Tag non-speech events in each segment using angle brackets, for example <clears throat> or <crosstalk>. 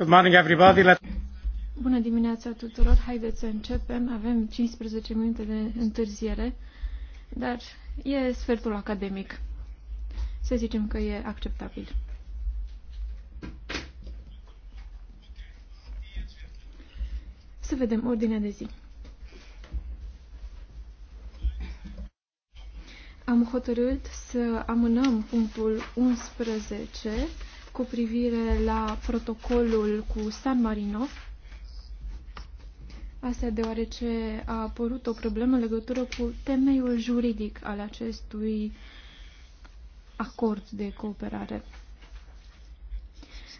Good morning, everybody. Let... Bună dimineața tuturor. Haideți să începem. Avem 15 minute de întârziere, dar e sfertul academic. Să zicem că e acceptabil. Să vedem ordinea de zi. Am hotărât să amânăm punctul 11 cu privire la protocolul cu San Marino. Asta deoarece a apărut o problemă în legătură cu temeiul juridic al acestui acord de cooperare.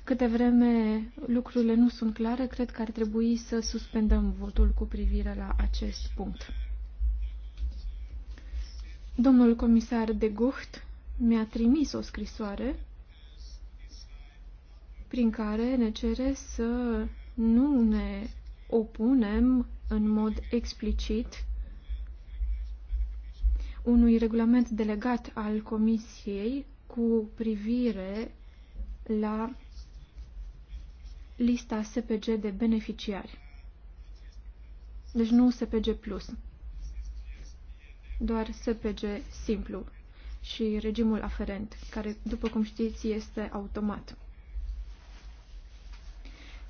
Câte vreme lucrurile nu sunt clare, cred că ar trebui să suspendăm votul cu privire la acest punct. Domnul comisar de Gucht mi-a trimis o scrisoare prin care ne cere să nu ne opunem în mod explicit unui regulament delegat al Comisiei cu privire la lista SPG de beneficiari. Deci nu SPG+, doar SPG simplu și regimul aferent, care, după cum știți, este automat.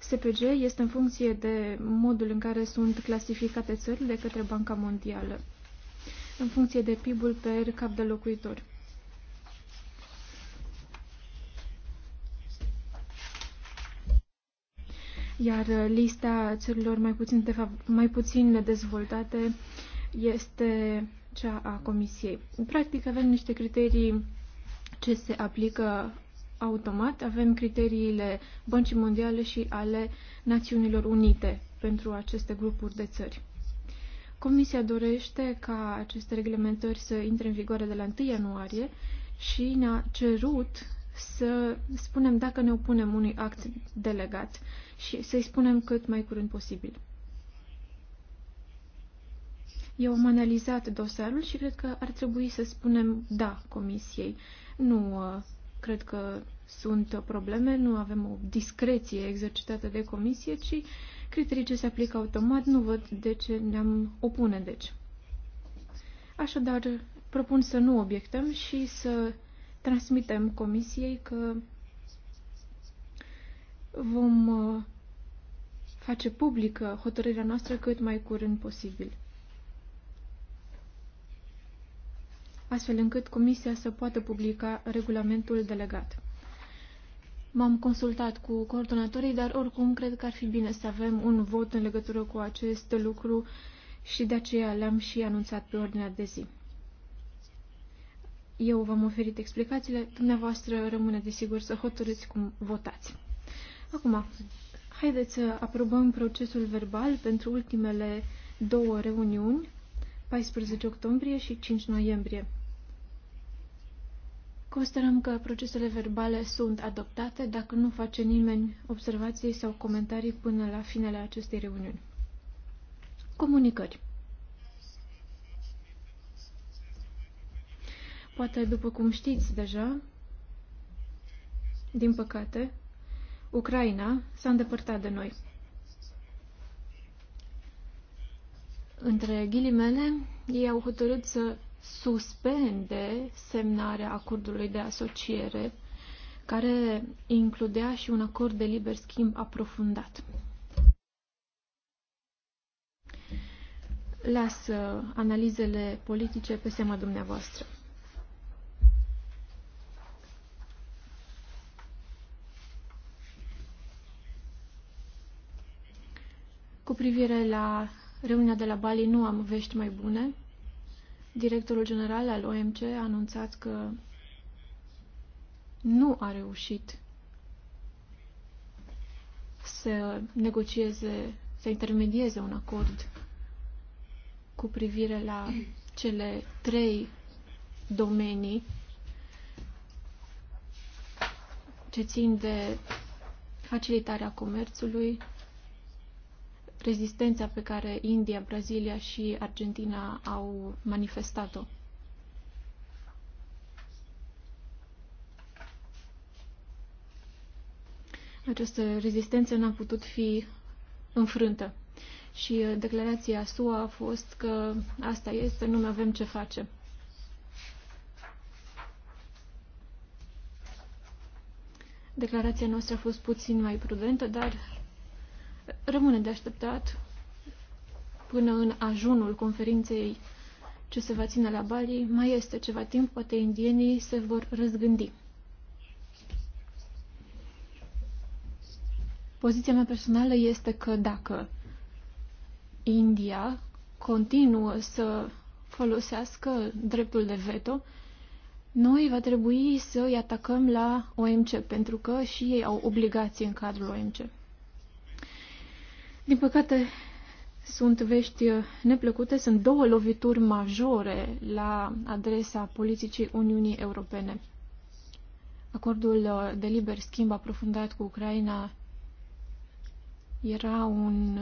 SPG este în funcție de modul în care sunt clasificate țările de către Banca Mondială, în funcție de PIB-ul per cap de locuitor. Iar uh, lista țărilor mai puțin, de fapt, mai puțin dezvoltate este cea a Comisiei. În practic avem niște criterii ce se aplică automat avem criteriile Băncii Mondiale și ale Națiunilor Unite pentru aceste grupuri de țări. Comisia dorește ca aceste reglementări să intre în vigoare de la 1 ianuarie și ne-a cerut să spunem dacă ne opunem unui act delegat și să-i spunem cât mai curând posibil. Eu am analizat dosarul și cred că ar trebui să spunem da comisiei, nu uh, Cred că sunt probleme, nu avem o discreție exercitată de comisie, ci criterii ce se aplică automat, nu văd de ce ne-am opune, deci. Așadar, propun să nu obiectăm și să transmitem comisiei că vom uh, face publică hotărârea noastră cât mai curând posibil. astfel încât Comisia să poată publica regulamentul delegat. M-am consultat cu coordonatorii, dar oricum cred că ar fi bine să avem un vot în legătură cu acest lucru și de aceea l-am și anunțat pe ordinea de zi. Eu v-am oferit explicațiile, dumneavoastră rămâne desigur să hotărâți cum votați. Acum, haideți să aprobăm procesul verbal pentru ultimele două reuniuni, 14 octombrie și 5 noiembrie. Considerăm că procesele verbale sunt adoptate dacă nu face nimeni observații sau comentarii până la finele acestei reuniuni. Comunicări. Poate, după cum știți deja, din păcate, Ucraina s-a îndepărtat de noi. Între ghilimele, ei au hotărât să suspende semnarea acordului de asociere, care includea și un acord de liber schimb aprofundat. Las uh, analizele politice pe seama dumneavoastră. Cu privire la reuniunea de la Bali nu am vești mai bune. Directorul general al OMC a anunțat că nu a reușit să negocieze, să intermedieze un acord cu privire la cele trei domenii ce țin de facilitarea comerțului, rezistența pe care India, Brazilia și Argentina au manifestat-o. Această rezistență n-a putut fi înfrântă. Și uh, declarația SUA a fost că asta este, nu mai avem ce face. Declarația noastră a fost puțin mai prudentă, dar Rămâne de așteptat până în ajunul conferinței ce se va ține la Bali. Mai este ceva timp, poate indienii se vor răzgândi. Poziția mea personală este că dacă India continuă să folosească dreptul de veto, noi va trebui să îi atacăm la OMC, pentru că și ei au obligații în cadrul OMC. Din păcate, sunt vești neplăcute, sunt două lovituri majore la adresa politicii Uniunii Europene. Acordul de liber schimb aprofundat cu Ucraina era un,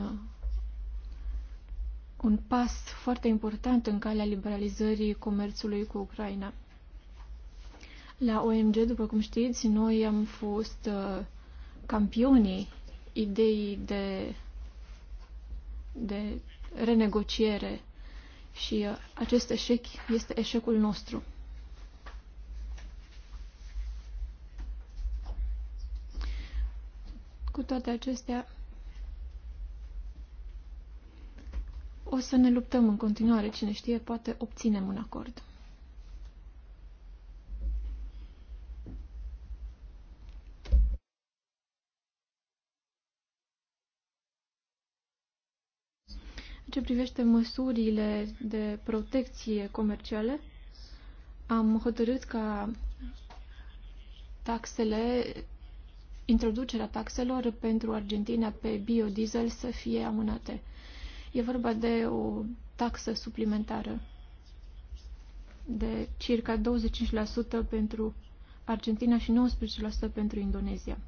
un pas foarte important în calea liberalizării comerțului cu Ucraina. La OMG, după cum știți, noi am fost uh, campionii ideii de de renegociere și uh, acest eșec este eșecul nostru. Cu toate acestea, o să ne luptăm în continuare. Cine știe, poate obținem un acord. ce privește măsurile de protecție comerciale, am hotărât ca taxele, introducerea taxelor pentru Argentina pe biodiesel să fie amânate. E vorba de o taxă suplimentară de circa 25% pentru Argentina și 19% pentru Indonezia.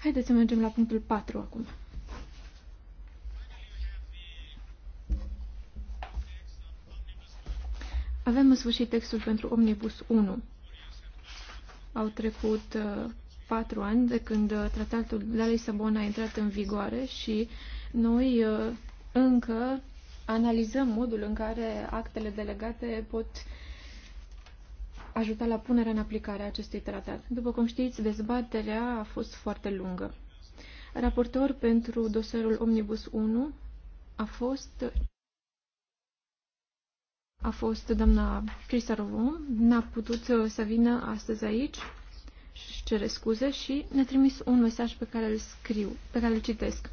Haideți să mergem la punctul 4 acum. Avem în sfârșit textul pentru Omnibus 1. Au trecut uh, patru ani de când uh, tratatul de la Lisabona a intrat în vigoare și noi uh, încă analizăm modul în care actele delegate pot uh, ajuta la punerea în aplicare a acestui tratat. După cum știți, dezbaterea a fost foarte lungă. Raportor pentru dosarul Omnibus 1 a fost a fost doamna Crisarovu, n-a putut uh, să vină astăzi aici și cere scuze și ne-a trimis un mesaj pe care îl scriu, pe care îl citesc.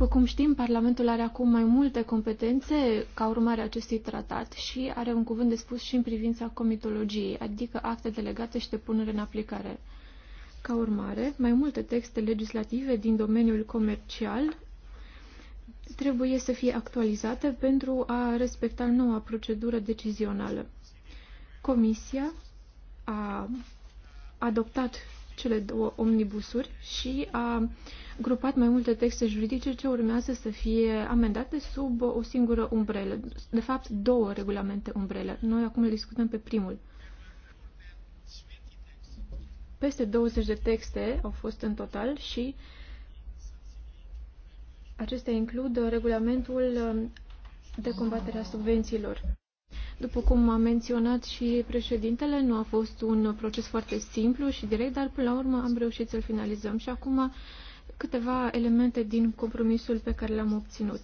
După cum știm, Parlamentul are acum mai multe competențe ca urmare a acestui tratat și are un cuvânt de spus și în privința comitologiei, adică acte delegate și de punere în aplicare. Ca urmare, mai multe texte legislative din domeniul comercial trebuie să fie actualizate pentru a respecta noua procedură decizională. Comisia a adoptat cele două omnibusuri și a uh, grupat mai multe texte juridice ce urmează să fie amendate sub o singură umbrelă. De fapt, două regulamente umbrelă. Noi acum le discutăm pe primul. Peste 20 de texte au fost în total și acestea includ regulamentul um, de combatere a subvențiilor. După cum a menționat și președintele, nu a fost un proces foarte simplu și direct, dar până la urmă am reușit să-l finalizăm și acum câteva elemente din compromisul pe care l-am obținut.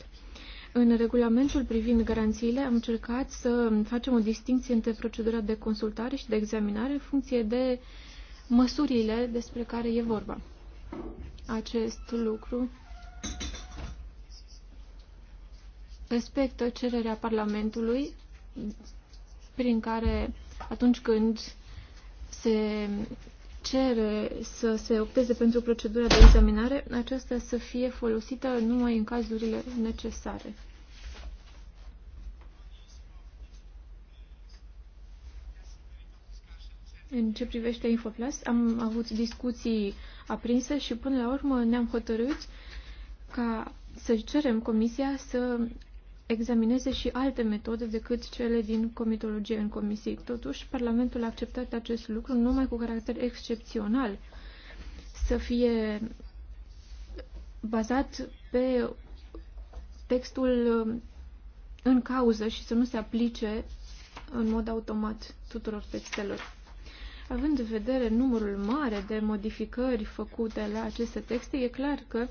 În regulamentul privind garanțiile am încercat să facem o distinție între procedura de consultare și de examinare în funcție de măsurile despre care e vorba. Acest lucru respectă cererea Parlamentului prin care atunci când se cere să se opteze pentru procedura de examinare, aceasta să fie folosită numai în cazurile necesare. În ce privește Infoplas, am avut discuții aprinse și până la urmă ne-am hotărât ca să cerem comisia să examineze și alte metode decât cele din comitologie în comisii. Totuși, Parlamentul a acceptat acest lucru numai cu caracter excepțional, să fie bazat pe textul în cauză și să nu se aplice în mod automat tuturor textelor. Având în vedere numărul mare de modificări făcute la aceste texte, e clar că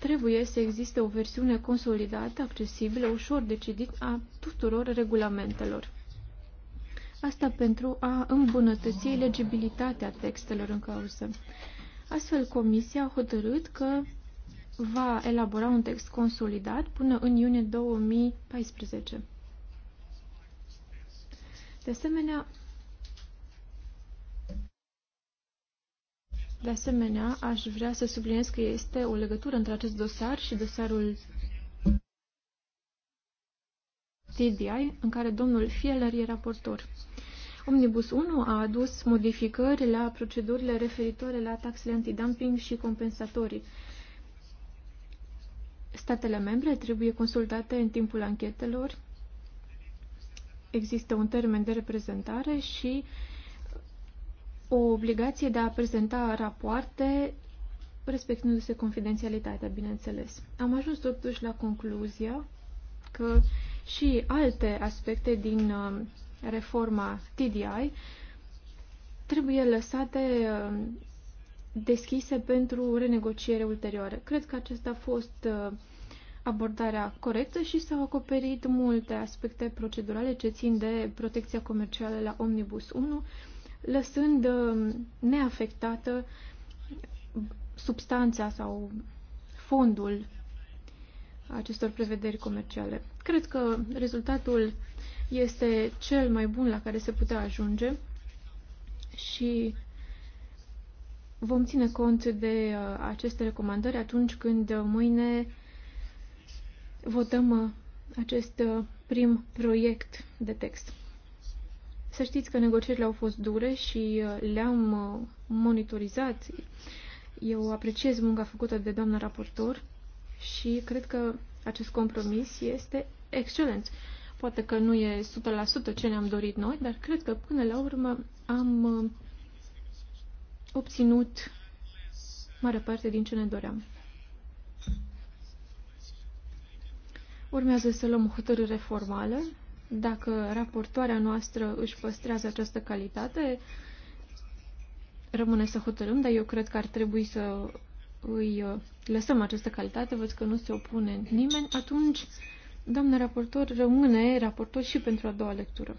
trebuie să existe o versiune consolidată, accesibilă, ușor de citit a tuturor regulamentelor. Asta pentru a îmbunătăți legibilitatea textelor în cauză. Astfel, Comisia a hotărât că va elabora un text consolidat până în iunie 2014. De asemenea, De asemenea, aș vrea să subliniez că este o legătură între acest dosar și dosarul TDI, în care domnul Fieler e raportor. Omnibus 1 a adus modificări la procedurile referitoare la taxele antidumping și compensatorii. Statele membre trebuie consultate în timpul anchetelor, există un termen de reprezentare și uh, o obligație de a prezenta rapoarte respectându-se confidențialitatea, bineînțeles. Am ajuns totuși la concluzia că și alte aspecte din uh, reforma TDI trebuie lăsate uh, deschise pentru renegociere ulterioară. Cred că acesta a fost uh, abordarea corectă și s-au acoperit multe aspecte procedurale ce țin de protecția comercială la Omnibus 1 lăsând uh, neafectată substanța sau fondul acestor prevederi comerciale. Cred că rezultatul este cel mai bun la care se putea ajunge și vom ține cont de uh, aceste recomandări atunci când uh, mâine votăm acest prim proiect de text. Să știți că negocierile au fost dure și uh, le-am uh, monitorizat. Eu apreciez munca făcută de doamna raportor și cred că acest compromis este excelent. Poate că nu e 100% ce ne-am dorit noi, dar cred că până la urmă am uh, obținut mare parte din ce ne doream. Urmează să luăm o hotărâre formală dacă raportoarea noastră își păstrează această calitate, rămâne să hotărâm, dar eu cred că ar trebui să îi uh, lăsăm această calitate, văd că nu se opune nimeni, atunci, doamnă raportor, rămâne raportor și pentru a doua lectură.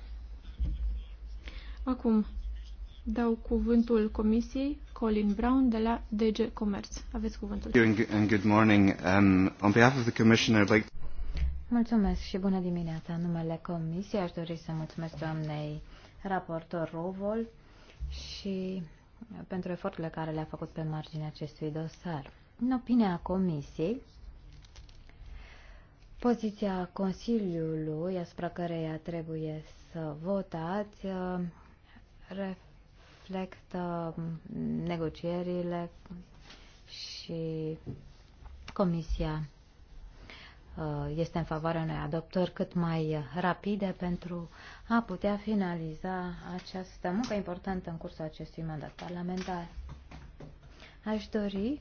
Acum, dau cuvântul comisiei Colin Brown de la DG Comerț. Aveți cuvântul. good morning. Um, on behalf of the commissioner, I'd like Mulțumesc și bună dimineața. În numele Comisiei aș dori să mulțumesc doamnei raportor Rovol și pentru eforturile care le-a făcut pe marginea acestui dosar. În opinia Comisiei, poziția Consiliului asupra căreia trebuie să votați reflectă negocierile și Comisia Uh, este în favoarea unei adoptări cât mai rapide pentru a putea finaliza această muncă importantă în cursul acestui mandat parlamentar. Aș dori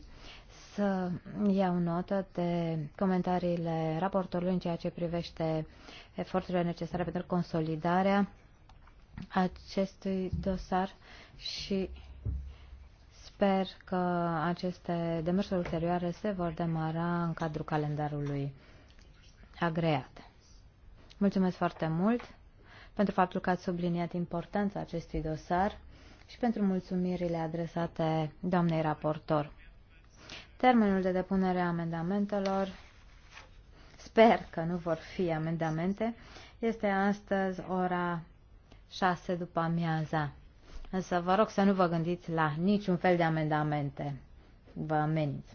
să iau notă de comentariile raportorului în ceea ce privește eforturile necesare pentru consolidarea acestui dosar și sper că aceste demersuri ulterioare se vor demara în cadrul calendarului agreat. Mulțumesc foarte mult pentru faptul că ați subliniat importanța acestui dosar și pentru mulțumirile adresate doamnei raportor. Termenul de depunere a amendamentelor, sper că nu vor fi amendamente, este astăzi ora 6 după amiaza. Însă vă rog să nu vă gândiți la niciun fel de amendamente. Vă ameniți.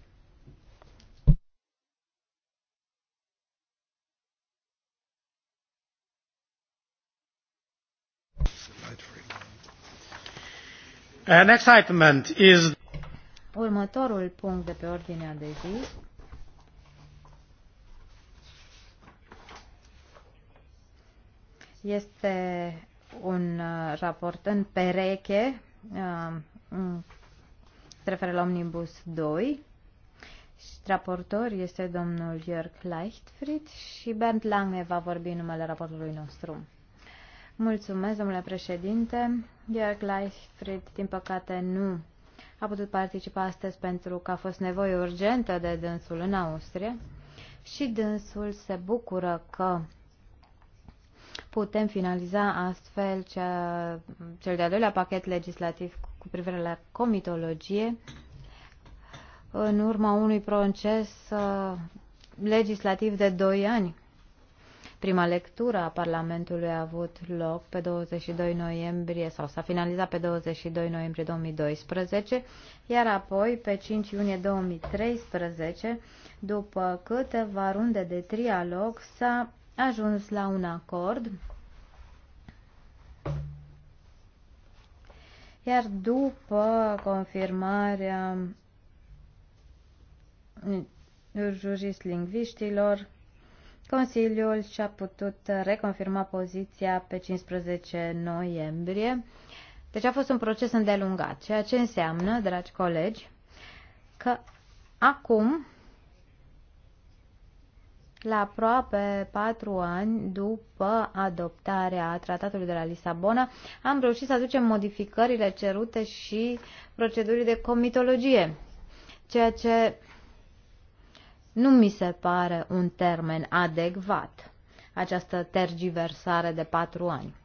next item is... Următorul punct de pe ordinea de zi este un uh, raport în pereche, uh, se referă la Omnibus 2. Și raportor este domnul Jörg Leichtfried și Bernd Lange va vorbi în numele raportului nostru. Mulțumesc, domnule președinte. Georg Leifried, din păcate, nu a putut participa astăzi pentru că a fost nevoie urgentă de dânsul în Austria și dânsul se bucură că putem finaliza astfel cea, cel de-al doilea pachet legislativ cu privire la comitologie în urma unui proces uh, legislativ de 2 ani Prima lectură a Parlamentului a avut loc pe 22 noiembrie sau s-a finalizat pe 22 noiembrie 2012, iar apoi pe 5 iunie 2013, după câteva runde de trialog, s-a ajuns la un acord Iar după confirmarea jurislingviștilor, Consiliul și-a putut reconfirma poziția pe 15 noiembrie. Deci a fost un proces îndelungat, ceea ce înseamnă, dragi colegi, că acum, la aproape patru ani după adoptarea Tratatului de la Lisabona, am reușit să aducem modificările cerute și procedurii de comitologie, ceea ce nu mi se pare un termen adecvat această tergiversare de patru ani.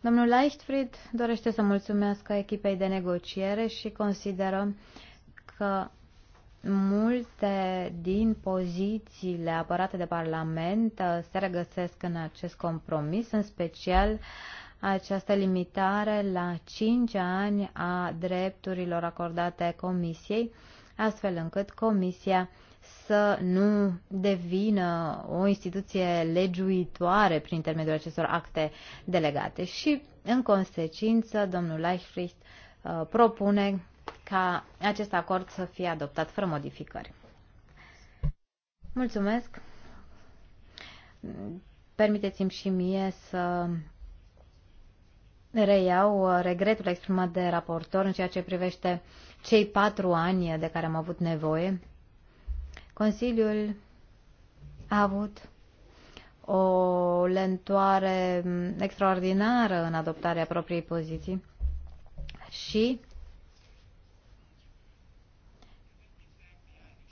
Domnul Leichtfried dorește să mulțumească echipei de negociere și consideră că multe din pozițiile apărate de Parlament uh, se regăsesc în acest compromis, în special această limitare la 5 ani a drepturilor acordate Comisiei, astfel încât Comisia să nu devină o instituție legiuitoare prin intermediul acestor acte delegate. Și, în consecință, domnul Leichfried uh, propune ca acest acord să fie adoptat fără modificări. Mulțumesc! Permiteți-mi și mie să reiau regretul exprimat de raportor în ceea ce privește cei patru ani de care am avut nevoie Consiliul a avut o lentoare extraordinară în adoptarea propriei poziții și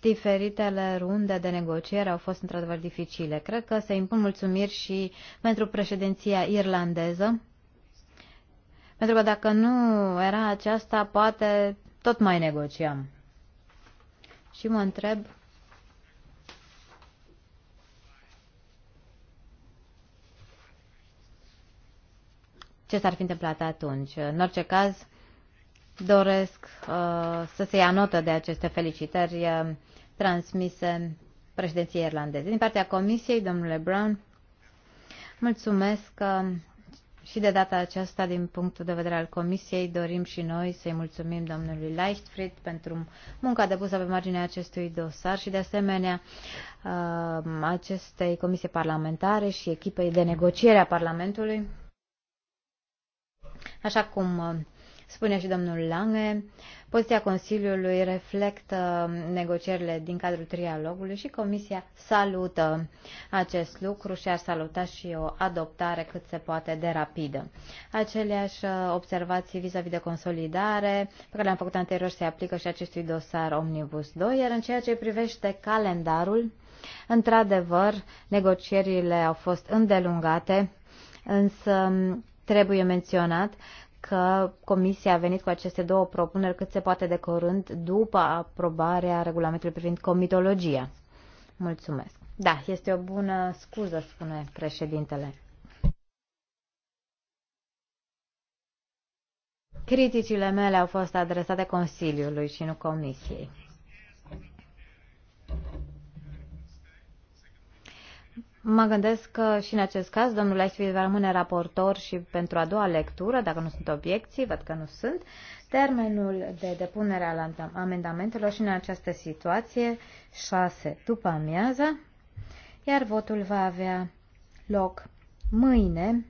diferitele runde de negociere au fost într-adevăr dificile. Cred că se impun mulțumiri și pentru președinția irlandeză, pentru că dacă nu era aceasta, poate tot mai negociam. Și mă întreb ce s-ar fi întâmplat atunci. În orice caz, doresc uh, să se ia notă de aceste felicitări uh, transmise președinției irlandeze. Din partea Comisiei, domnule Brown, mulțumesc uh, și de data aceasta, din punctul de vedere al Comisiei, dorim și noi să-i mulțumim domnului Leichtfried pentru munca depusă pe marginea acestui dosar și, de asemenea, uh, acestei comisii parlamentare și echipei de negociere a Parlamentului. Așa cum uh, spune și domnul Lange, poziția Consiliului reflectă uh, negocierile din cadrul trialogului și Comisia salută acest lucru și ar saluta și o adoptare cât se poate de rapidă. Aceleași uh, observații vis-a-vis -vis de consolidare pe care le-am făcut anterior se aplică și acestui dosar Omnibus 2, iar în ceea ce privește calendarul, într-adevăr, negocierile au fost îndelungate, însă um, Trebuie menționat că Comisia a venit cu aceste două propuneri cât se poate de curând după aprobarea regulamentului privind comitologia. Mulțumesc. Da, este o bună scuză, spune președintele. Criticile mele au fost adresate Consiliului și nu Comisiei. Mă gândesc că și în acest caz domnul Leifert va rămâne raportor și pentru a doua lectură, dacă nu sunt obiecții, văd că nu sunt. Termenul de depunere al amendamentelor și în această situație, 6 după amiază, iar votul va avea loc mâine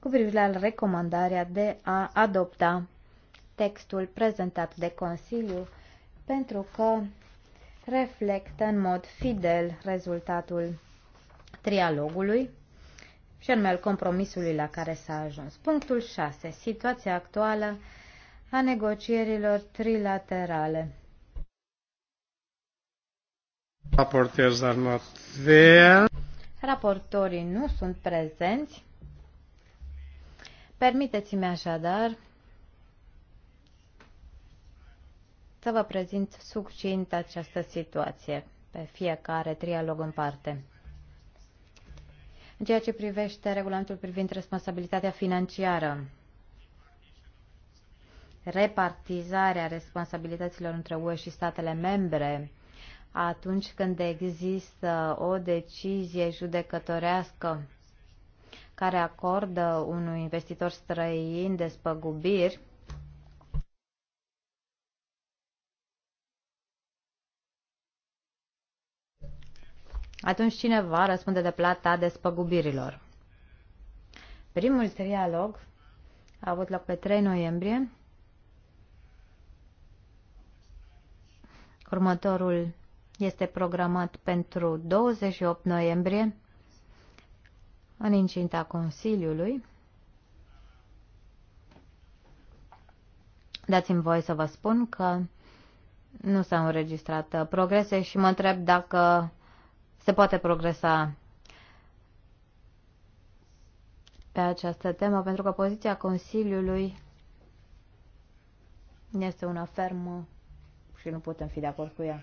cu privire la recomandarea de a adopta textul prezentat de Consiliu, pentru că reflectă în mod fidel rezultatul trialogului și anume al compromisului la care s-a ajuns. Punctul 6. Situația actuală a negocierilor trilaterale. Raportorii nu sunt prezenți. Permiteți-mi așadar să vă prezint succint această situație pe fiecare trialog în parte. În ceea ce privește regulamentul privind responsabilitatea financiară, repartizarea responsabilităților între UE și statele membre atunci când există o decizie judecătorească care acordă unui investitor străin despăgubiri, atunci cineva răspunde de plata despăgubirilor? Primul trialog a avut loc pe 3 noiembrie. Următorul este programat pentru 28 noiembrie în incinta Consiliului. Dați-mi voie să vă spun că nu s-au înregistrat progrese și mă întreb dacă se poate progresa pe această temă, pentru că poziția Consiliului este una fermă și nu putem fi de acord cu ea.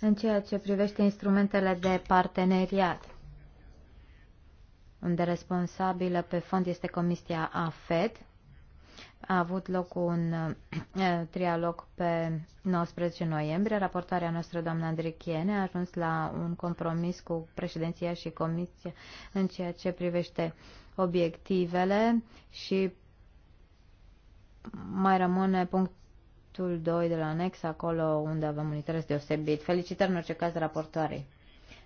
În ceea ce privește instrumentele de parteneriat, unde responsabilă pe fond este Comisia AFED, a avut loc un eh, eh, trialog pe 19 noiembrie. Raportarea noastră, doamna Andrichiene, a ajuns la un compromis cu președinția și comisia în ceea ce privește obiectivele și mai rămâne punctul 2 de la anex, acolo unde avem un interes deosebit. Felicitări în orice caz raportoarei.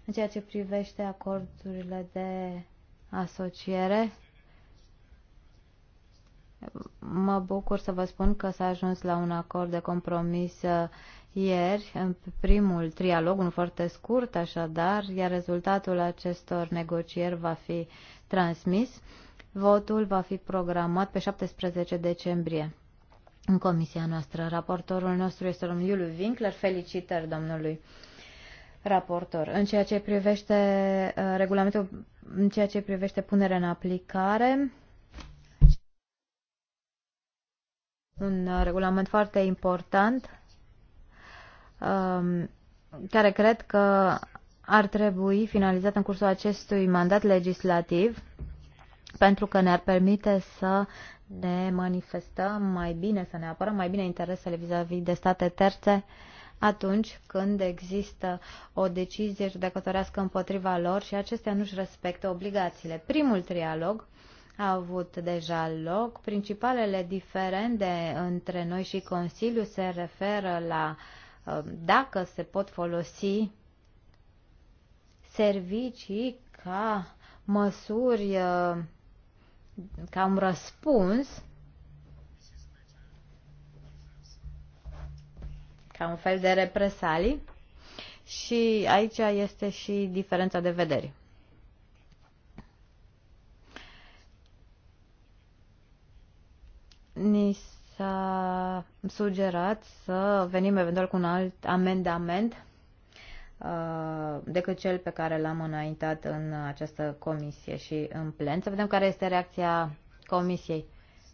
În ceea ce privește acordurile de asociere, Mă bucur să vă spun că s-a ajuns la un acord de compromis uh, ieri, în primul trialog, un foarte scurt așadar, iar rezultatul acestor negocieri va fi transmis. Votul va fi programat pe 17 decembrie în comisia noastră. Raportorul nostru este domnul Iuliu Winkler. Felicitări domnului raportor. În ceea ce privește uh, regulamentul, în ceea ce privește punerea în aplicare, un uh, regulament foarte important um, care cred că ar trebui finalizat în cursul acestui mandat legislativ pentru că ne-ar permite să ne manifestăm mai bine, să ne apărăm mai bine interesele vis-a-vis -vis de state terțe atunci când există o decizie judecătorească împotriva lor și acestea nu-și respectă obligațiile. Primul trialog a avut deja loc. Principalele diferende între noi și Consiliu se referă la um, dacă se pot folosi servicii ca măsuri, uh, ca un răspuns, ca un fel de represalii. Și aici este și diferența de vedere. Ni s-a sugerat să venim eventual cu un alt amendament uh, decât cel pe care l-am înaintat în această comisie și în plen. Să vedem care este reacția comisiei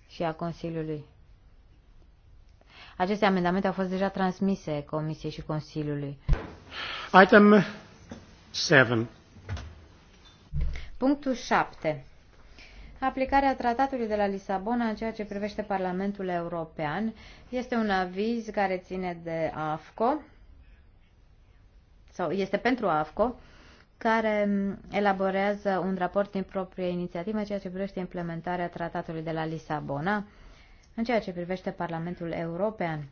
și a Consiliului. Aceste amendamente au fost deja transmise comisiei și Consiliului. Item 7. Punctul 7. Aplicarea tratatului de la Lisabona în ceea ce privește Parlamentul European este un aviz care ține de AFCO sau este pentru AFCO care elaborează un raport din proprie inițiativă în ceea ce privește implementarea tratatului de la Lisabona în ceea ce privește Parlamentul European.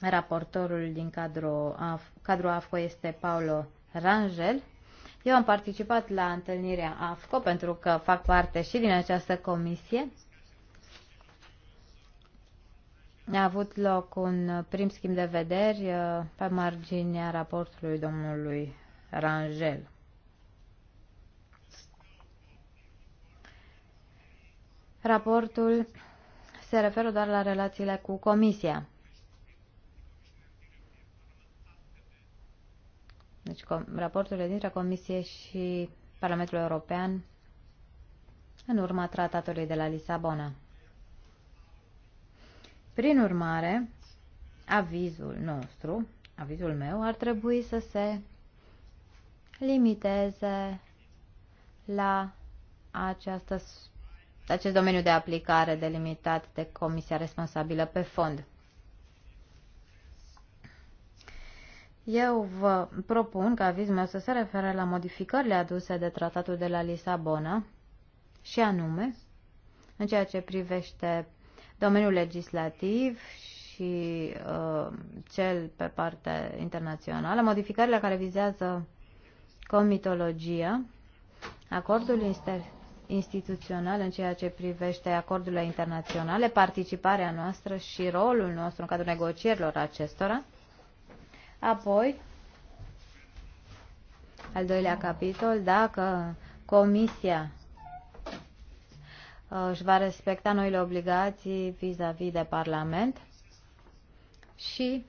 Raportorul din cadrul, cadrul AFCO este Paulo Rangel eu am participat la întâlnirea AFCO pentru că fac parte și din această comisie. A avut loc un prim schimb de vederi uh, pe marginea raportului domnului Rangel. Raportul se referă doar la relațiile cu Comisia. Deci com- raporturile dintre Comisie și Parlamentul European în urma tratatului de la Lisabona. Prin urmare, avizul nostru, avizul meu, ar trebui să se limiteze la această, acest domeniu de aplicare delimitat de comisia responsabilă pe fond. Eu vă propun ca avizul meu să se refere la modificările aduse de tratatul de la Lisabona și anume în ceea ce privește domeniul legislativ și uh, cel pe partea internațională, modificările care vizează comitologia, acordul instituțional în ceea ce privește acordurile internaționale, participarea noastră și rolul nostru în cadrul negocierilor acestora, Apoi, al doilea capitol, dacă Comisia uh, își va respecta noile obligații vis-a-vis -vis de Parlament și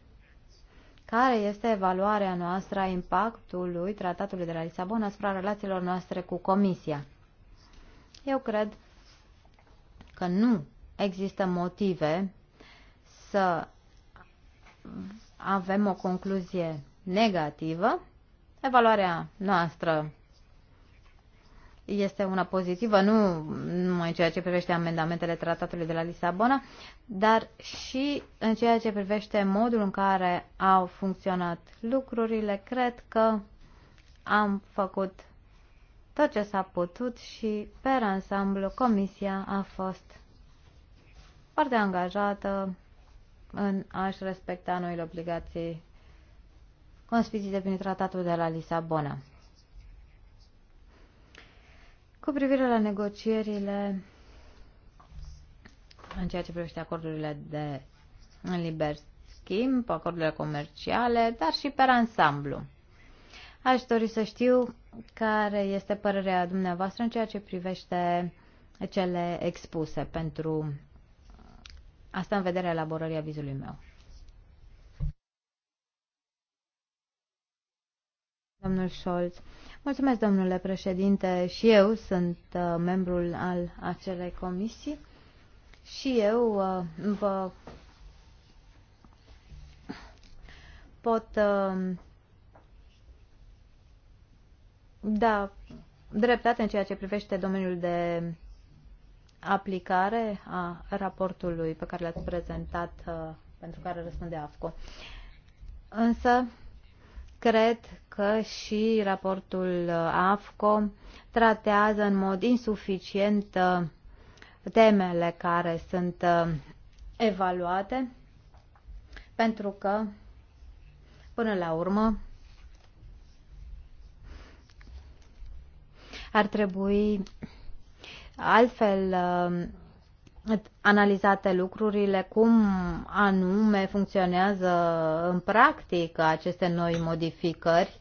care este evaluarea noastră a impactului Tratatului de la Lisabona asupra relațiilor noastre cu Comisia. Eu cred că nu există motive să avem o concluzie negativă, evaluarea noastră este una pozitivă, nu numai în ceea ce privește amendamentele tratatului de la Lisabona, dar și în ceea ce privește modul în care au funcționat lucrurile. Cred că am făcut tot ce s-a putut și, pe ansamblu, comisia a fost foarte angajată în a-și respecta noile obligații conspițite prin tratatul de la Lisabona. Cu privire la negocierile în ceea ce privește acordurile de liber schimb, acordurile comerciale, dar și pe ansamblu. Aș dori să știu care este părerea dumneavoastră în ceea ce privește cele expuse pentru Asta în vederea elaborării avizului meu. Domnul Scholz. Mulțumesc, domnule președinte. Și eu sunt uh, membrul al acelei comisii și eu uh, vă pot uh, da dreptate în ceea ce privește domeniul de aplicare a raportului pe care l-ați prezentat, uh, pentru care răspunde AFCO. Însă, cred că și raportul uh, AFCO tratează în mod insuficient uh, temele care sunt evaluate, pentru că, până la urmă, ar trebui altfel uh, analizate lucrurile, cum anume funcționează în practică aceste noi modificări,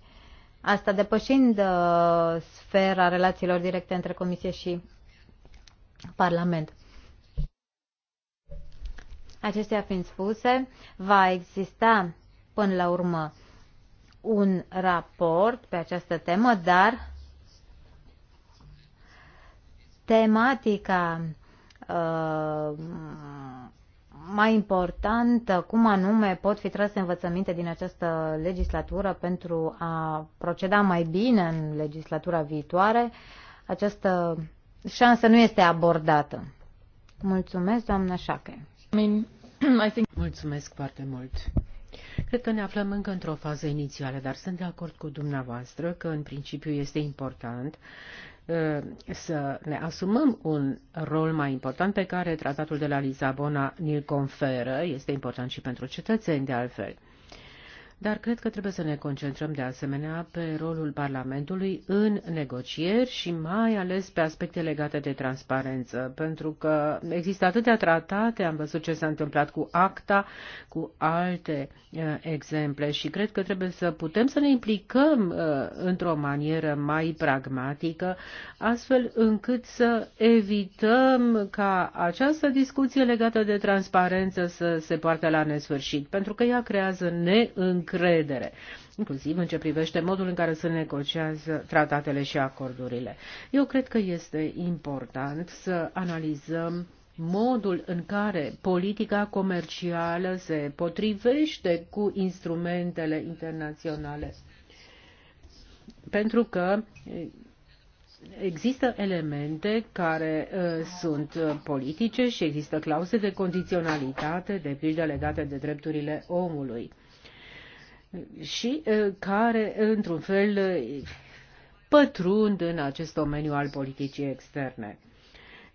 asta depășind uh, sfera relațiilor directe între Comisie și Parlament. Acestea fiind spuse, va exista până la urmă un raport pe această temă, dar tematica uh, mai importantă, cum anume pot fi trase învățăminte din această legislatură pentru a proceda mai bine în legislatura viitoare, această șansă nu este abordată. Mulțumesc, doamnă Șache. <clears throat> Mulțumesc foarte mult. Cred că ne aflăm încă într-o fază inițială, dar sunt de acord cu dumneavoastră că în principiu este important Uh, să ne asumăm un rol mai important pe care tratatul de la Lisabona ni-l conferă, este important și pentru cetățeni de altfel dar cred că trebuie să ne concentrăm de asemenea pe rolul Parlamentului în negocieri și mai ales pe aspecte legate de transparență, pentru că există atâtea tratate, am văzut ce s-a întâmplat cu ACTA, cu alte uh, exemple și cred că trebuie să putem să ne implicăm uh, într-o manieră mai pragmatică, astfel încât să evităm ca această discuție legată de transparență să se poartă la nesfârșit, pentru că ea creează neîncredere încredere, inclusiv în ce privește modul în care se negociază tratatele și acordurile. Eu cred că este important să analizăm modul în care politica comercială se potrivește cu instrumentele internaționale. Pentru că există elemente care uh, sunt politice și există clauze de condiționalitate, de pildă legate de drepturile omului și care, într-un fel, pătrund în acest domeniu al politicii externe.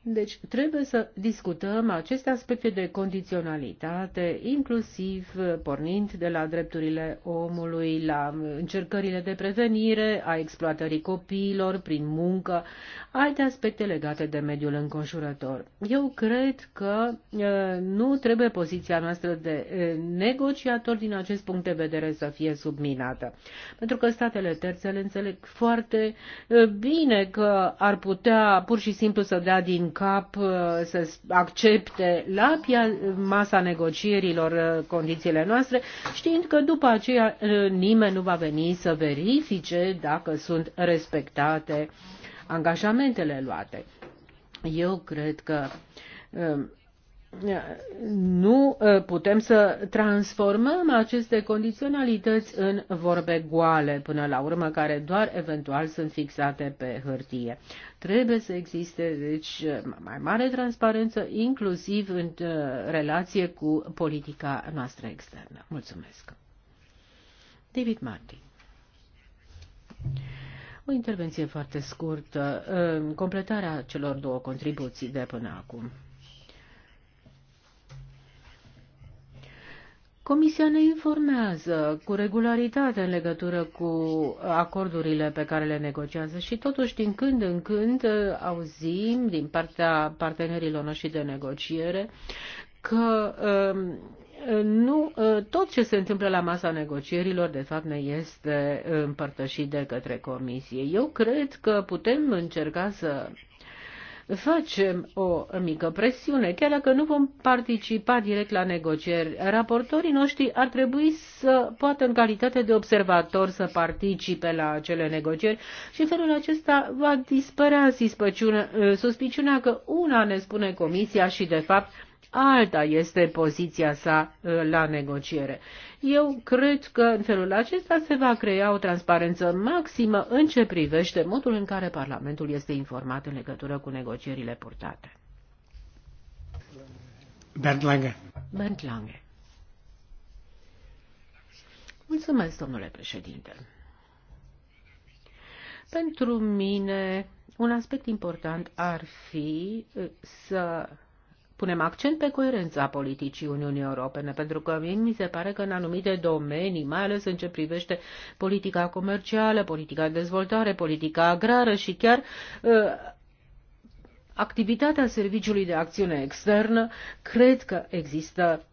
Deci trebuie să discutăm aceste aspecte de condiționalitate, inclusiv uh, pornind de la drepturile omului, la uh, încercările de prevenire a exploatării copiilor prin muncă, alte aspecte legate de mediul înconjurător. Eu cred că uh, nu trebuie poziția noastră de negociator din acest punct de vedere să fie subminată, pentru că statele terțele înțeleg foarte bine că ar putea pur și simplu să dea din cap uh, să accepte la masa negocierilor uh, condițiile noastre, știind că după aceea uh, nimeni nu va veni să verifice dacă sunt respectate angajamentele luate. Eu cred că um, nu ă, putem să transformăm aceste condiționalități în vorbe goale, până la urmă, care doar eventual sunt fixate pe hârtie. Trebuie să existe, deci, mai mare transparență, inclusiv în ă, relație cu politica noastră externă. Mulțumesc. David Martin. O intervenție foarte scurtă, ă, completarea celor două contribuții de până acum. Comisia ne informează cu regularitate în legătură cu acordurile pe care le negociază și totuși din când în când uh, auzim din partea partenerilor noștri de negociere că um, nu uh, tot ce se întâmplă la masa negocierilor de fapt ne este împărtășit de către comisie. Eu cred că putem încerca să facem o mică presiune, chiar dacă nu vom participa direct la negocieri. Raportorii noștri ar trebui să poată în calitate de observator să participe la acele negocieri și în felul acesta va dispărea suspiciunea că una ne spune Comisia și de fapt alta este poziția sa uh, la negociere. Eu cred că în felul acesta se va crea o transparență maximă în ce privește modul în care Parlamentul este informat în legătură cu negocierile purtate. Bernd Lange. Bernd Lange. Mulțumesc, domnule președinte. Pentru mine, un aspect important ar fi uh, să punem accent pe coerența politicii Uniunii Europene, pentru că mie mi se pare că în anumite domenii, mai ales în ce privește politica comercială, politica de dezvoltare, politica agrară și chiar ă, activitatea Serviciului de Acțiune Externă, cred că există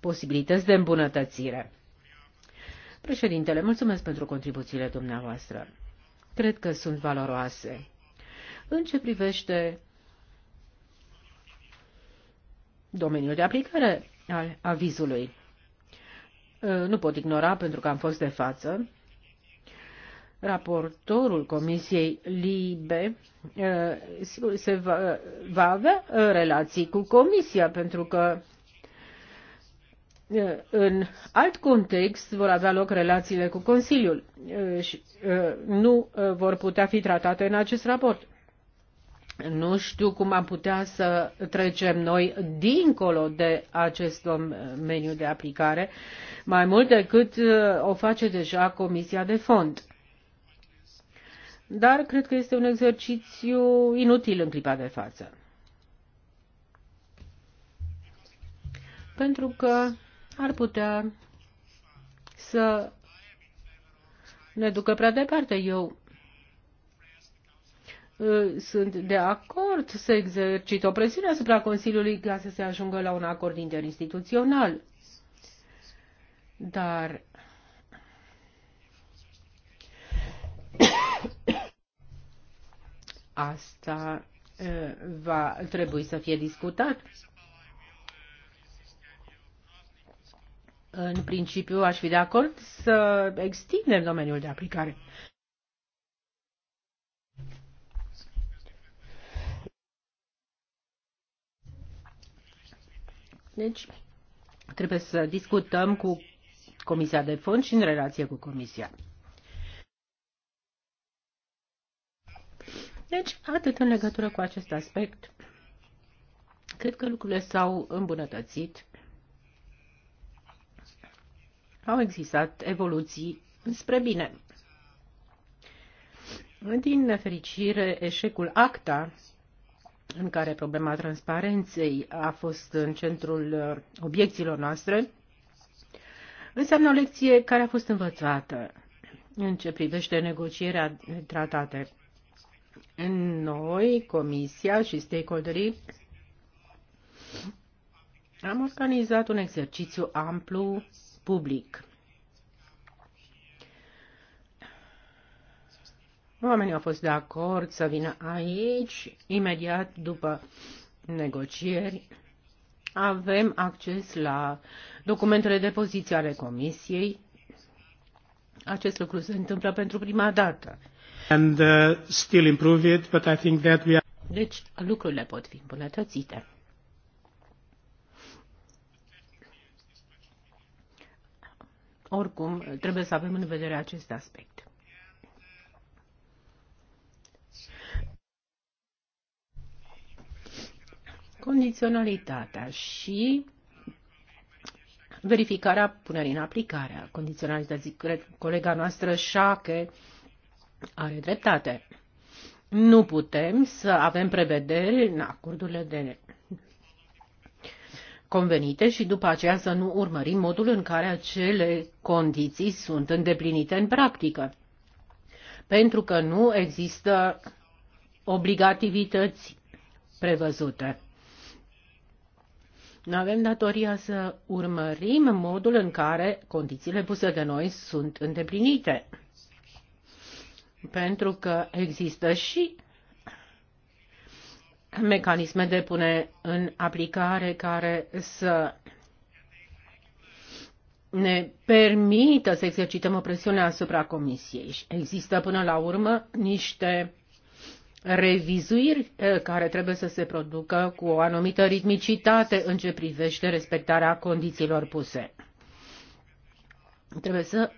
posibilități de îmbunătățire. Președintele, mulțumesc pentru contribuțiile dumneavoastră. Cred că sunt valoroase. În ce privește domeniul de aplicare al avizului. Uh, nu pot ignora, pentru că am fost de față, raportorul Comisiei Libe uh, sigur, se va, va avea uh, relații cu Comisia, pentru că în alt context vor avea loc relațiile cu Consiliul și nu vor putea fi tratate în acest raport nu știu cum am putea să trecem noi dincolo de acest domeniu de aplicare, mai mult decât uh, o face deja Comisia de Fond. Dar cred că este un exercițiu inutil în clipa de față. Pentru că ar putea să ne ducă prea departe. Eu Uh, sunt de acord să exercit o presiune asupra Consiliului ca să se ajungă la un acord interinstituțional. Dar <coughs> asta uh, va trebui să fie discutat. În principiu, aș fi de acord să extindem domeniul de aplicare. Deci, trebuie să discutăm cu Comisia de Fond și în relație cu Comisia. Deci, atât în legătură cu acest aspect, cred că lucrurile s-au îmbunătățit. Au existat evoluții spre bine. Din nefericire, eșecul ACTA în care problema transparenței a fost în centrul uh, obiecțiilor noastre, înseamnă o lecție care a fost învățată în ce privește negocierea tratate. Noi, Comisia și stakeholderii, am organizat un exercițiu amplu public Oamenii au fost de acord să vină aici imediat după negocieri. Avem acces la documentele de poziție ale Comisiei. Acest lucru se întâmplă pentru prima dată. And, uh, still it, but I think that we are... Deci lucrurile pot fi îmbunătățite. Oricum, trebuie să avem în vedere acest aspect. condiționalitatea și verificarea punerii în aplicare a condiționalității. Cred colega noastră Șache are dreptate. Nu putem să avem prevederi în acordurile de convenite și după aceea să nu urmărim modul în care acele condiții sunt îndeplinite în practică. Pentru că nu există obligativități prevăzute avem datoria să urmărim modul în care condițiile puse de noi sunt îndeplinite. Pentru că există și mecanisme de pune în aplicare care să ne permită să exercităm o presiune asupra Comisiei. Există până la urmă niște revizuiri eh, care trebuie să se producă cu o anumită ritmicitate în ce privește respectarea condițiilor puse. Trebuie să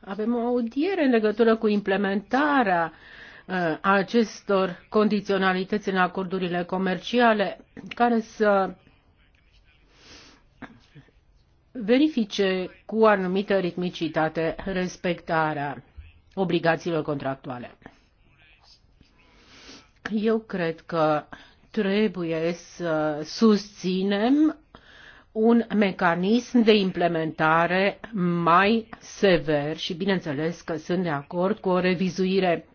avem o audiere în legătură cu implementarea eh, acestor condiționalități în acordurile comerciale care să verifice cu anumită ritmicitate respectarea obligațiilor contractuale. Eu cred că trebuie să susținem un mecanism de implementare mai sever și bineînțeles că sunt de acord cu o revizuire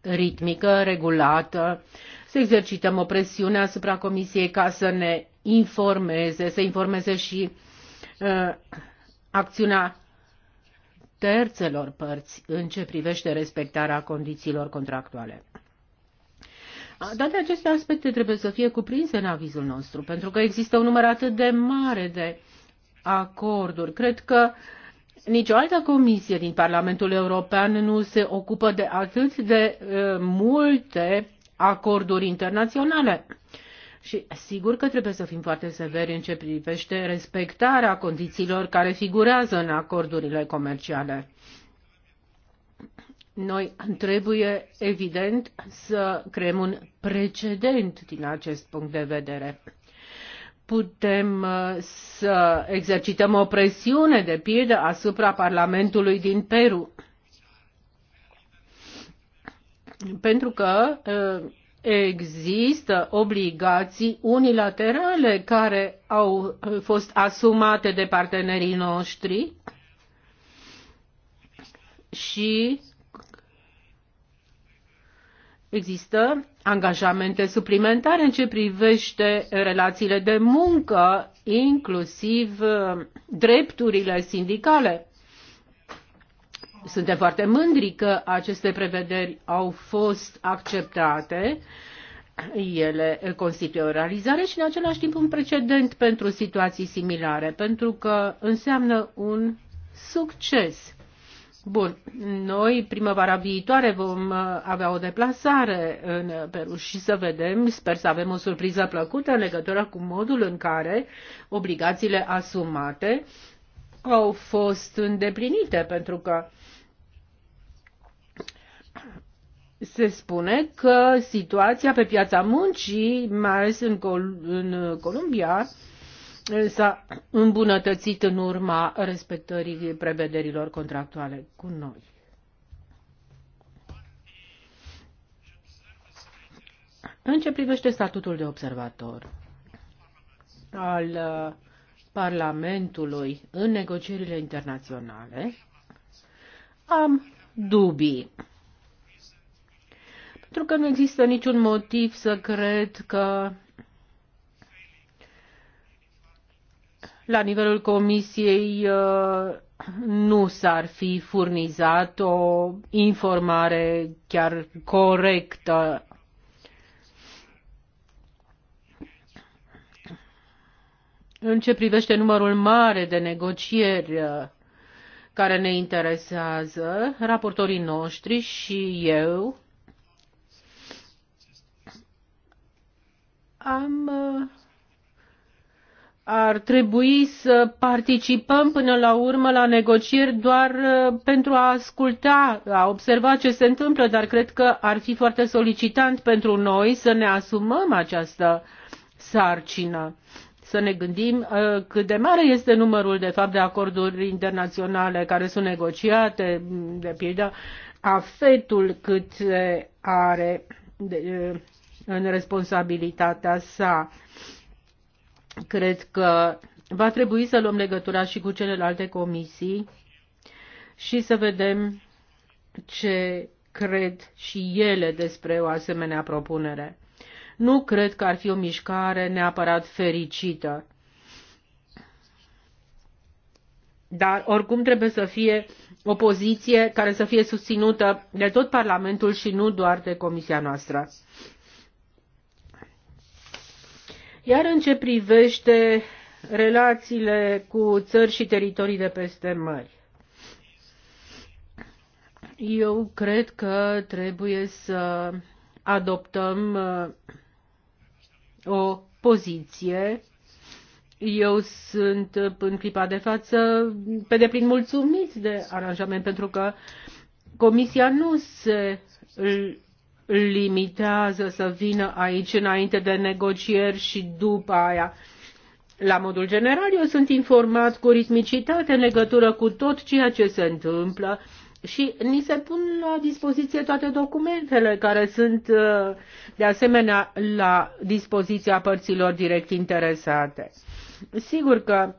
ritmică, regulată, să exercităm o presiune asupra Comisiei ca să ne informeze, să informeze și uh, acțiunea terțelor părți în ce privește respectarea condițiilor contractuale. Toate aceste aspecte trebuie să fie cuprinse în avizul nostru, pentru că există un număr atât de mare de acorduri. Cred că nicio altă comisie din Parlamentul European nu se ocupă de atât de uh, multe acorduri internaționale. Și sigur că trebuie să fim foarte severi în ce privește respectarea condițiilor care figurează în acordurile comerciale. Noi trebuie, evident, să creăm un precedent din acest punct de vedere. Putem uh, să exercităm o presiune de pildă asupra Parlamentului din Peru. Pentru că uh, există obligații unilaterale care au uh, fost asumate de partenerii noștri și Există angajamente suplimentare în ce privește relațiile de muncă, inclusiv uh, drepturile sindicale. Suntem foarte mândri că aceste prevederi au fost acceptate. Ele constituie o realizare și în același timp un precedent pentru situații similare, pentru că înseamnă un succes Bun, noi primăvara viitoare vom uh, avea o deplasare în Peru și să vedem, sper să avem o surpriză plăcută în legătură cu modul în care obligațiile asumate au fost îndeplinite, pentru că se spune că situația pe piața muncii, mai ales în, Col- în Columbia, s-a îmbunătățit în urma respectării prevederilor contractuale cu noi. În ce privește statutul de observator al uh, Parlamentului în negocierile internaționale, am dubii. Pentru că nu există niciun motiv să cred că la nivelul Comisiei uh, nu s-ar fi furnizat o informare chiar corectă. În ce privește numărul mare de negocieri uh, care ne interesează, raportorii noștri și eu am uh, ar trebui să participăm până la urmă la negocieri doar uh, pentru a asculta, a observa ce se întâmplă, dar cred că ar fi foarte solicitant pentru noi să ne asumăm această sarcină. Să ne gândim uh, cât de mare este numărul, de fapt, de acorduri internaționale care sunt negociate, de pildă, afetul cât are de, uh, în responsabilitatea sa. Uh, Cred că va trebui să luăm legătura și cu celelalte comisii și să vedem ce cred și ele despre o asemenea propunere. Nu cred că ar fi o mișcare neapărat fericită. Dar oricum trebuie să fie o poziție care să fie susținută de tot Parlamentul și nu doar de Comisia noastră. Iar în ce privește relațiile cu țări și teritorii de peste mări, eu cred că trebuie să adoptăm uh, o poziție. Eu sunt în clipa de față pe deplin mulțumit de aranjament pentru că Comisia nu se limitează să vină aici înainte de negocieri și după aia. La modul general, eu sunt informat cu ritmicitate în legătură cu tot ceea ce se întâmplă și ni se pun la dispoziție toate documentele care sunt uh, de asemenea la dispoziția părților direct interesate. Sigur că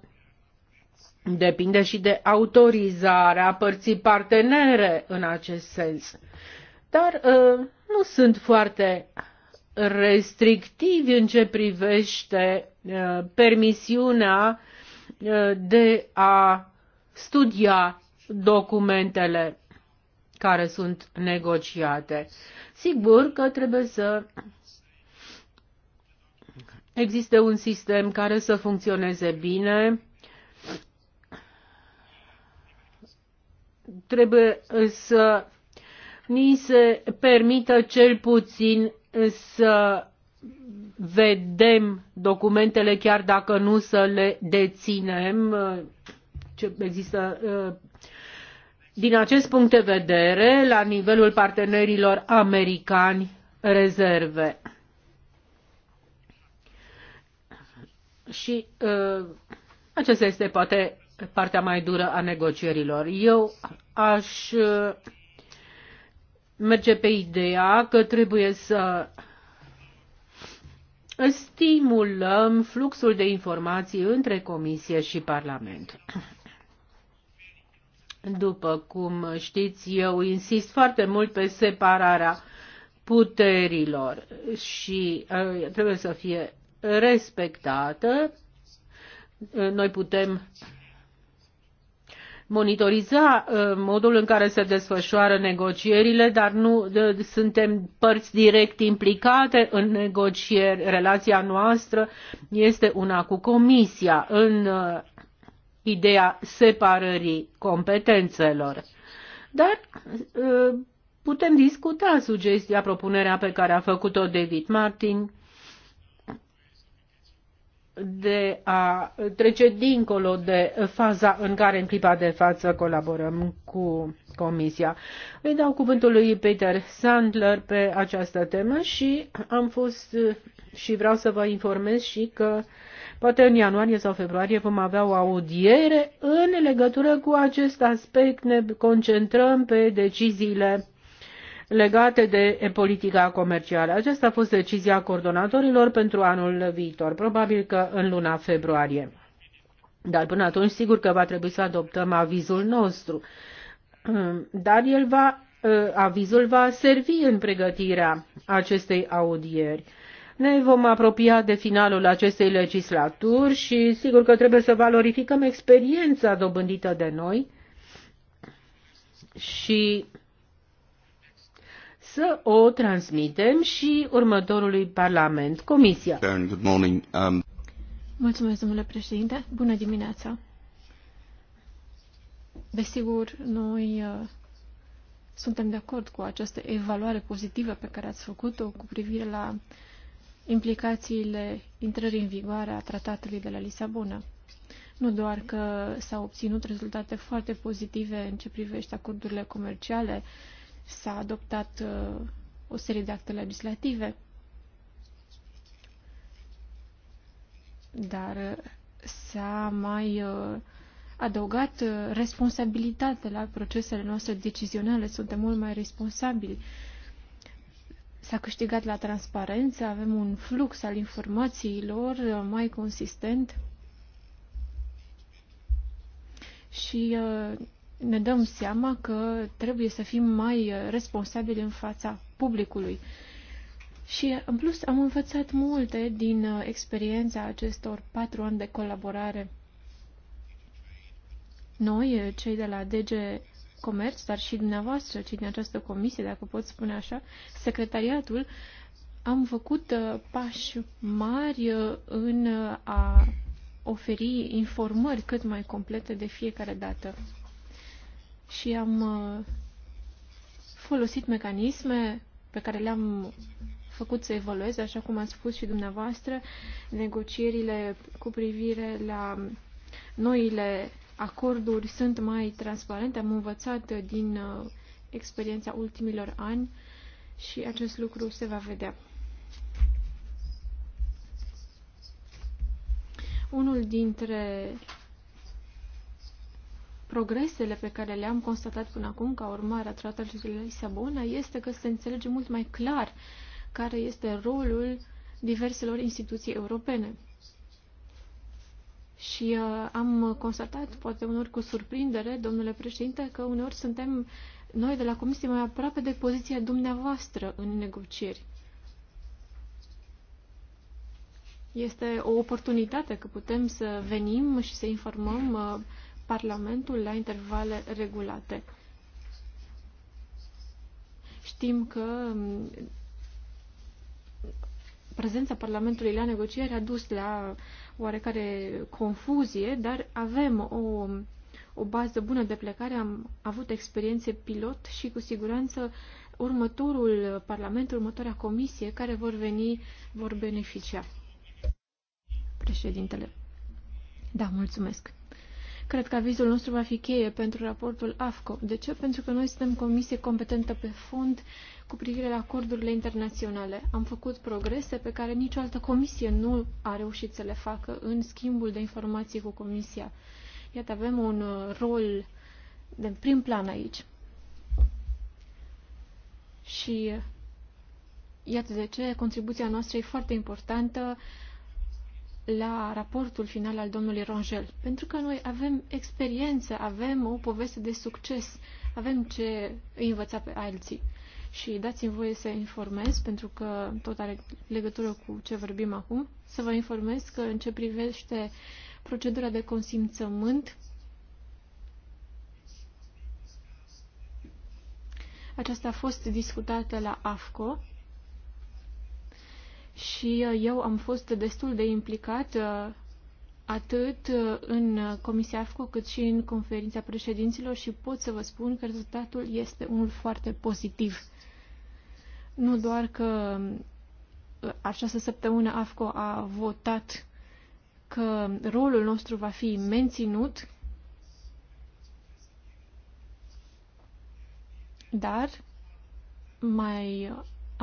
depinde și de autorizarea părții partenere în acest sens dar uh, nu sunt foarte restrictivi în ce privește uh, permisiunea uh, de a studia documentele care sunt negociate. Sigur că trebuie să existe un sistem care să funcționeze bine, trebuie să ni se permită cel puțin să vedem documentele chiar dacă nu să le deținem. Ce există uh, din acest punct de vedere, la nivelul partenerilor americani, rezerve. Și uh, aceasta este poate partea mai dură a negocierilor. Eu aș uh, merge pe ideea că trebuie să stimulăm fluxul de informații între Comisie și Parlament. După cum știți, eu insist foarte mult pe separarea puterilor și uh, trebuie să fie respectată. Noi putem monitoriza uh, modul în care se desfășoară negocierile, dar nu uh, suntem părți direct implicate în negocieri. Relația noastră este una cu Comisia în uh, ideea separării competențelor. Dar putem discuta sugestia, propunerea pe care a făcut-o David Martin de a trece dincolo de faza în care în clipa de față colaborăm cu Comisia. Îi dau cuvântul lui Peter Sandler pe această temă și am fost și vreau să vă informez și că poate în ianuarie sau februarie vom avea o audiere în legătură cu acest aspect. Ne concentrăm pe deciziile legate de politica comercială. Aceasta a fost decizia coordonatorilor pentru anul viitor, probabil că în luna februarie. Dar până atunci, sigur că va trebui să adoptăm avizul nostru. Mm, dar el va, eh, avizul va servi în pregătirea acestei audieri. Ne vom apropia de finalul acestei legislaturi și sigur că trebuie să valorificăm experiența dobândită de noi și să o transmitem și următorului Parlament, Comisia. Good morning. Um, Mulțumesc, domnule președinte. Bună dimineața. Desigur, noi uh, suntem de acord cu această evaluare pozitivă pe care ați făcut-o cu privire la implicațiile intrării în vigoare a tratatului de la Lisabona. Nu doar că s-au obținut rezultate foarte pozitive în ce privește acordurile comerciale, S-a adoptat uh, o serie de acte legislative, dar uh, s-a mai uh, adăugat responsabilitate la procesele noastre decizionale. Suntem mult mai responsabili s-a câștigat la transparență, avem un flux al informațiilor mai consistent și ne dăm seama că trebuie să fim mai responsabili în fața publicului. Și, în plus, am învățat multe din uh, experiența acestor patru ani de colaborare. Noi, uh, cei de la DG Comerț, dar și dumneavoastră, cei din această comisie, dacă pot spune așa, secretariatul, am făcut uh, pași mari în a oferi informări cât mai complete de fiecare dată și am uh, folosit mecanisme pe care le-am făcut să evolueze, așa cum ați spus și dumneavoastră, negocierile cu privire la noile acorduri sunt mai transparente. Am învățat din uh, experiența ultimilor ani și acest lucru se va vedea. Unul dintre progresele pe care le-am constatat până acum ca urmare a tratatului de Lisabona este că se înțelege mult mai clar care este rolul diverselor instituții europene. Și uh, am constatat, poate uneori cu surprindere, domnule președinte, că uneori suntem noi de la Comisie mai aproape de poziția dumneavoastră în negocieri. Este o oportunitate că putem să venim și să informăm uh, Parlamentul la intervale regulate. Știm că mm, prezența Parlamentului la negocieri a dus la oarecare confuzie, dar avem o, o bază bună de plecare, am avut experiențe pilot și cu siguranță următorul Parlament, următoarea comisie care vor veni, vor beneficia. Președintele. Da, mulțumesc. Cred că avizul nostru va fi cheie pentru raportul AFCO. De ce? Pentru că noi suntem comisie competentă pe fond cu privire la acordurile internaționale. Am făcut progrese pe care nicio altă comisie nu a reușit să le facă în schimbul de informații cu comisia. Iată, avem un uh, rol de prim plan aici. Și uh, iată de ce contribuția noastră e foarte importantă la raportul final al domnului Rangel, pentru că noi avem experiență, avem o poveste de succes, avem ce îi învăța pe alții. Și dați-mi voie să informez, pentru că tot are legătură cu ce vorbim acum, să vă informez că în ce privește procedura de consimțământ, aceasta a fost discutată la AFCO, și uh, eu am fost destul de implicat uh, atât uh, în Comisia AFCO cât și în conferința președinților și pot să vă spun că rezultatul este unul foarte pozitiv. Nu doar că această săptămână AFCO a votat că rolul nostru va fi menținut, dar mai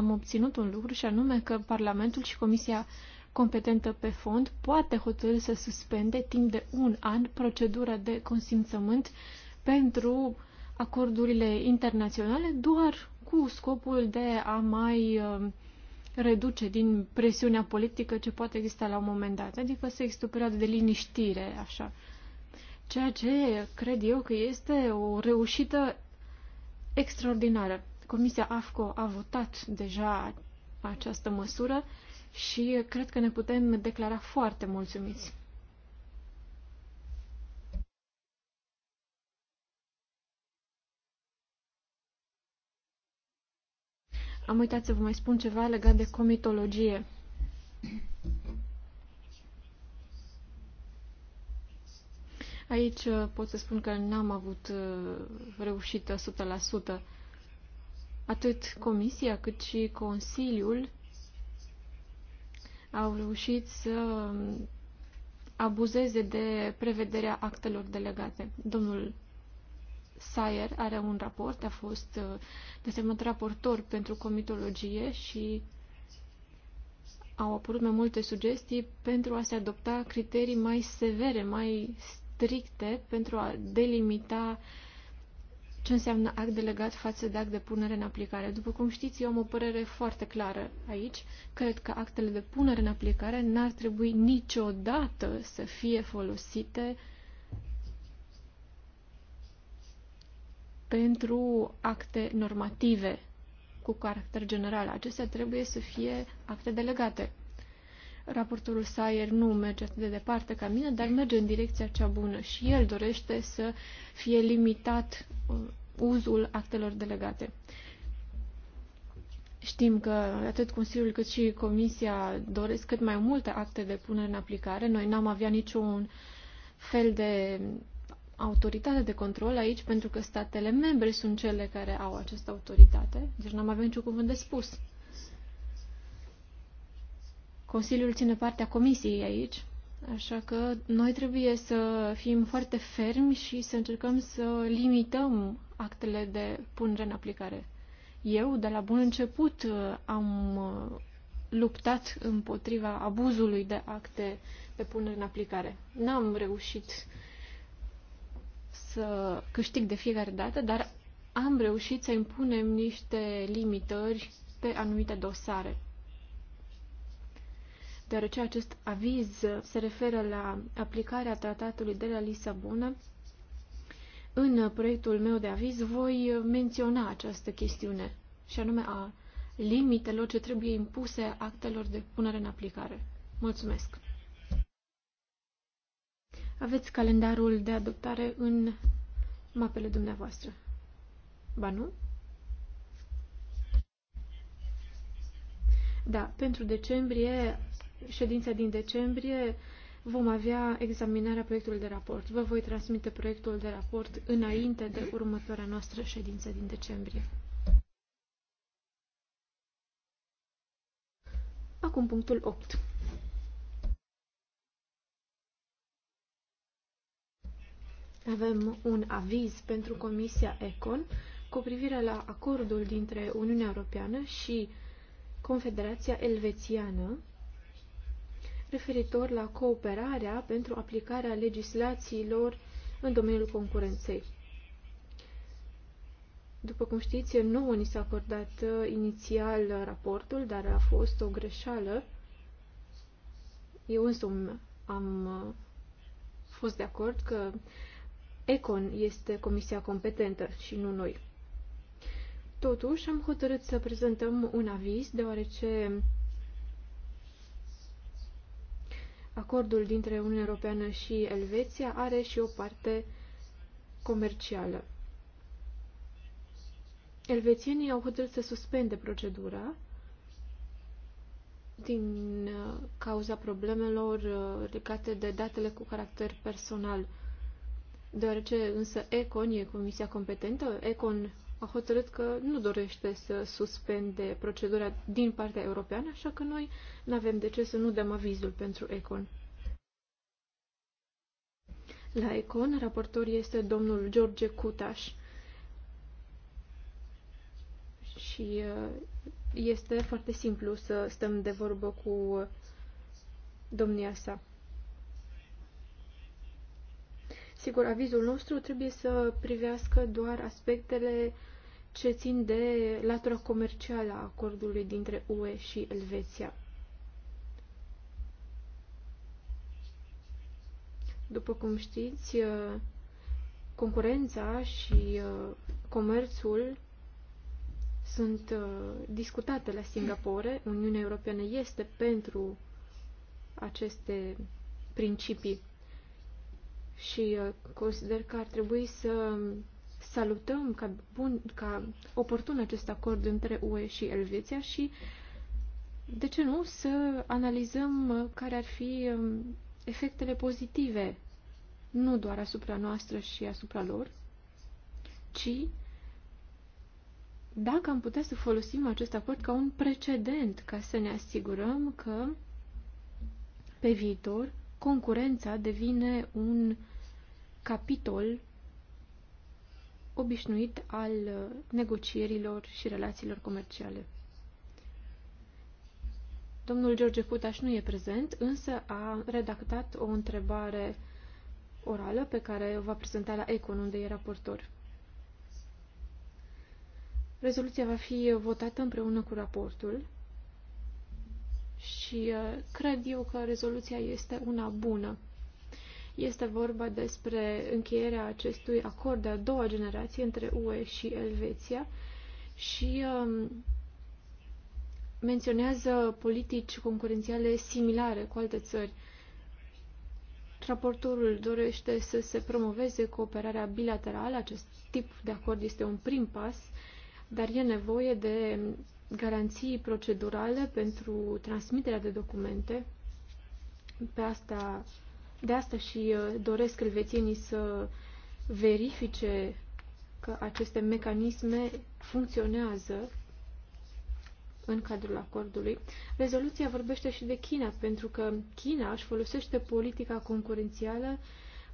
am obținut un lucru și anume că Parlamentul și Comisia competentă pe fond poate hotărâ să suspende timp de un an procedura de consimțământ pentru acordurile internaționale doar cu scopul de a mai uh, reduce din presiunea politică ce poate exista la un moment dat. Adică să există o perioadă de liniștire, așa. Ceea ce cred eu că este o reușită extraordinară. Comisia AFCO a votat deja această măsură și cred că ne putem declara foarte mulțumiți. Am uitat să vă mai spun ceva legat de comitologie. Aici uh, pot să spun că n-am avut uh, reușită 100%. Atât Comisia cât și Consiliul au reușit să abuzeze de prevederea actelor delegate. Domnul Sayer are un raport, a fost uh, desemnat raportor pentru comitologie și au apărut mai multe sugestii pentru a se adopta criterii mai severe, mai stricte, pentru a delimita uh, ce înseamnă act delegat față de act de punere în aplicare. După cum știți, eu am o părere foarte clară aici. Cred că actele de punere în aplicare n-ar trebui niciodată să fie folosite pentru acte normative cu caracter general. Acestea trebuie să fie acte delegate lui Sayer nu merge atât de departe ca mine, dar merge în direcția cea bună și el dorește să fie limitat uh, uzul actelor delegate. Știm că atât Consiliul cât și Comisia doresc cât mai multe acte de punere în aplicare. Noi n-am avea niciun fel de autoritate de control aici, pentru că statele membre sunt cele care au această autoritate, deci n-am avea niciun cuvânt de spus. Consiliul ține partea comisiei aici, așa că noi trebuie să fim foarte fermi și să încercăm să limităm actele de punere în aplicare. Eu, de la bun început, am uh, luptat împotriva abuzului de acte de punere în aplicare. N-am reușit să câștig de fiecare dată, dar am reușit să impunem niște limitări pe anumite dosare deoarece acest aviz se referă la aplicarea tratatului de la Lisabona. În proiectul meu de aviz voi menționa această chestiune, și anume a limitelor ce trebuie impuse actelor de punere în aplicare. Mulțumesc! Aveți calendarul de adoptare în mapele dumneavoastră. Ba nu? Da, pentru decembrie ședința din decembrie vom avea examinarea proiectului de raport. Vă voi transmite proiectul de raport înainte de următoarea noastră ședință din decembrie. Acum punctul 8. Avem un aviz pentru Comisia ECON cu privire la acordul dintre Uniunea Europeană și Confederația Elvețiană referitor la cooperarea pentru aplicarea legislațiilor în domeniul concurenței. După cum știți, nouă ni s-a acordat uh, inițial raportul, dar a fost o greșeală. Eu însumi am uh, fost de acord că Econ este comisia competentă și nu noi. Totuși, am hotărât să prezentăm un aviz, deoarece acordul dintre Uniunea Europeană și Elveția are și o parte comercială. Elvețienii au hotărât să suspende procedura din uh, cauza problemelor uh, legate de datele cu caracter personal. Deoarece însă ECON e comisia competentă, ECON a hotărât că nu dorește să suspende procedura din partea europeană, așa că noi nu avem de ce să nu dăm avizul pentru Econ. La Econ, raportor este domnul George Cutaș și uh, este foarte simplu să stăm de vorbă cu domnia sa. Sigur, avizul nostru trebuie să privească doar aspectele ce țin de latura comercială a acordului dintre UE și Elveția. După cum știți, uh, concurența și uh, comerțul sunt uh, discutate la Singapore. Uniunea Europeană este pentru aceste principii și consider că ar trebui să salutăm ca, bun, ca oportun acest acord între UE și Elveția și, de ce nu, să analizăm care ar fi um, efectele pozitive, nu doar asupra noastră și asupra lor, ci dacă am putea să folosim acest acord ca un precedent ca să ne asigurăm că pe viitor concurența devine un capitol obișnuit al uh, negocierilor și relațiilor comerciale. Domnul George Cutaș nu e prezent, însă a redactat o întrebare orală pe care o va prezenta la Econ, unde e raportor. Rezoluția va fi votată împreună cu raportul și uh, cred eu că rezoluția este una bună. Este vorba despre încheierea acestui acord de a doua generație între UE și Elveția și um, menționează politici concurențiale similare cu alte țări. Raportorul dorește să se promoveze cooperarea bilaterală. Acest tip de acord este un prim pas, dar e nevoie de garanții procedurale pentru transmiterea de documente. Pe asta de asta și uh, doresc elvețienii să verifice că aceste mecanisme funcționează în cadrul acordului. Rezoluția vorbește și de China, pentru că China își folosește politica concurențială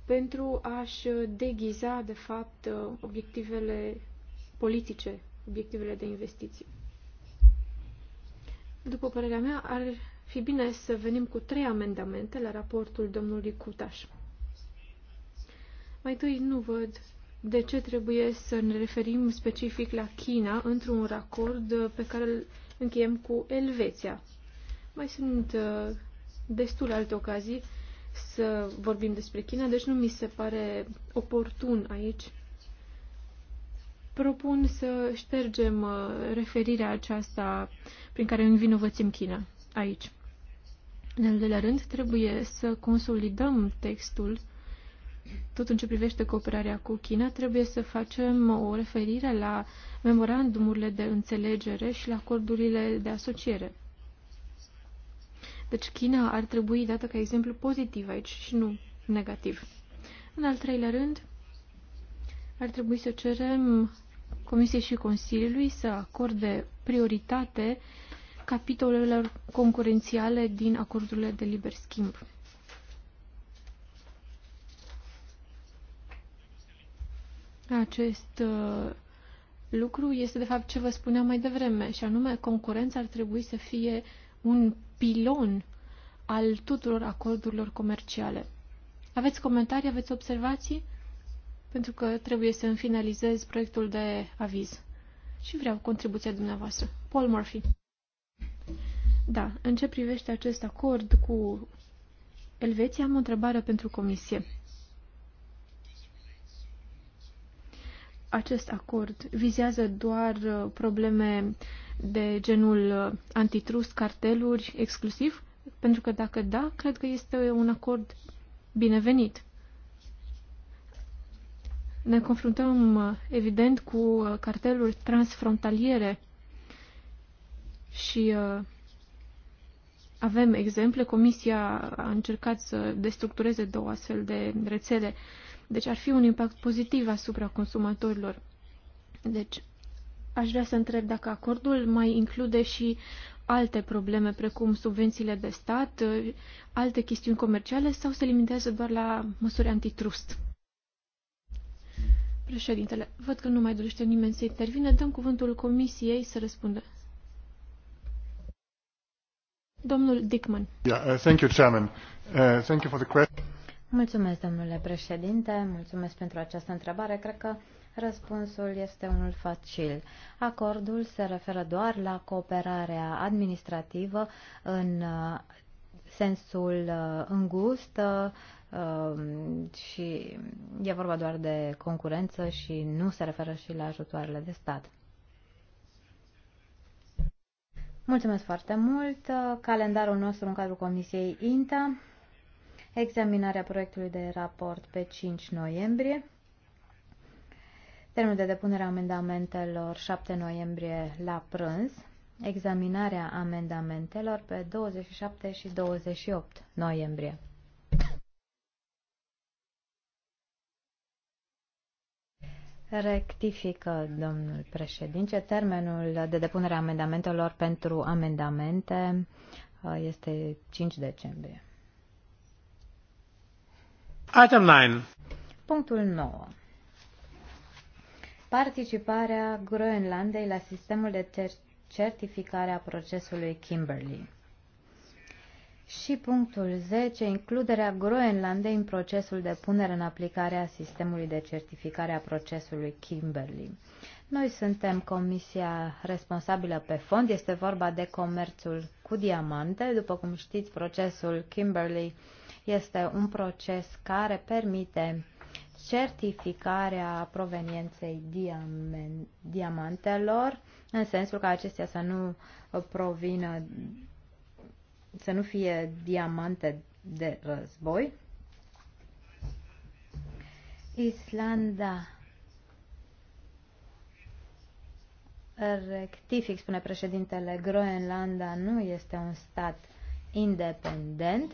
pentru a-și deghiza, de fapt, uh, obiectivele politice, obiectivele de investiții. După părerea mea, ar fi bine să venim cu trei amendamente la raportul domnului Cutaș. Mai întâi nu văd de ce trebuie să ne referim specific la China într-un racord pe care îl încheiem cu Elveția. Mai sunt uh, destul alte ocazii să vorbim despre China, deci nu mi se pare oportun aici. Propun să ștergem uh, referirea aceasta prin care învinovățim China aici. În al doilea rând, trebuie să consolidăm textul. Tot în ce privește cooperarea cu China, trebuie să facem o referire la memorandumurile de înțelegere și la acordurile de asociere. Deci China ar trebui dată ca exemplu pozitiv aici și nu negativ. În al treilea rând, ar trebui să cerem Comisiei și Consiliului să acorde prioritate uh, capitolelor concurențiale din acordurile de liber schimb. Acest uh, lucru este de fapt ce vă spuneam mai devreme, și anume concurența ar trebui să fie un pilon al tuturor acordurilor comerciale. Aveți comentarii, aveți observații? Pentru că trebuie să finalizez proiectul de aviz. Și vreau contribuția dumneavoastră. Paul Murphy. Da, în ce privește acest acord cu Elveția, am o întrebare pentru Comisie. Acest acord vizează doar uh, probleme de genul uh, antitrust, carteluri, exclusiv? Pentru că dacă da, cred că este un acord binevenit. Ne confruntăm, uh, evident, cu carteluri transfrontaliere și uh, avem exemple. Comisia a încercat să destructureze două astfel de rețele. Deci ar fi un impact pozitiv asupra consumatorilor. Deci aș vrea să întreb dacă acordul mai include și alte probleme precum subvențiile de stat, alte chestiuni comerciale sau se limitează doar la măsuri antitrust. Președintele, văd că nu mai dorește nimeni să intervine, dăm cuvântul Comisiei să răspundă. Domnul Dickman. Yeah, uh, thank you, Chairman. Uh, thank you for the question. Mulțumesc, domnule președinte, mulțumesc pentru această întrebare. Cred că răspunsul este unul facil. Acordul se referă doar la cooperarea administrativă în uh, sensul uh, îngust uh, um, și e vorba doar de concurență și nu se referă și la ajutoarele de stat. Mulțumesc foarte mult. Calendarul nostru în cadrul Comisiei INTA. Examinarea proiectului de raport pe 5 noiembrie. Termenul de depunere a amendamentelor 7 noiembrie la prânz. Examinarea amendamentelor pe 27 și 28 noiembrie. Rectifică, domnul președinte, termenul de depunere a amendamentelor pentru amendamente uh, este 5 decembrie. Item 9. Punctul 9. Participarea Groenlandei la sistemul de certificare a procesului Kimberley. Și punctul 10, includerea Groenlandei în procesul de punere în aplicare a sistemului de certificare a procesului Kimberley. Noi suntem comisia responsabilă pe fond, este vorba de comerțul cu diamante. După cum știți, procesul Kimberley este un proces care permite certificarea provenienței diamantelor, în sensul că acestea să nu provină să nu fie diamante de război. Islanda Rectific, spune președintele, Groenlanda nu este un stat independent,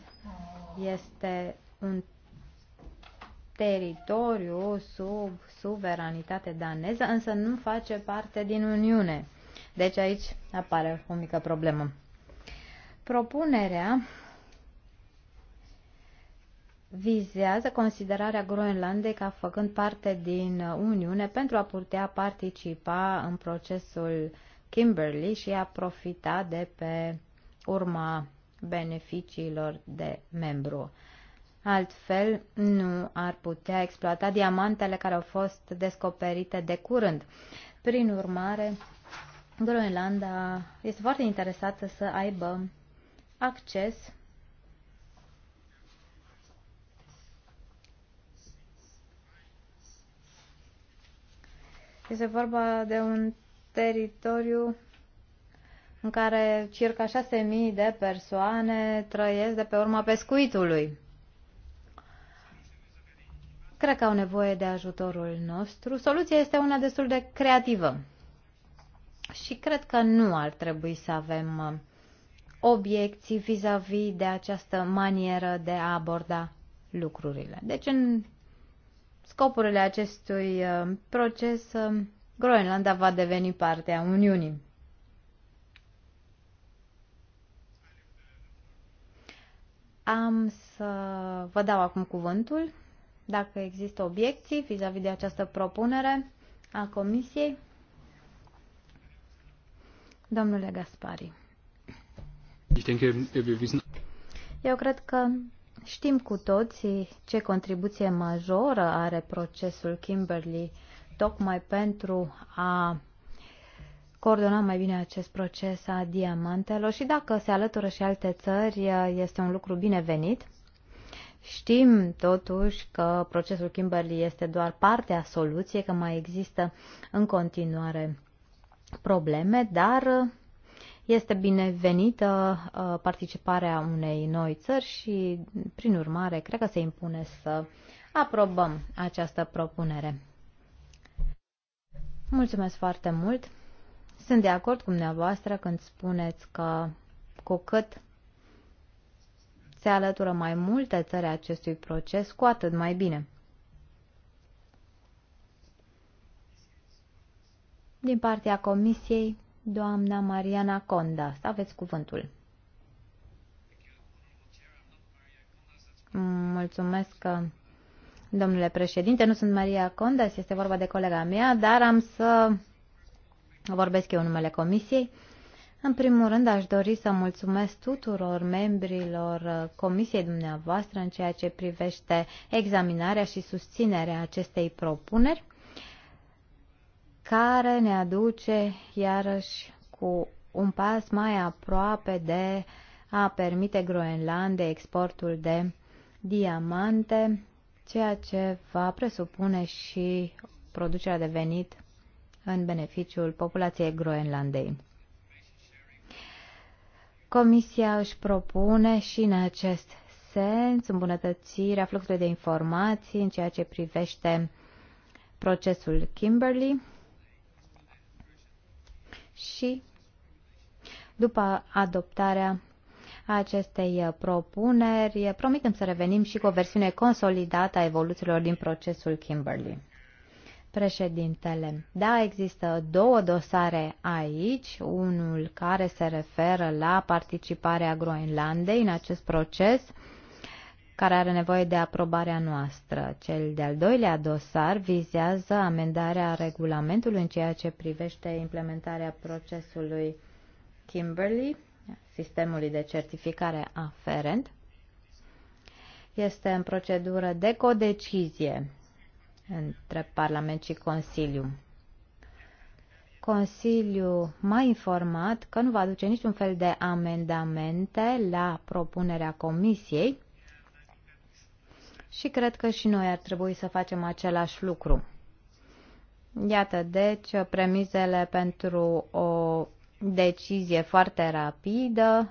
este un teritoriu sub suveranitate daneză, însă nu face parte din Uniune. Deci aici apare o mică problemă. Propunerea vizează considerarea Groenlandei ca făcând parte din Uniune pentru a putea participa în procesul Kimberley și a profita de pe urma beneficiilor de membru. Altfel, nu ar putea exploata diamantele care au fost descoperite de curând. Prin urmare, Groenlanda este foarte interesată să aibă acces Este vorba de un teritoriu în care circa 6.000 de persoane trăiesc de pe urma pescuitului. Cred că au nevoie de ajutorul nostru. Soluția este una destul de creativă. Și cred că nu ar trebui să avem uh, obiecții vis-a-vis -vis de această manieră de a aborda lucrurile. Deci, în scopurile acestui uh, proces, uh, Groenlanda va deveni parte a Uniunii. Am să vă dau acum cuvântul dacă există obiecții vis-a-vis -vis de această propunere a Comisiei. Domnule Gaspari. Eu cred că știm cu toții ce contribuție majoră are procesul Kimberley tocmai pentru a coordona mai bine acest proces a diamantelor și dacă se alătură și alte țări, este un lucru binevenit. Știm totuși că procesul Kimberley este doar partea soluției, că mai există în continuare probleme, dar este binevenită uh, participarea unei noi țări și, prin urmare, cred că se impune să aprobăm această propunere. Mulțumesc foarte mult! Sunt de acord cu dumneavoastră când spuneți că cu cât se alătură mai multe țări acestui proces, cu atât mai bine. Din partea Comisiei, doamna Mariana Conda. Aveți cuvântul. Mulțumesc că Domnule președinte, nu sunt Maria Conda, este vorba de colega mea, dar am să vorbesc eu numele comisiei. În primul rând, aș dori să mulțumesc tuturor membrilor comisiei dumneavoastră în ceea ce privește examinarea și susținerea acestei propuneri care ne aduce iarăși cu un pas mai aproape de a permite Groenlandei exportul de diamante, ceea ce va presupune și producerea de venit în beneficiul populației Groenlandei. Comisia își propune și în acest sens îmbunătățirea fluxului de informații în ceea ce privește procesul Kimberley, și după adoptarea acestei uh, propuneri, uh, promitem să revenim și cu o versiune consolidată a evoluțiilor din procesul Kimberley. Președintele, da, există două dosare aici, unul care se referă la participarea Groenlandei în acest proces, care are nevoie de aprobarea noastră. Cel de-al doilea dosar vizează amendarea regulamentului în ceea ce privește implementarea procesului Kimberley, sistemului de certificare aferent. Este în procedură de codecizie între Parlament și Consiliu. Consiliu m-a informat că nu va aduce niciun fel de amendamente la propunerea Comisiei și cred că și noi ar trebui să facem același lucru. Iată, deci, premizele pentru o decizie foarte rapidă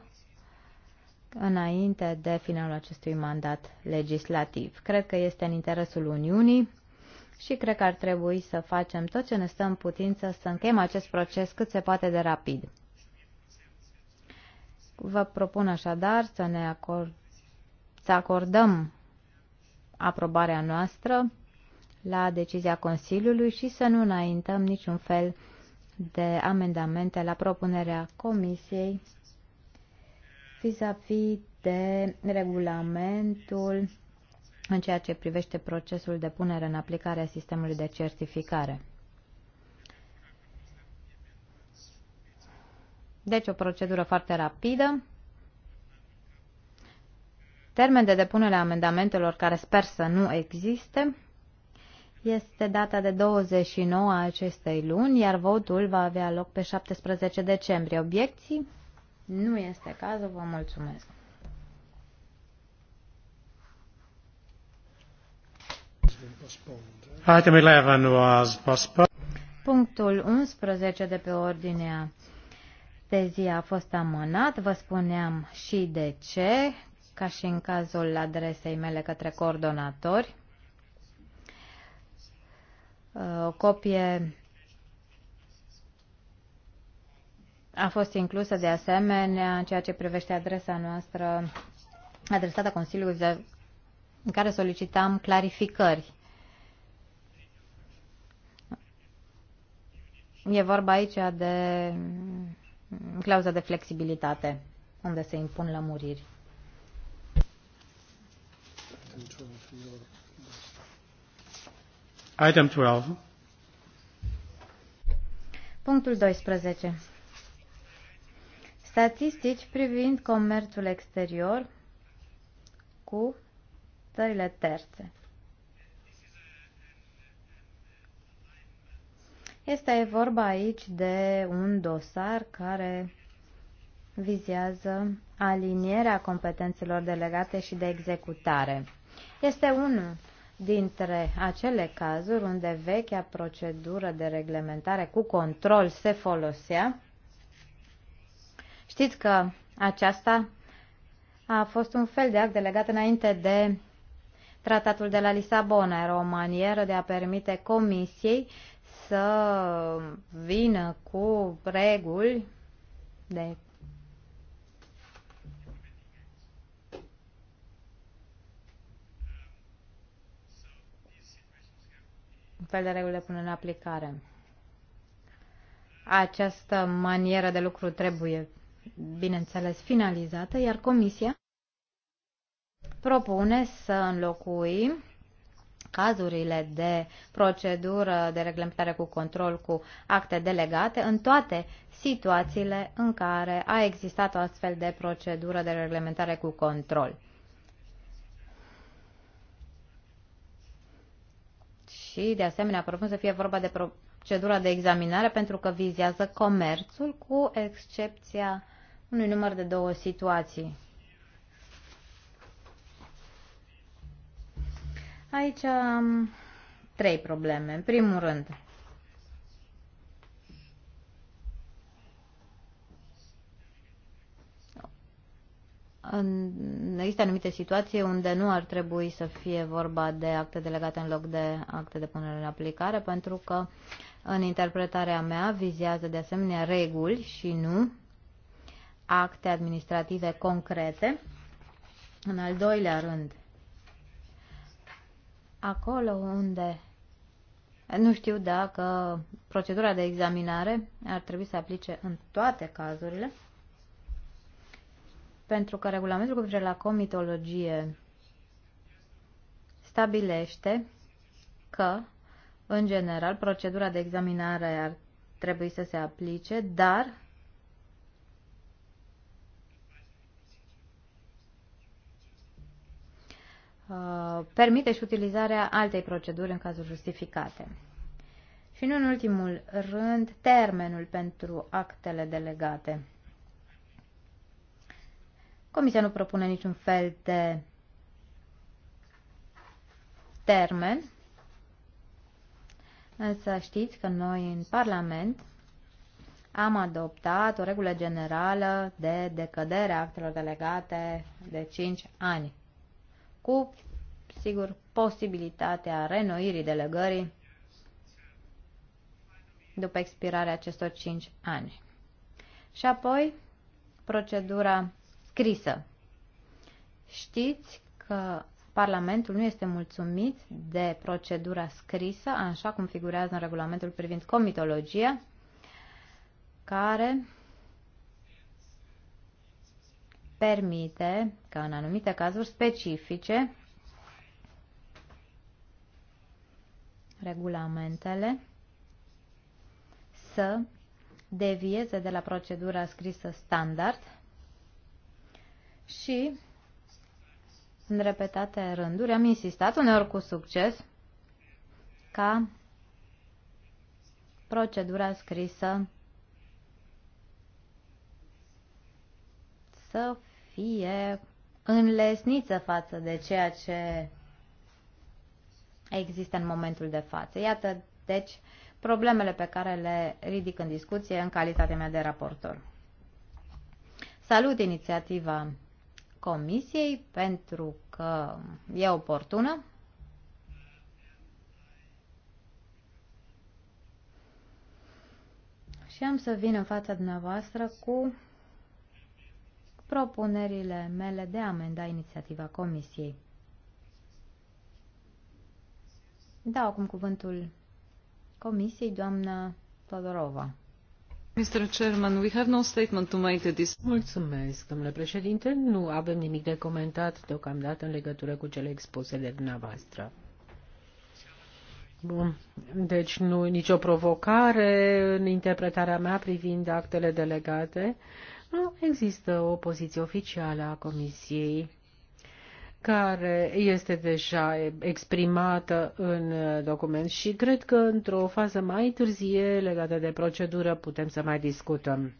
înainte de finalul acestui mandat legislativ. Cred că este în interesul Uniunii și cred că ar trebui să facem tot ce ne stă în putință să încheiem acest proces cât se poate de rapid. Vă propun așadar să ne acord, să acordăm aprobarea noastră la decizia Consiliului și să nu înaintăm niciun fel de amendamente la propunerea Comisiei vis-a-vis de regulamentul în ceea ce privește procesul de punere în aplicare a sistemului de certificare. Deci o procedură foarte rapidă Termen de depunere a amendamentelor, care sper să nu existe, este data de 29 a acestei luni, iar votul va avea loc pe 17 decembrie. Obiecții? Nu este cazul, vă mulțumesc. Item 11 was Punctul 11 de pe ordinea de zi a fost amânat, vă spuneam și de ce ca și în cazul adresei mele către coordonatori. Uh, o copie a fost inclusă de asemenea în ceea ce privește adresa noastră adresată Consiliului de, în care solicitam clarificări. E vorba aici de clauza de flexibilitate, unde se impun lămuriri. Da. Item 12. Punctul 12. Statistici privind comerțul exterior cu țările terțe. Este vorba aici de un dosar care vizează alinierea competențelor delegate și de executare. Este unul dintre acele cazuri unde vechea procedură de reglementare cu control se folosea. Știți că aceasta a fost un fel de act delegat înainte de tratatul de la Lisabona. Era o manieră de a permite comisiei să vină cu reguli de fel de regulile până în aplicare. Această manieră de lucru trebuie, bineînțeles, finalizată, iar Comisia propune să înlocui cazurile de procedură de reglementare cu control cu acte delegate în toate situațiile în care a existat o astfel de procedură de reglementare cu control. și, de asemenea, propun să fie vorba de procedura de examinare pentru că vizează comerțul, cu excepția unui număr de două situații. Aici am trei probleme. În primul rând, există anumite situații unde nu ar trebui să fie vorba de acte delegate în loc de acte de punere în aplicare, pentru că în interpretarea mea vizează de asemenea reguli și nu acte administrative concrete. În al doilea rând, acolo unde nu știu dacă procedura de examinare ar trebui să aplice în toate cazurile, pentru că regulamentul cu privire la comitologie stabilește că, în general, procedura de examinare ar trebui să se aplice, dar uh, permite și utilizarea altei proceduri în cazuri justificate. Și nu în ultimul rând, termenul pentru actele delegate. Comisia nu propune niciun fel de termen, însă știți că noi în Parlament am adoptat o regulă generală de decădere a actelor delegate de 5 ani, cu, sigur, posibilitatea renoirii delegării după expirarea acestor 5 ani. Și apoi, procedura scrisă. Știți că Parlamentul nu este mulțumit de procedura scrisă, așa cum figurează în regulamentul privind comitologia, care permite ca în anumite cazuri specifice regulamentele să devieze de la procedura scrisă standard și în repetate rânduri am insistat, uneori cu succes, ca procedura scrisă să fie înlesniță față de ceea ce există în momentul de față. Iată, deci, problemele pe care le ridic în discuție în calitatea mea de raportor. Salut inițiativa Comisiei pentru că e oportună. Și am să vin în fața dumneavoastră cu propunerile mele de a amenda inițiativa Comisiei. Dau acum cuvântul Comisiei, doamna Todorova domnule președinte. Nu avem nimic de comentat deocamdată în legătură cu cele expuse de dumneavoastră. Bun. Deci nu nicio provocare în interpretarea mea privind actele delegate. Nu există o poziție oficială a Comisiei care este deja exprimată în document și cred că într-o fază mai târzie legată de procedură putem să mai discutăm.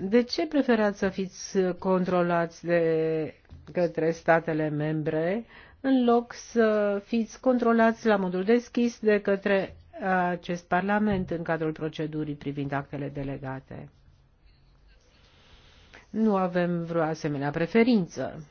De ce preferați să fiți controlați de către statele membre în loc să fiți controlați la modul deschis de către acest Parlament în cadrul procedurii privind actele delegate? Nu avem vreo asemenea preferință.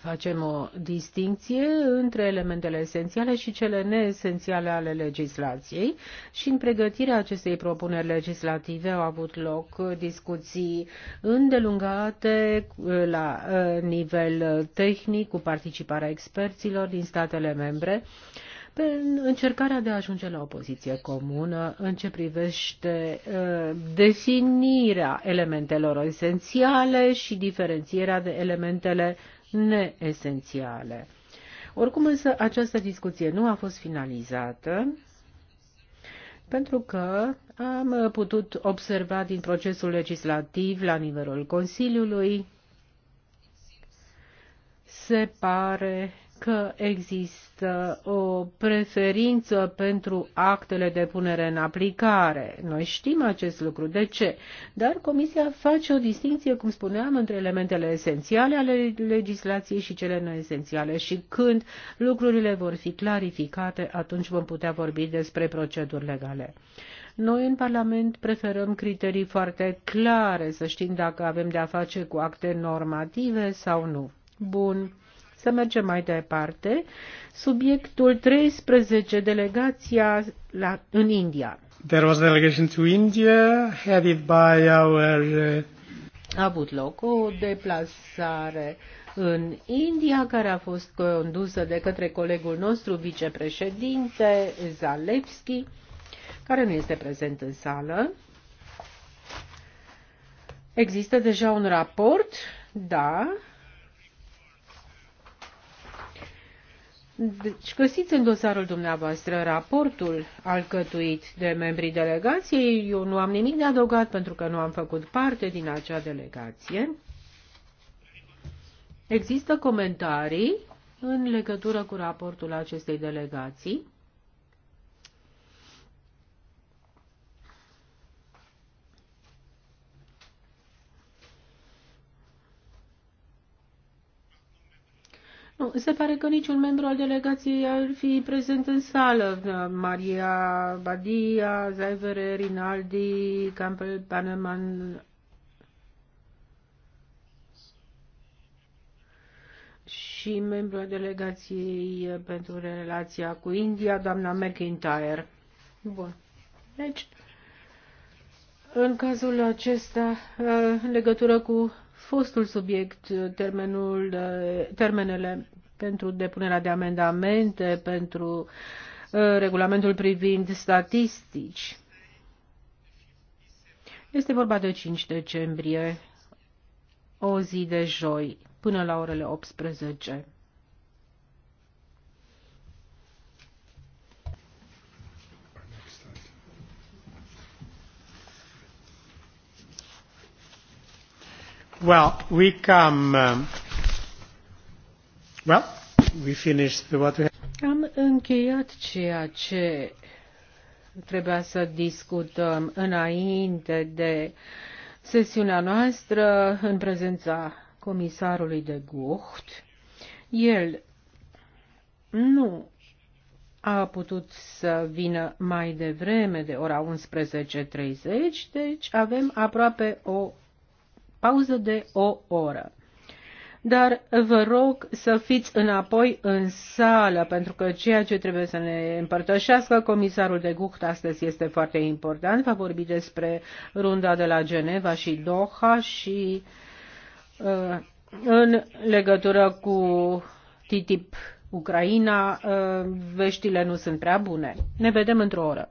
Facem o distinție între elementele esențiale și cele neesențiale ale legislației și în pregătirea acestei propuneri legislative au avut loc discuții îndelungate la eh, nivel tehnic cu participarea experților din statele membre pe încercarea de a ajunge la o poziție comună în ce privește uh, definirea elementelor esențiale și diferențierea de elementele neesențiale. Oricum însă această discuție nu a fost finalizată pentru că am putut observa din procesul legislativ la nivelul Consiliului se pare că există o preferință pentru actele de punere în aplicare. Noi știm acest lucru. De ce? Dar Comisia face o distinție, cum spuneam, între elementele esențiale ale legislației și cele neesențiale. Și când lucrurile vor fi clarificate, atunci vom putea vorbi despre proceduri legale. Noi în Parlament preferăm criterii foarte clare, să știm dacă avem de-a face cu acte normative sau nu. Bun. Să mergem mai departe. Subiectul 13, delegația la, în India. There was a delegation to India headed by our uh... a avut loc o deplasare în India, care a fost condusă de către colegul nostru, vicepreședinte Zalewski, care nu este prezent în sală. Există deja un raport? Da, Deci găsiți în dosarul dumneavoastră raportul alcătuit de membrii delegației. Eu nu am nimic de adăugat pentru că nu am făcut parte din acea delegație. Există comentarii în legătură cu raportul acestei delegații? Nu, se pare că niciun membru al delegației ar fi prezent în sală. Maria Badia, Zaivere, Rinaldi, Campbell, Panaman. și membru al delegației pentru relația cu India, doamna McIntyre. Bun. Deci, în cazul acesta, în legătură cu fostul subiect, termenul, termenele pentru depunerea de amendamente, pentru uh, regulamentul privind statistici. Este vorba de 5 decembrie, o zi de joi, până la orele 18. Well, we come. Um, well, we finished what we have. Am încheiat ceea ce trebuia să discutăm înainte de sesiunea noastră în prezența comisarului de Gucht. El nu a putut să vină mai devreme de ora 11.30, deci avem aproape o pauză de o oră. Dar vă rog să fiți înapoi în sală, pentru că ceea ce trebuie să ne împărtășească comisarul de Gucht astăzi este foarte important. Va vorbi despre runda de la Geneva și Doha și uh, în legătură cu TTIP Ucraina, uh, veștile nu sunt prea bune. Ne vedem într-o oră.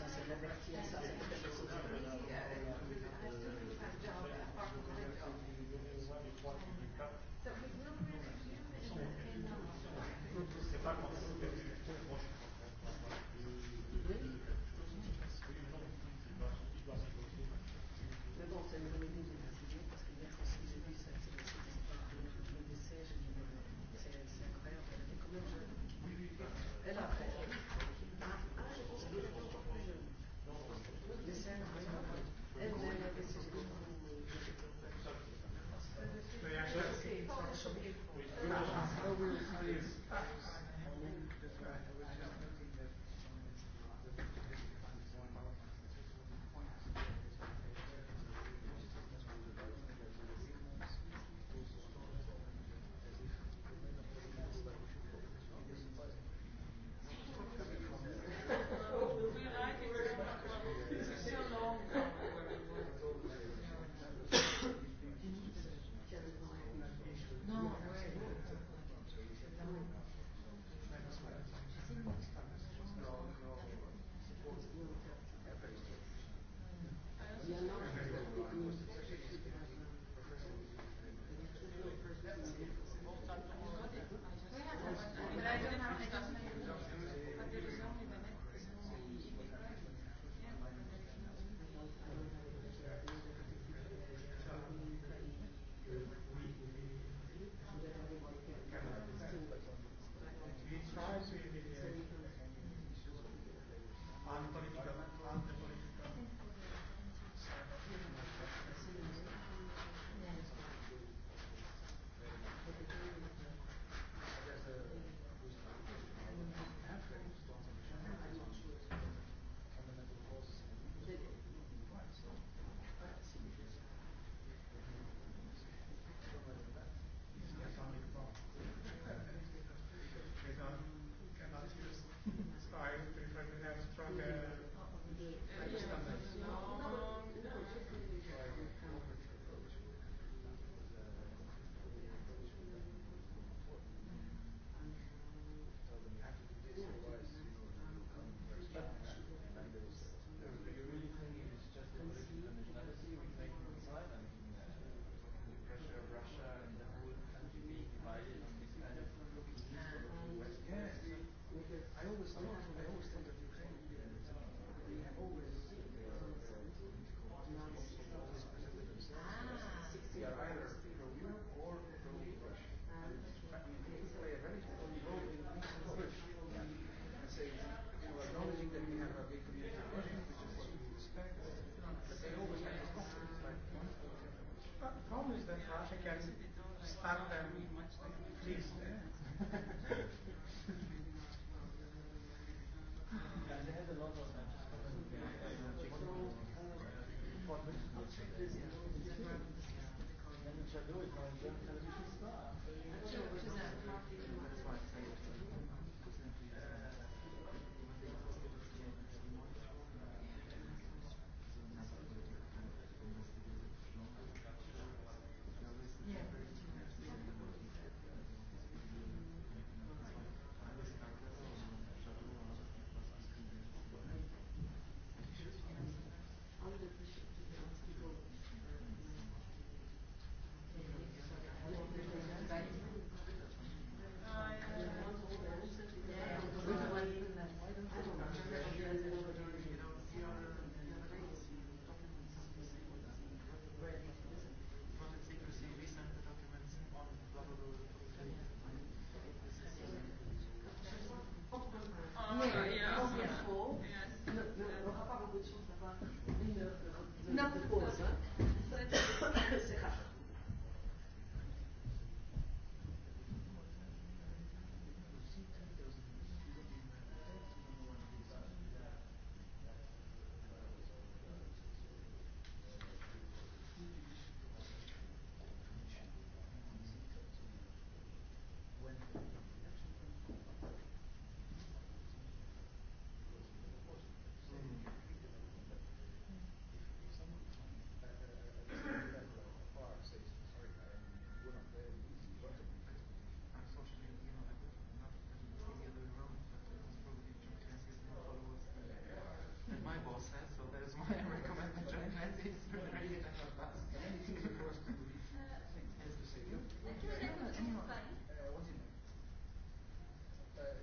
spun.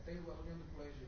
Taylor olhando para o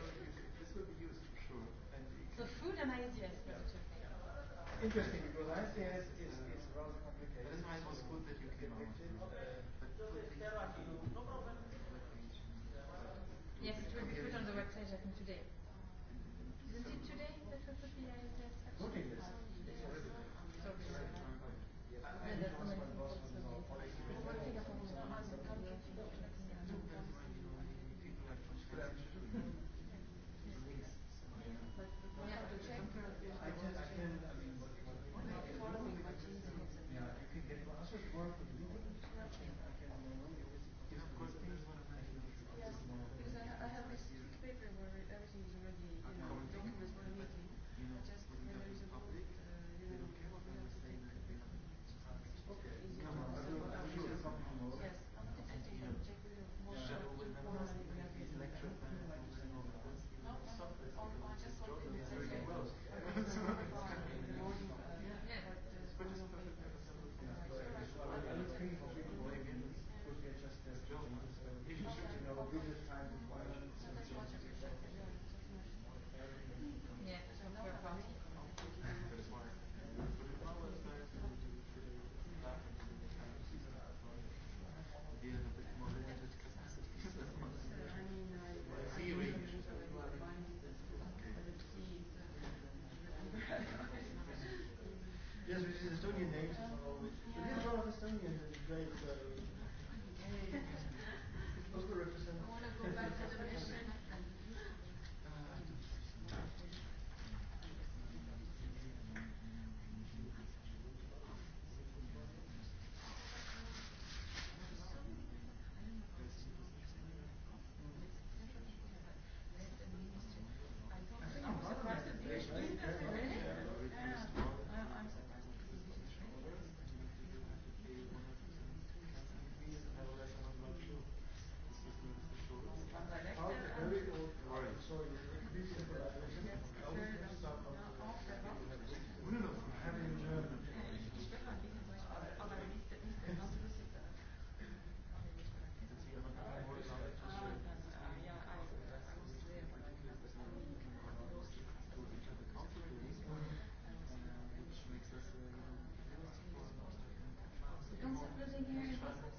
the food and ideas. were our two things. Interesting, because it's, is, rather complicated. it's why it was good that you came out. But, but,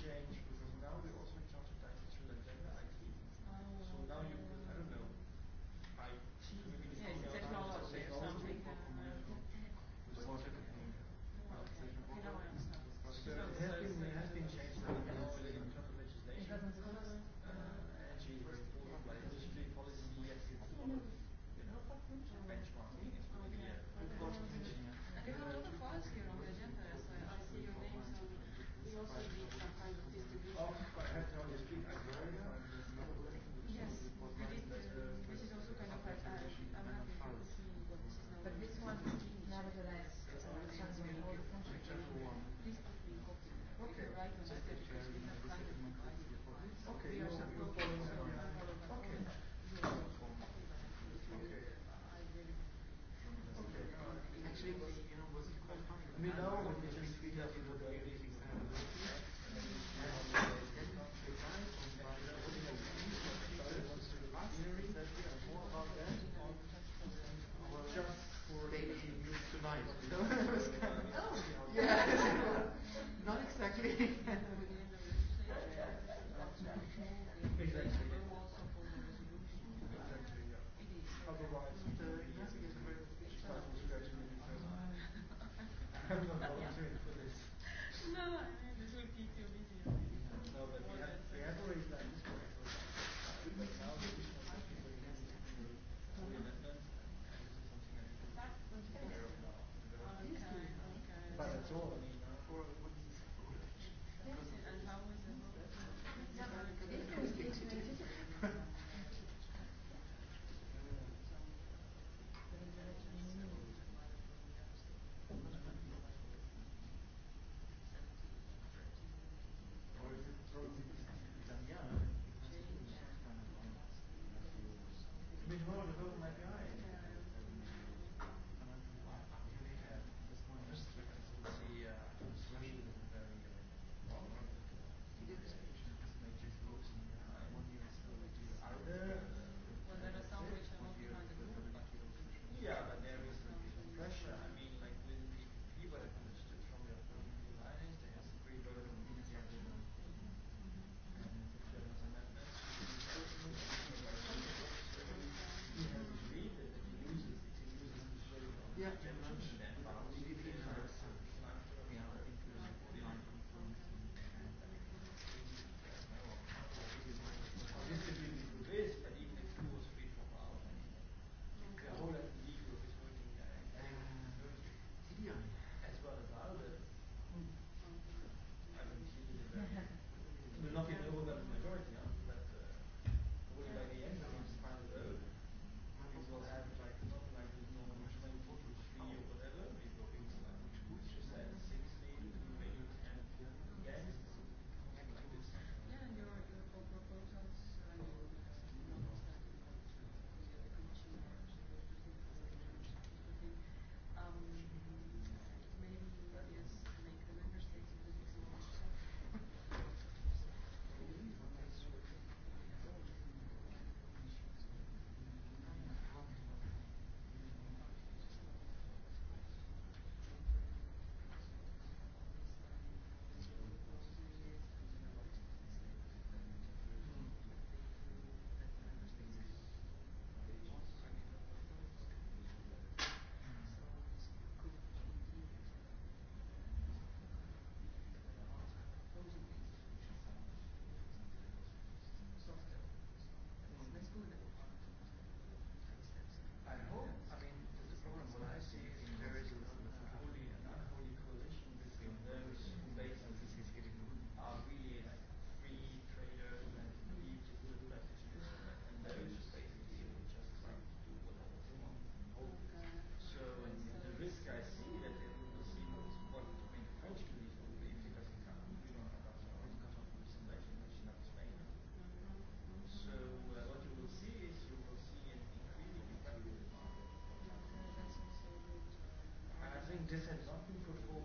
change disadvantage for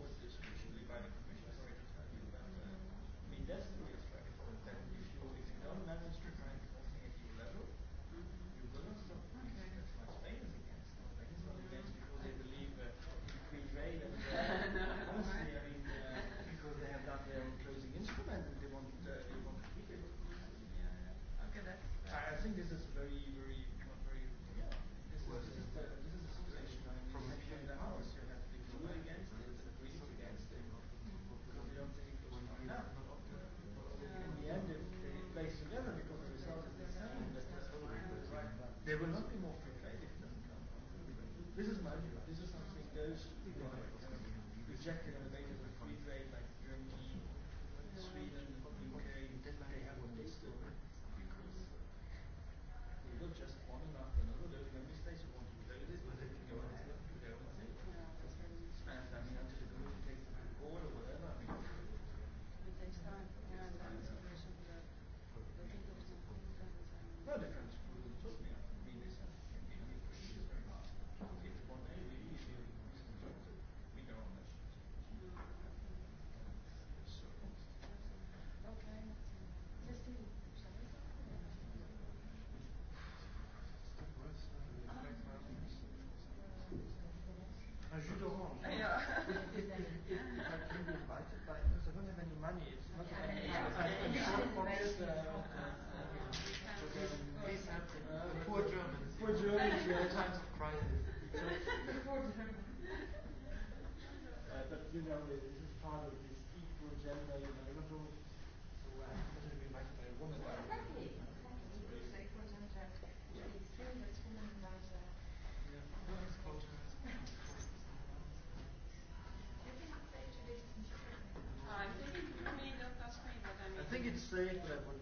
Mulțumesc.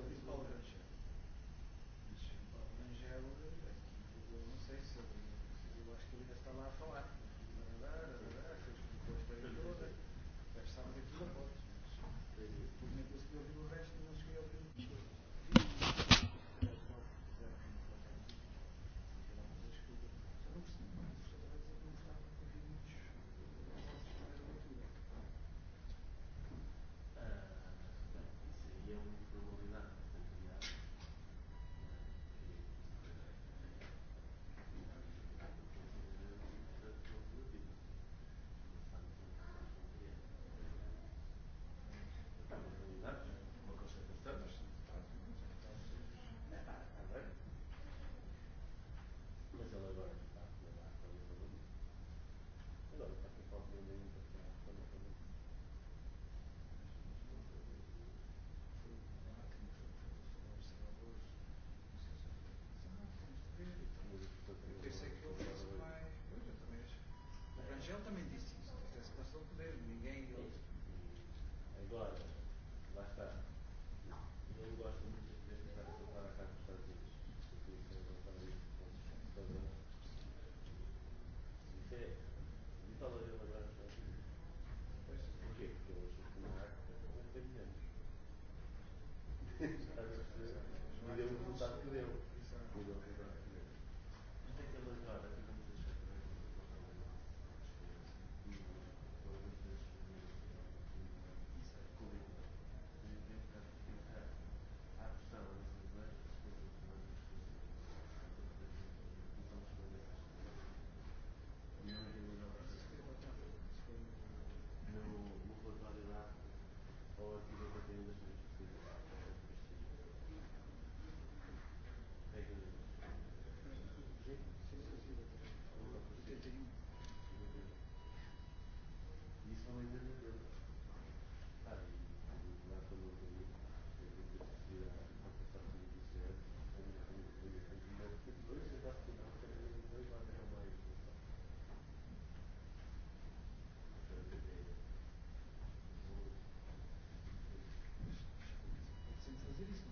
să fiți Zilis,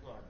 viitoare.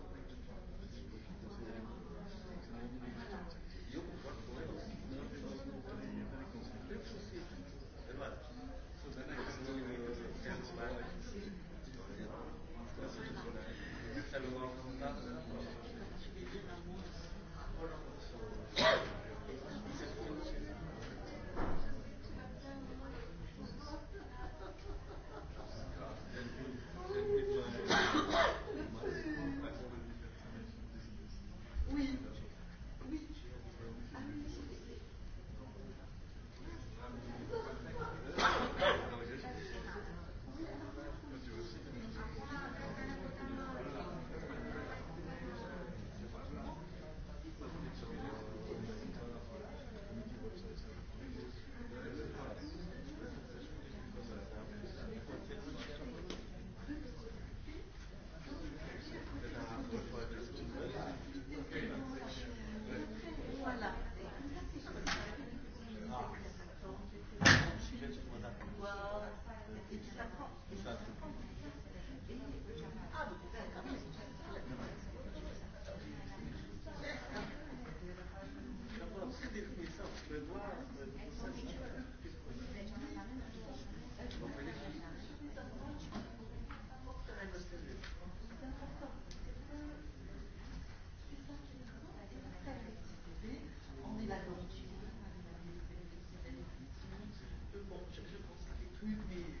with me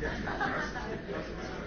Thank you.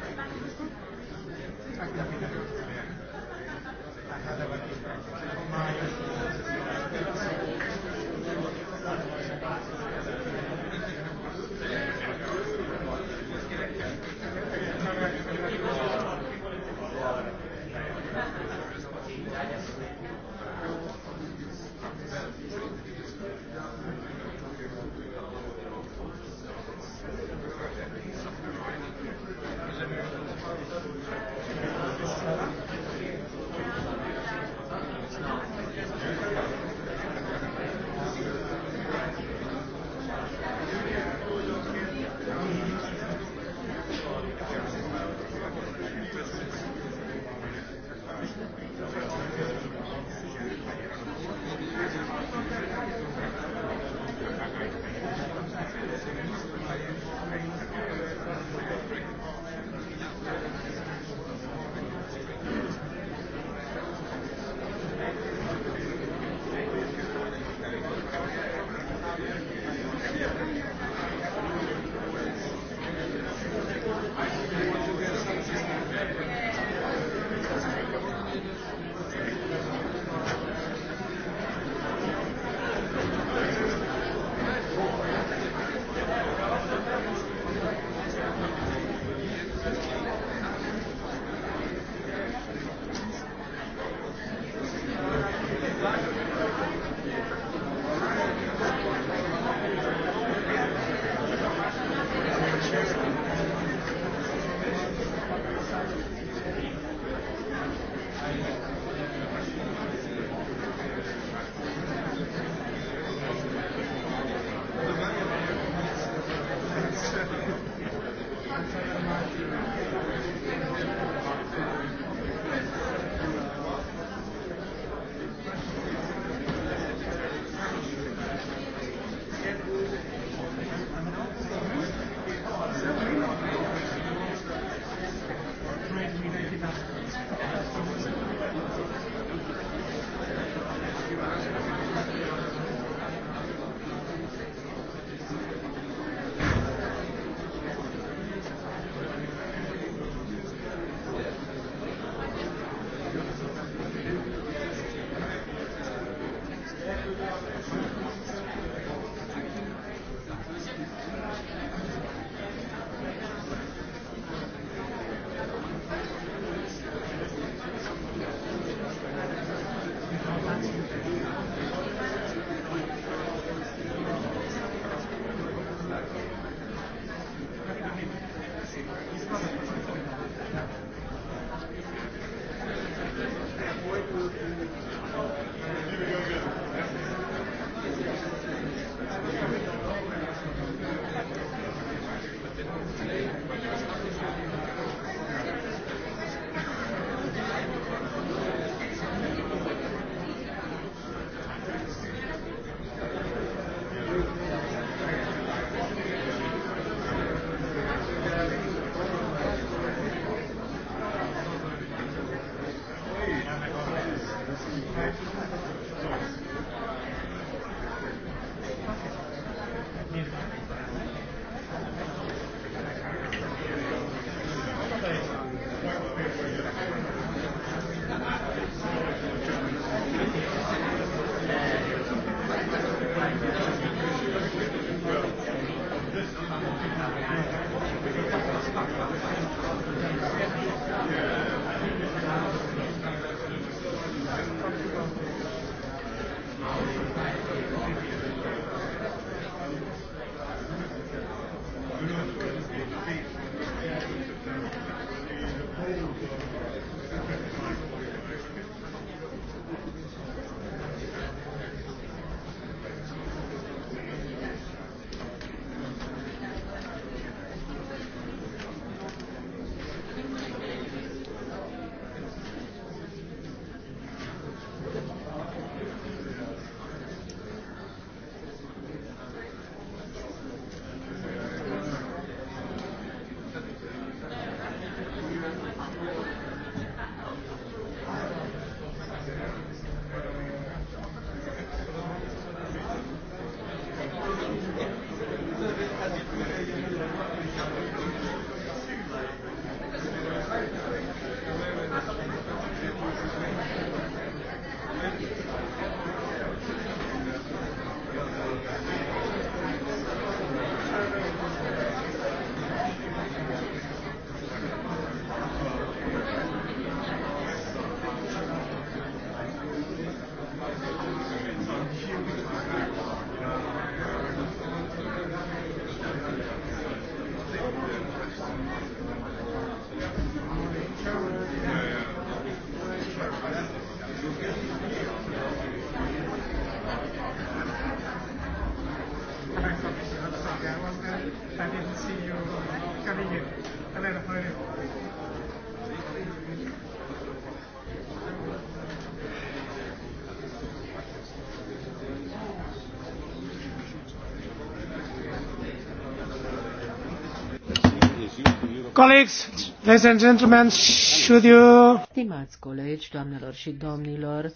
Stimați colegi, doamnelor și domnilor,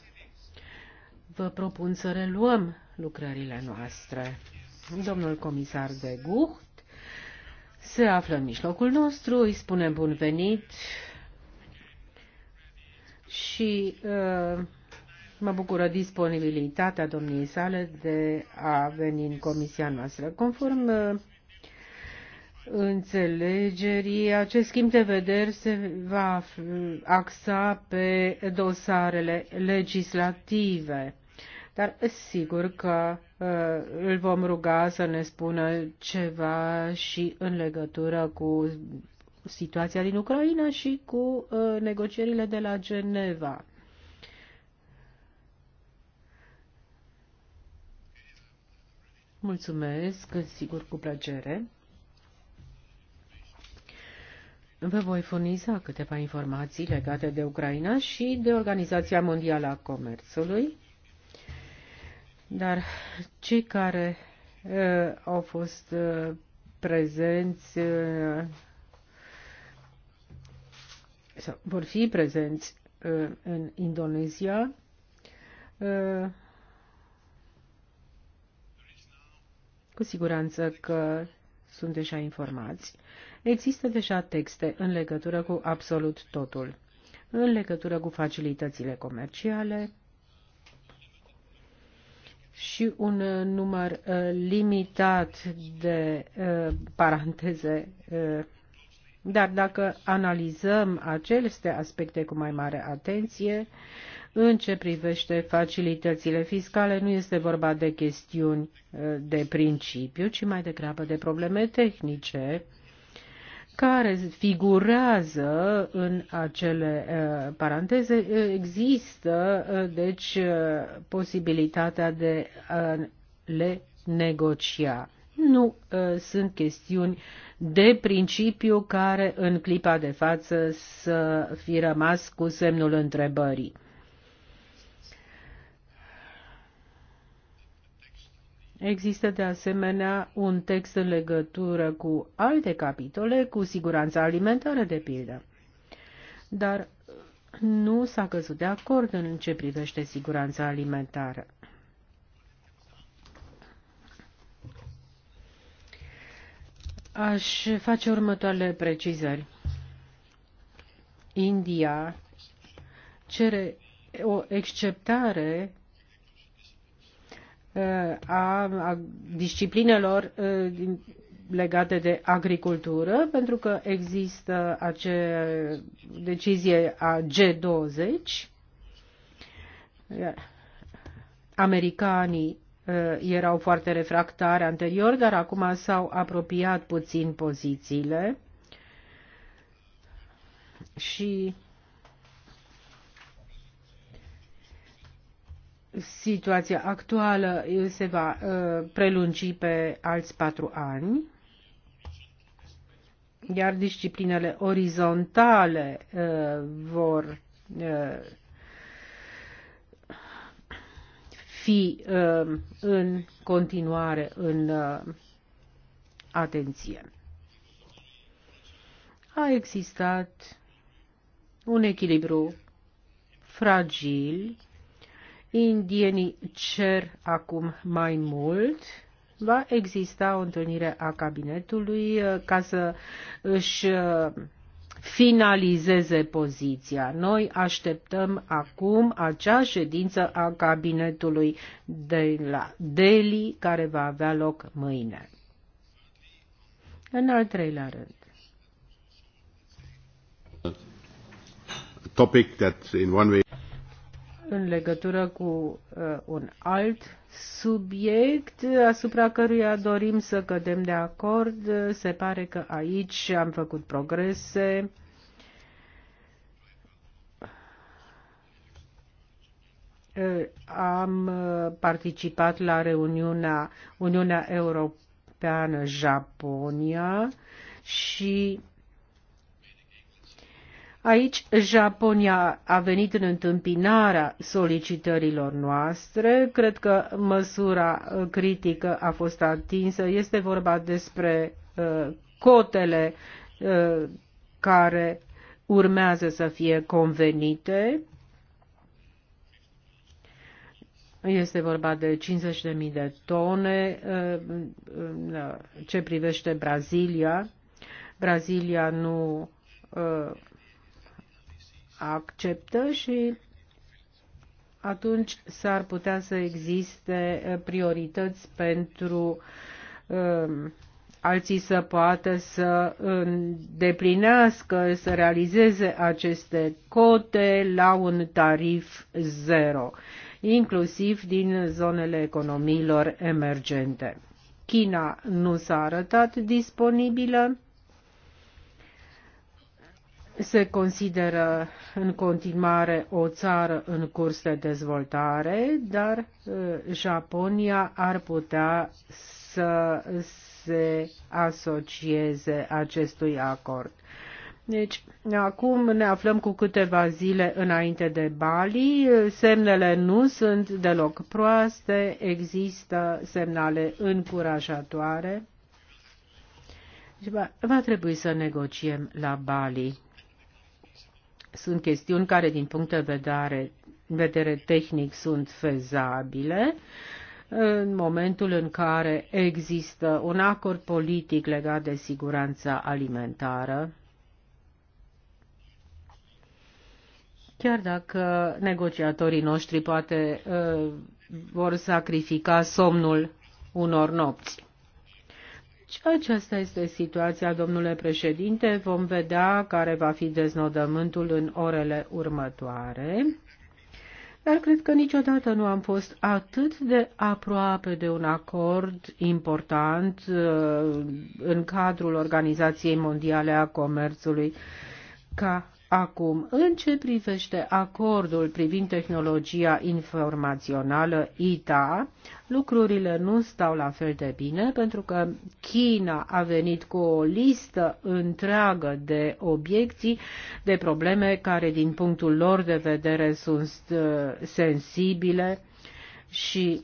vă propun să reluăm lucrările noastre. Domnul comisar de Gucht se află în mijlocul nostru, îi spunem bun venit și uh, mă bucură disponibilitatea domniei sale de a veni în comisia noastră. Conform uh, înțelegerii, acest schimb de vederi se va axa pe dosarele legislative. Dar sigur că uh, îl vom ruga să ne spună ceva și în legătură cu situația din Ucraina și cu uh, negocierile de la Geneva. Mulțumesc, sigur, cu plăcere. Vă voi furniza câteva informații legate de Ucraina și de Organizația Mondială a Comerțului, dar cei care uh, au fost uh, prezenți uh, sau vor fi prezenți uh, în Indonezia uh, cu siguranță că sunt deja informați. Uh, Există deja texte în legătură cu absolut totul, în legătură cu facilitățile comerciale și un uh, număr uh, limitat de uh, paranteze dar dacă analizăm aceste aspecte cu mai mare atenție, în ce privește facilitățile fiscale, nu este vorba de chestiuni de principiu, ci mai degrabă de probleme tehnice care figurează în acele uh, paranteze, uh, există uh, deci posibilitatea de a le negocia. Nu sunt chestiuni de principiu care în clipa de față să fi rămas cu semnul întrebării. Există de asemenea un text în legătură cu alte capitole, cu siguranța alimentară de pildă. Dar nu s-a căzut de acord în ce privește siguranța alimentară. Aș face următoarele precizări. India cere o exceptare Uh, a disciplinelor uh, legate de agricultură, pentru că există acea decizie a G20. Americanii uh, erau foarte refractari anterior, dar acum s-au apropiat puțin pozițiile și situația actuală uh, se va uh, prelungi pe alți patru ani, iar disciplinele orizontale uh, vor fi în continuare în atenție. A existat un echilibru fragil indienii cer acum mai mult. Va exista o întâlnire a cabinetului uh, ca să își uh, finalizeze poziția. Noi așteptăm acum acea ședință a cabinetului de la Delhi care va avea loc mâine. În al treilea rând. Topic that in one way în legătură cu uh, un alt subiect asupra căruia dorim să cădem de acord. Se pare că aici am făcut progrese. Uh, am uh, participat la reuniunea Uniunea Europeană-Japonia și Aici Japonia a venit în întâmpinarea solicitărilor noastre. Cred că măsura uh, critică a fost atinsă. Este vorba despre uh, cotele uh, care urmează să fie convenite. Este vorba de 50.000 de tone uh, uh, ce privește Brazilia. Brazilia nu acceptă și atunci s-ar putea să existe eh, priorități pentru eh, alții să poată să îndeplinească, să realizeze aceste cote la un tarif zero, inclusiv din zonele economiilor emergente. China nu s-a arătat disponibilă se consideră în continuare o țară în curs de dezvoltare, dar uh, Japonia ar putea să se asocieze acestui acord. Deci, acum ne aflăm cu câteva zile înainte de Bali. Semnele nu sunt deloc proaste, există semnale încurajatoare. Deci, va trebui să negociem la Bali. Sunt chestiuni care, din punct de vedere, vedere tehnic, sunt fezabile în momentul în care există un acord politic legat de siguranța alimentară, chiar dacă negociatorii noștri poate uh, vor sacrifica somnul unor nopți. Deci, aceasta este situația, domnule președinte. Vom vedea care va fi deznodământul în orele următoare. Dar cred că niciodată nu am fost atât de aproape de un acord important uh, în cadrul Organizației Mondiale a Comerțului ca Acum, în ce privește acordul privind tehnologia informațională ITA, lucrurile nu stau la fel de bine pentru că China a venit cu o listă întreagă de obiecții, de probleme care din punctul lor de vedere sunt uh, sensibile și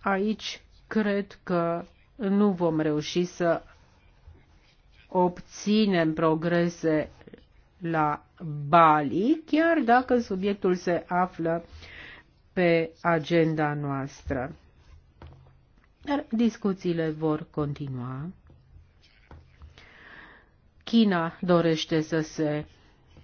aici cred că nu vom reuși să obținem progrese la Bali, chiar dacă subiectul se află pe agenda noastră. Dar discuțiile vor continua. China dorește să se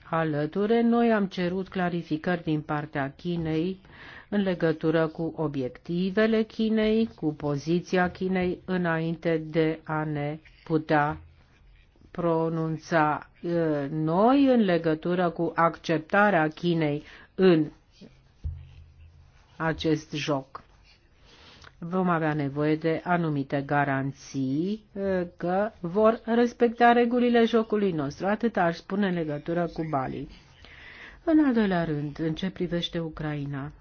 alăture. Noi am cerut clarificări din partea Chinei în legătură cu obiectivele Chinei, cu poziția Chinei înainte de a ne putea pronunța uh, noi în legătură cu acceptarea Chinei în acest joc. Vom avea nevoie de anumite garanții uh, că vor respecta regulile jocului nostru. Atât aș spune în legătură cu Bali. În al doilea rând, în ce privește Ucraina.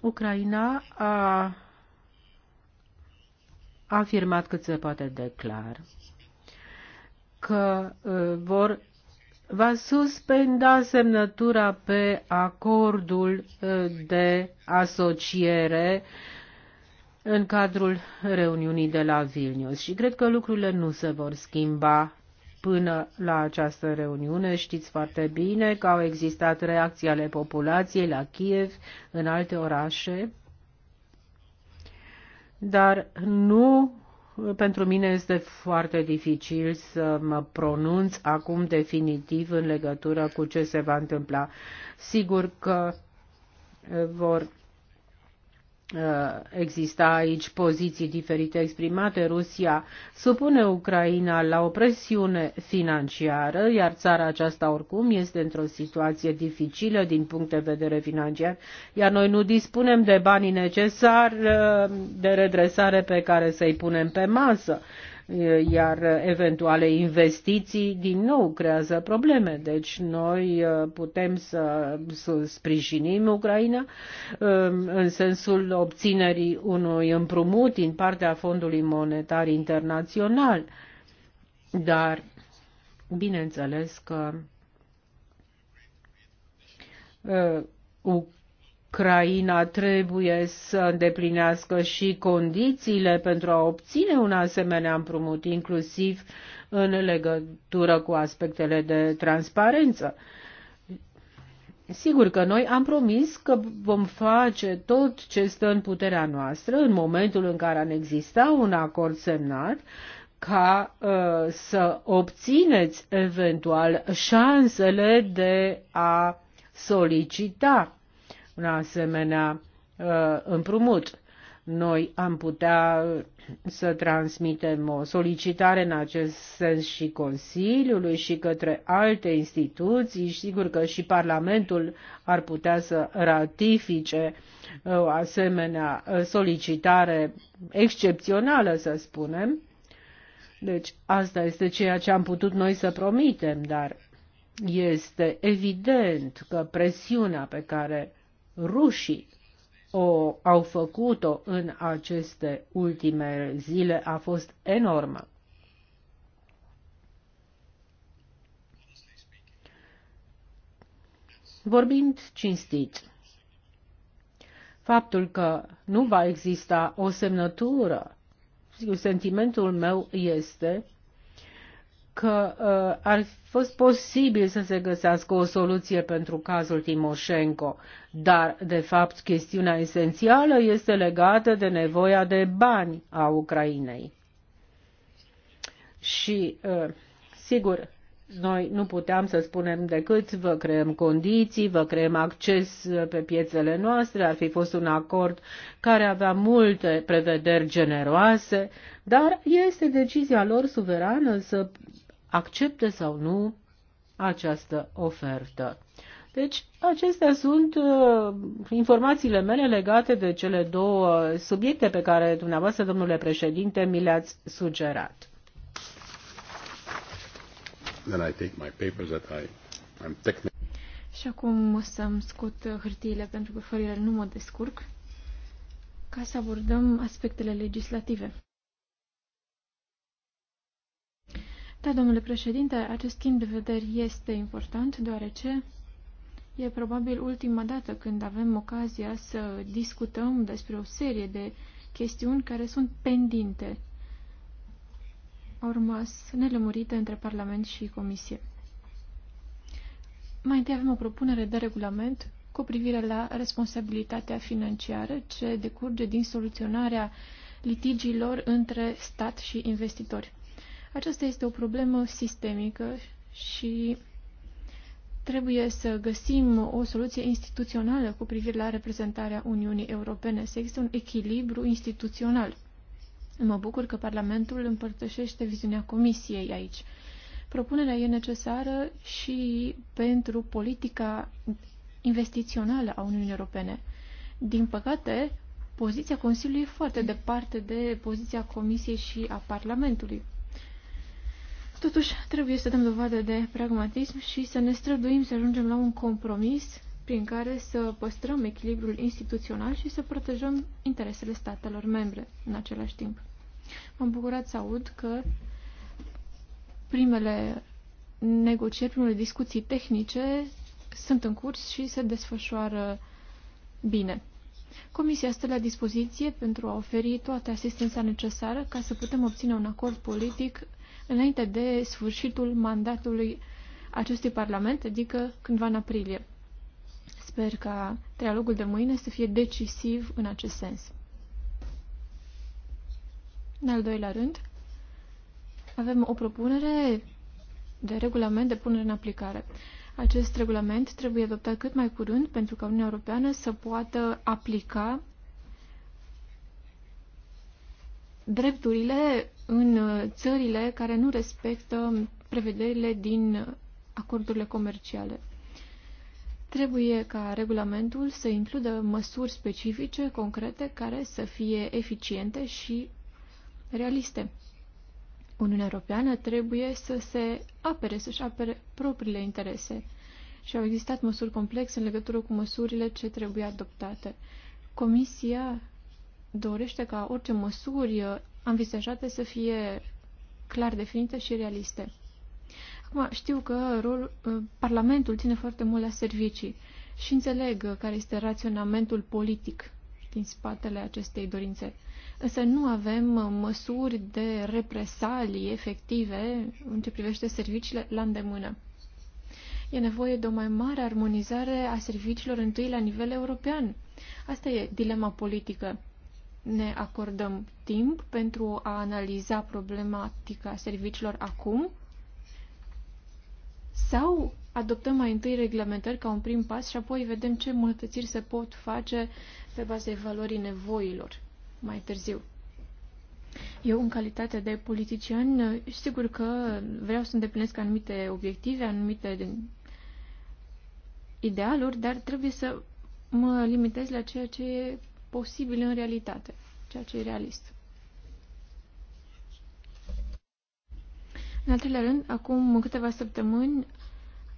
Ucraina a a afirmat cât se poate de clar că uh, vor va suspenda semnătura pe acordul uh, de asociere în cadrul reuniunii de la Vilnius și cred că lucrurile nu se vor schimba până la această reuniune. Știți foarte bine că au existat reacții ale populației la Kiev, în alte orașe dar nu pentru mine este foarte dificil să mă pronunț acum definitiv în legătură cu ce se va întâmpla. Sigur că eh, vor Uh, exista aici poziții diferite exprimate. Rusia supune Ucraina la o presiune financiară, iar țara aceasta oricum este într-o situație dificilă din punct de vedere financiar, iar noi nu dispunem de banii necesari uh, de redresare pe care să-i punem pe masă iar eventuale investiții din nou creează probleme. Deci noi uh, putem să, să sprijinim Ucraina um, în sensul obținerii unui împrumut din partea Fondului Monetar Internațional. Dar, bineînțeles că uh, Ucraina trebuie să îndeplinească și condițiile pentru a obține un asemenea împrumut, inclusiv în legătură cu aspectele de transparență. Sigur că noi am promis că vom face tot ce stă în puterea noastră în momentul în care ar exista un acord semnat ca uh, să obțineți eventual șansele de a solicita un asemenea uh, împrumut. Noi am putea uh, să transmitem o solicitare în acest sens și Consiliului și către alte instituții și sigur că și Parlamentul ar putea să ratifice uh, o asemenea solicitare excepțională, să spunem. Deci asta este ceea ce am putut noi să promitem, dar este evident că presiunea pe care rușii o au făcut-o în aceste ultime zile a fost enormă. Vorbind cinstit, faptul că nu va exista o semnătură, sentimentul meu este că uh, ar fi fost posibil să se găsească o soluție pentru cazul Timoșenko, dar, de fapt, chestiunea esențială este legată de nevoia de bani a Ucrainei. Și, uh, sigur, noi nu puteam să spunem decât vă creăm condiții, vă creăm acces uh, pe piețele noastre, ar fi fost un acord care avea multe prevederi generoase, dar este decizia lor suverană să accepte sau nu această ofertă. Deci, acestea sunt uh, informațiile mele legate de cele două subiecte pe care dumneavoastră, domnule președinte, mi le-ați sugerat. Then I take my papers that I, I'm technical. Și acum o să-mi scot hârtiile pentru că fără ele nu mă descurc ca să abordăm aspectele legislative. Da, domnule președinte, acest schimb de vederi este important deoarece E probabil ultima dată când avem ocazia să discutăm despre o serie de chestiuni care sunt pendinte. Au rămas nelămurite între Parlament și Comisie. Mai întâi avem o propunere de regulament cu privire la responsabilitatea financiară ce decurge din soluționarea litigiilor între stat și investitori. Aceasta este o problemă sistemică și Trebuie să găsim o soluție instituțională cu privire la reprezentarea Uniunii Europene, să existe un echilibru instituțional. Mă bucur că Parlamentul împărtășește viziunea Comisiei aici. Propunerea e necesară și pentru politica investițională a Uniunii Europene. Din păcate, poziția Consiliului e foarte departe de poziția Comisiei și a Parlamentului. Totuși, trebuie să dăm dovadă de pragmatism și să ne străduim să ajungem la un compromis prin care să păstrăm echilibrul instituțional și să protejăm interesele statelor membre în același timp. M-am bucurat să aud că primele negocieri, primele discuții tehnice sunt în curs și se desfășoară bine. Comisia stă la dispoziție pentru a oferi toată asistența necesară ca să putem obține un acord politic înainte de sfârșitul mandatului acestui Parlament, adică cândva în aprilie. Sper ca trialogul de mâine să fie decisiv în acest sens. În al doilea rând, avem o propunere de regulament de punere în aplicare. Acest regulament trebuie adoptat cât mai curând pentru ca Uniunea Europeană să poată aplica drepturile în uh, țările care nu respectă prevederile din acordurile comerciale. Trebuie ca regulamentul să includă măsuri specifice, concrete, care să fie eficiente și realiste. Uniunea Europeană trebuie să se apere, să-și apere propriile interese și au existat măsuri complexe în legătură cu măsurile ce trebuie adoptate. Comisia dorește ca orice măsuri anvisajate uh, să fie clar definite și realiste. Acum, știu că rol, uh, Parlamentul ține foarte mult la servicii și înțeleg uh, care este raționamentul politic din spatele acestei dorințe. Însă nu avem măsuri de represalii efective în ce privește serviciile la îndemână. E nevoie de o mai mare armonizare a serviciilor întâi la nivel european. Asta e dilema politică ne acordăm timp pentru a analiza problematica serviciilor acum sau adoptăm mai întâi reglementări ca un prim pas și apoi vedem ce îmbunătățiri se pot face pe baza evaluării nevoilor mai târziu. Eu, în calitate de politician, sigur că vreau să îndeplinesc anumite obiective, anumite idealuri, dar trebuie să mă limitez la ceea ce e posibil în realitate, ceea ce e realist. În al treilea rând, acum câteva săptămâni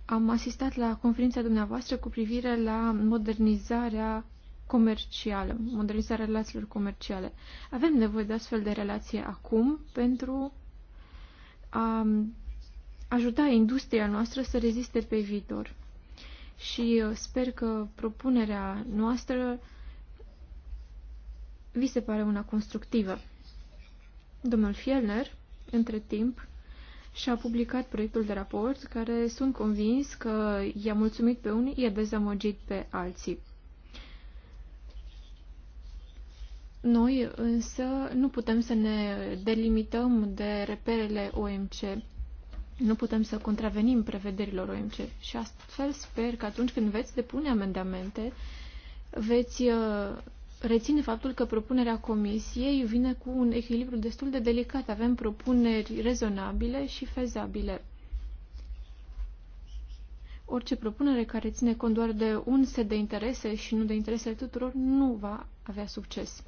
am asistat la conferința dumneavoastră cu privire la modernizarea comercială, modernizarea relațiilor comerciale. Avem nevoie de astfel de relație acum pentru a um, ajuta industria noastră să reziste pe viitor. Și uh, sper că propunerea noastră vi se pare una constructivă. Domnul Fielner, între timp, și-a publicat proiectul de raport, care sunt convins că i-a mulțumit pe unii, i-a dezamăgit pe alții. Noi însă nu putem să ne delimităm de reperele OMC, nu putem să contravenim prevederilor OMC și astfel sper că atunci când veți depune amendamente, veți uh, reține faptul că propunerea comisiei vine cu un echilibru destul de delicat. Avem propuneri rezonabile și fezabile. Orice propunere care ține cont doar de un set de interese și nu de interesele tuturor nu va avea succes.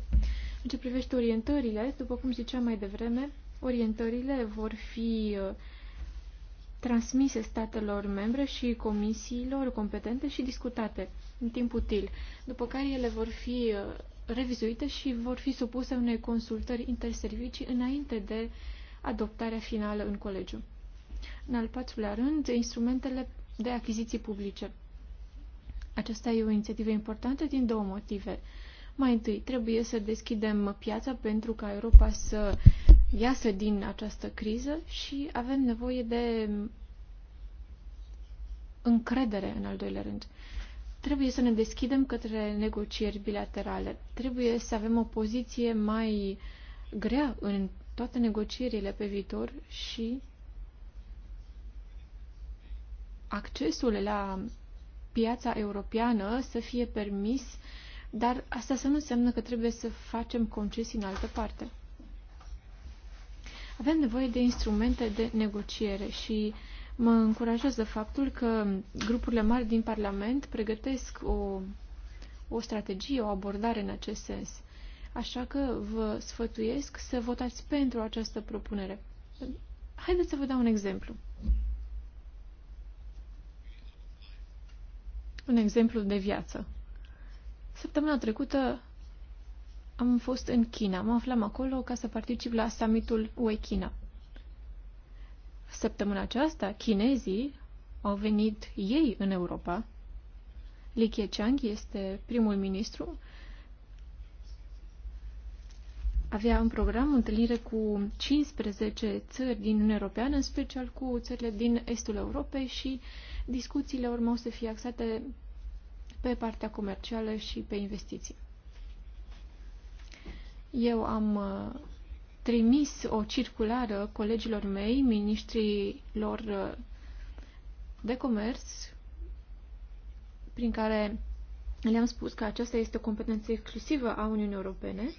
În ce privește orientările, după cum ziceam mai devreme, orientările vor fi uh, transmise statelor membre și comisiilor competente și discutate în timp util, după care ele vor fi uh, revizuite și vor fi supuse unei consultări interservicii înainte de adoptarea finală în colegiu. În al patrulea rând, instrumentele de achiziții publice. Aceasta e o inițiativă importantă din două motive. Mai întâi, trebuie să deschidem piața pentru ca Europa să iasă din această criză și avem nevoie de încredere, în al doilea rând. Trebuie să ne deschidem către negocieri bilaterale. Trebuie să avem o poziție mai grea în toate negocierile pe viitor și accesul la piața europeană să fie permis uh, dar asta să nu înseamnă că trebuie să facem concesii în altă parte. Avem nevoie de instrumente de negociere și mă încurajează faptul că grupurile mari din Parlament pregătesc o, o strategie, o abordare în acest sens. Așa că vă sfătuiesc să votați pentru această propunere. Haideți să vă dau un exemplu. Un exemplu de viață. Săptămâna trecută am fost în China. Mă aflam acolo ca să particip la summitul UE China. Săptămâna aceasta, chinezii au venit ei în Europa. Li Keqiang este primul ministru. Avea în program întâlnire cu 15 țări din Uniunea Europeană, în special cu țările din estul Europei și discuțiile urmau să fie axate pe partea comercială și pe investiții. Eu am uh, trimis o circulară colegilor mei, ministrilor uh, de comerț, prin care le-am spus că aceasta este o competență exclusivă a Uniunii Europene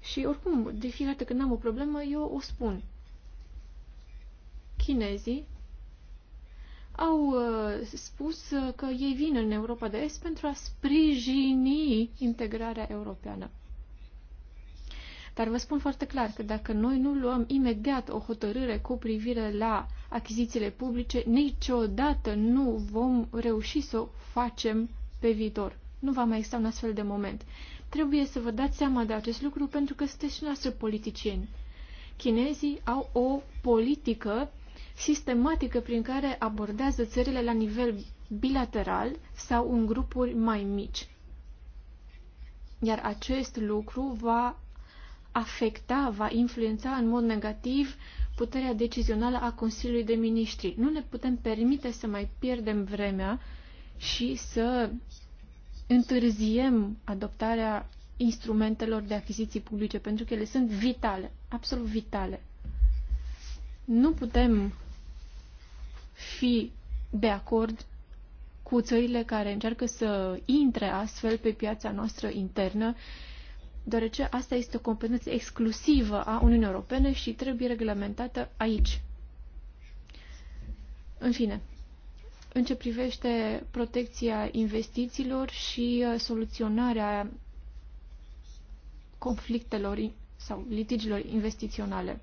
și oricum, de fiecare dată când am o problemă, eu o spun. Chinezii au uh, spus uh, că ei vin în Europa de Est pentru a sprijini integrarea europeană. Dar vă spun foarte clar că dacă noi nu luăm imediat o hotărâre cu privire la achizițiile publice, niciodată nu vom reuși să o facem pe viitor. Nu va mai exista un astfel de moment. Trebuie să vă dați seama de acest lucru pentru că sunteți și noastre politicieni. Chinezii au o politică sistematică prin care abordează țările la nivel bilateral sau în grupuri mai mici. Iar acest lucru va afecta, va influența în mod negativ puterea decizională a Consiliului de Ministri. Nu ne putem permite să mai pierdem vremea și să întârziem adoptarea instrumentelor de achiziții publice, pentru că ele sunt vitale, absolut vitale. Nu putem fi de acord cu țările care încearcă să intre astfel pe piața noastră internă, deoarece asta este o competență exclusivă a Uniunii Europene și trebuie reglementată aici. În fine, în ce privește protecția investițiilor și uh, soluționarea conflictelor sau litigilor investiționale.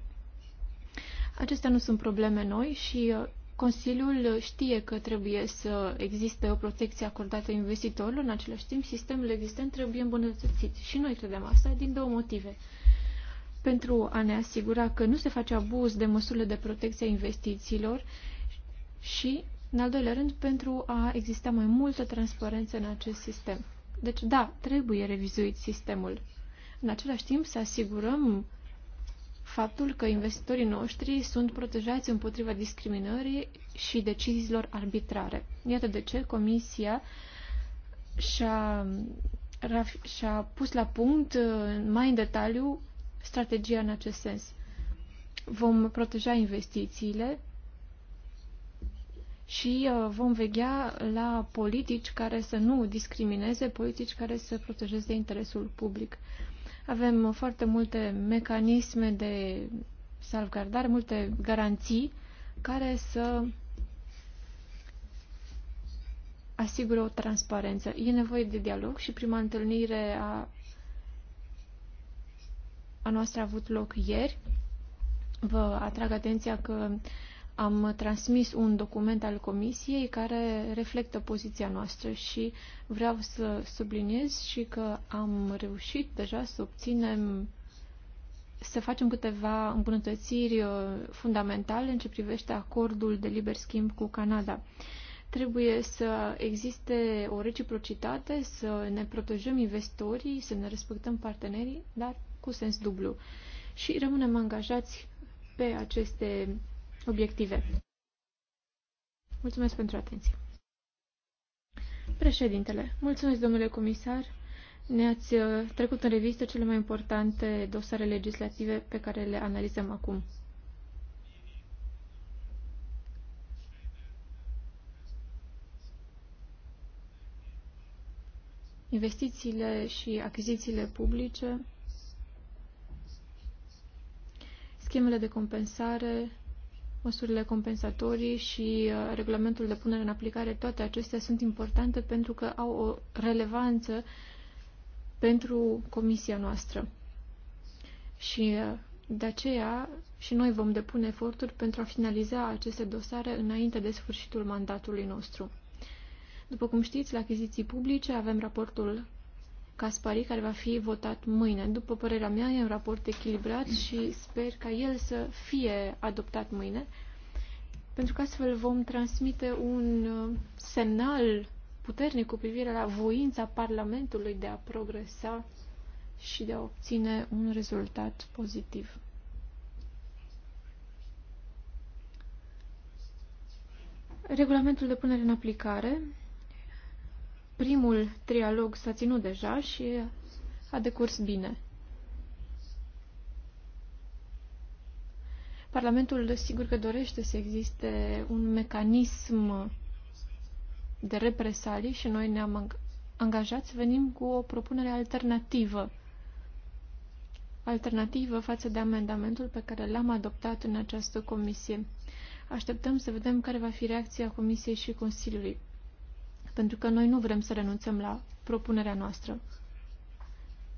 Acestea nu sunt probleme noi și uh, Consiliul știe că trebuie să existe o protecție acordată investitorilor, în același timp sistemul existent trebuie îmbunătățit. Și noi credem asta din două motive. Pentru a ne asigura că nu se face abuz de măsurile de protecție a investițiilor și, în al doilea rând, pentru a exista mai multă transparență în acest sistem. Deci, da, trebuie revizuit sistemul. În același timp, să asigurăm faptul că investitorii noștri sunt protejați împotriva discriminării și deciziilor arbitrare. Iată de ce Comisia și-a, și-a pus la punct uh, mai în detaliu strategia în acest sens. Vom proteja investițiile și uh, vom veghea la politici care să nu discrimineze, politici care să protejeze interesul public. Avem foarte multe mecanisme de salvgardare, multe garanții care să asigură o transparență. E nevoie de dialog și prima întâlnire a, a noastră a avut loc ieri. Vă atrag atenția că am transmis un document al Comisiei care reflectă poziția noastră și vreau să subliniez și că am reușit deja să obținem să facem câteva îmbunătățiri uh, fundamentale în ce privește acordul de liber schimb cu Canada. Trebuie să existe o reciprocitate, să ne protejăm investitorii, să ne respectăm partenerii, dar cu sens dublu. Și rămânem angajați pe aceste obiective. Mulțumesc pentru atenție. Președintele, mulțumesc, domnule comisar. Ne-ați uh, trecut în revistă cele mai importante dosare legislative pe care le analizăm acum. Investițiile și achizițiile publice, schemele de compensare, măsurile compensatorii și uh, regulamentul de punere în aplicare, toate acestea sunt importante pentru că au o relevanță pentru comisia noastră. Și uh, de aceea și noi vom depune eforturi pentru a finaliza aceste dosare înainte de sfârșitul mandatului nostru. După cum știți, la achiziții publice avem raportul Caspari, care va fi votat mâine. După părerea mea, e un raport echilibrat și sper ca el să fie adoptat mâine, pentru că astfel vom transmite un uh, semnal puternic cu privire la voința Parlamentului de a progresa și de a obține un rezultat pozitiv. Regulamentul de punere în aplicare Primul trialog s-a ținut deja și a decurs bine. Parlamentul sigur că dorește să existe un mecanism de represalii și noi ne-am angajat să venim cu o propunere alternativă. Alternativă față de amendamentul pe care l-am adoptat în această comisie. Așteptăm să vedem care va fi reacția Comisiei și Consiliului pentru că noi nu vrem să renunțăm la propunerea noastră.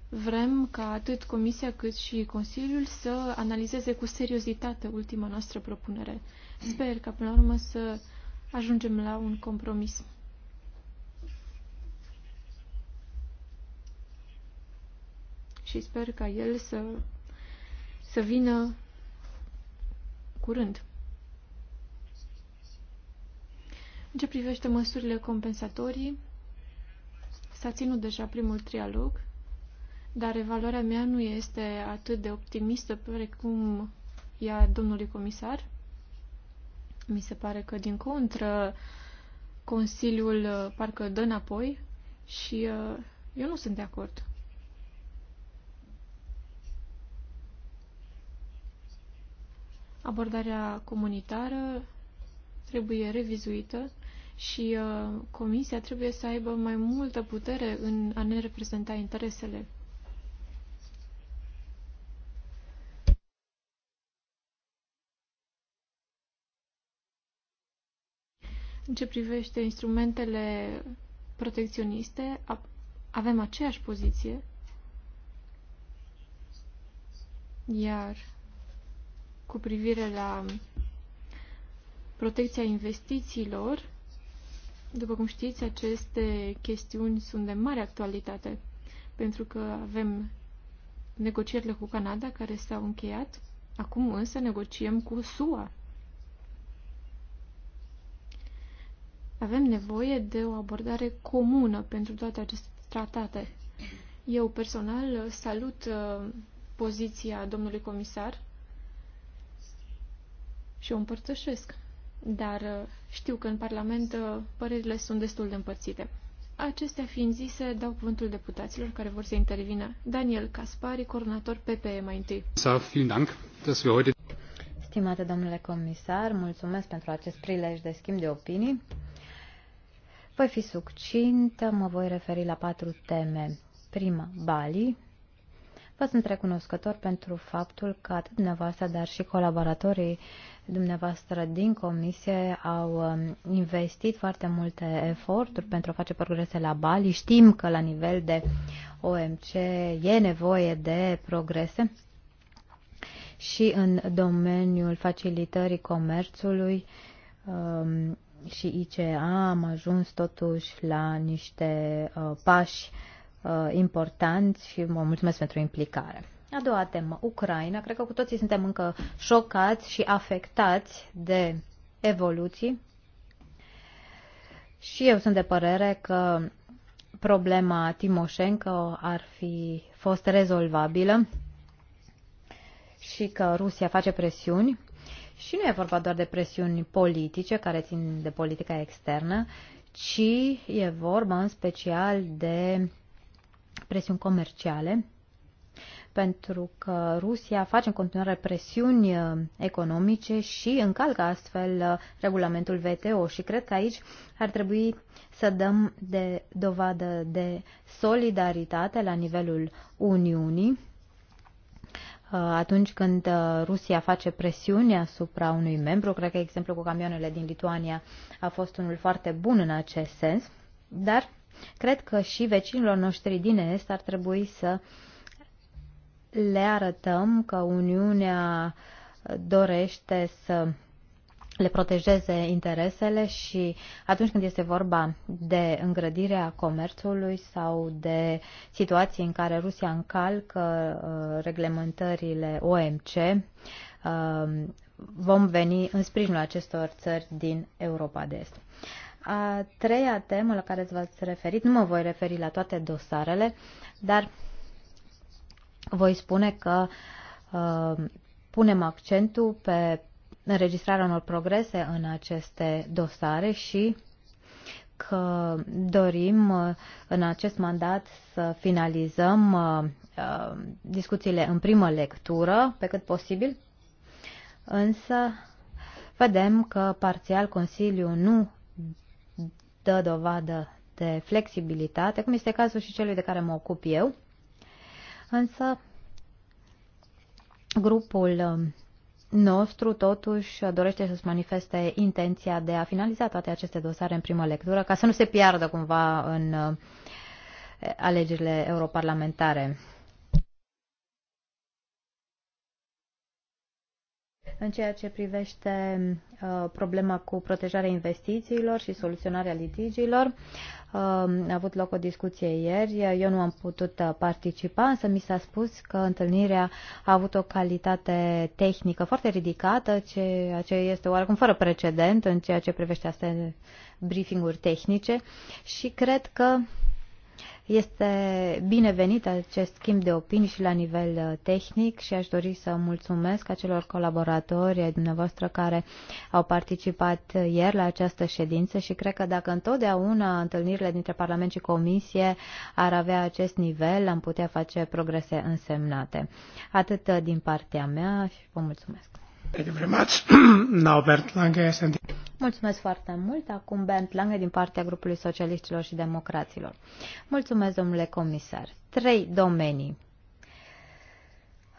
Vrem ca atât Comisia cât și Consiliul să analizeze cu seriozitate ultima noastră propunere. Sper ca până la urmă să ajungem la un compromis. Și sper ca el să, să vină curând. În ce privește măsurile compensatorii, s-a ținut deja primul trialog, dar evaluarea mea nu este atât de optimistă precum ea domnului comisar. Mi se pare că, din contră, Consiliul uh, parcă dă înapoi și uh, eu nu sunt de acord. Abordarea comunitară trebuie revizuită și uh, Comisia trebuie să aibă mai multă putere în a ne reprezenta interesele. În ce privește instrumentele protecționiste, avem aceeași poziție, iar cu privire la protecția investițiilor, după cum știți, aceste chestiuni sunt de mare actualitate, pentru că avem negocierile cu Canada care s-au încheiat, acum însă negociem cu SUA. Avem nevoie de o abordare comună pentru toate aceste tratate. Eu personal salut uh, poziția domnului comisar și o împărtășesc dar uh, știu că în Parlament uh, părerile sunt destul de împărțite. Acestea fiind zise, dau cuvântul deputaților care vor să intervină. Daniel Caspari, coordonator PPE mai întâi. Stimate domnule comisar, mulțumesc pentru acest prilej de schimb de opinii. Voi fi succintă, mă voi referi la patru teme. Prima, Bali, Vă sunt recunoscător pentru faptul că atât dumneavoastră, dar și colaboratorii dumneavoastră din comisie au um, investit foarte multe eforturi pentru a face progrese la Bali. Știm că la nivel de OMC e nevoie de progrese și în domeniul facilitării comerțului um, și ICA am ajuns totuși la niște uh, pași uh, uh, importanți și vă mulțumesc pentru implicare. A doua temă, Ucraina. Cred că cu toții suntem încă șocați și afectați de evoluții. Și eu sunt de părere că problema Timoșenko ar fi fost rezolvabilă și că Rusia face presiuni. Și nu e vorba doar de presiuni politice care țin de politica externă, ci e vorba în special de presiuni comerciale, pentru că Rusia face în continuare presiuni uh, economice și încalcă astfel uh, regulamentul VTO și cred că aici ar trebui să dăm de dovadă de solidaritate la nivelul Uniunii uh, atunci când Rusia face presiune asupra unui membru. Cred că exemplul cu camioanele din Lituania a fost unul foarte bun în acest sens, dar Cred că și vecinilor noștri din Est ar trebui să le arătăm că Uniunea dorește să le protejeze interesele și atunci când este vorba de îngrădirea comerțului sau de situații în care Rusia încalcă uh, reglementările OMC, uh, vom veni în sprijinul acestor țări din Europa de Est a treia temă la care v-ați referit, nu mă voi referi la toate dosarele, dar voi spune că uh, punem accentul pe înregistrarea unor progrese în aceste dosare și că dorim uh, în acest mandat să finalizăm uh, uh, discuțiile în primă lectură pe cât posibil, însă vedem că parțial Consiliul nu dă dovadă de flexibilitate, cum este cazul și celui de care mă ocup eu. Însă, grupul um, nostru totuși dorește să ți manifeste intenția de a finaliza toate aceste dosare în primă lectură, ca să nu se piardă cumva în uh, alegerile europarlamentare. În ceea ce privește uh, problema cu protejarea investițiilor și soluționarea litigiilor, uh, a avut loc o discuție ieri. Eu nu am putut uh, participa, însă mi s-a spus că întâlnirea a avut o calitate tehnică foarte ridicată, ceea ce este oarecum fără precedent în ceea ce privește astea briefinguri tehnice și cred că este binevenit acest schimb de opinii și la nivel uh, tehnic și aș dori să mulțumesc acelor colaboratori ai dumneavoastră care au participat uh, ieri la această ședință și cred că dacă întotdeauna întâlnirile dintre Parlament și Comisie ar avea acest nivel, am putea face progrese însemnate. Atât uh, din partea mea și vă mulțumesc. <clears throat> Mulțumesc foarte mult. Acum Bernd Lange din partea grupului socialiștilor și democraților. Mulțumesc, domnule comisar. Trei domenii.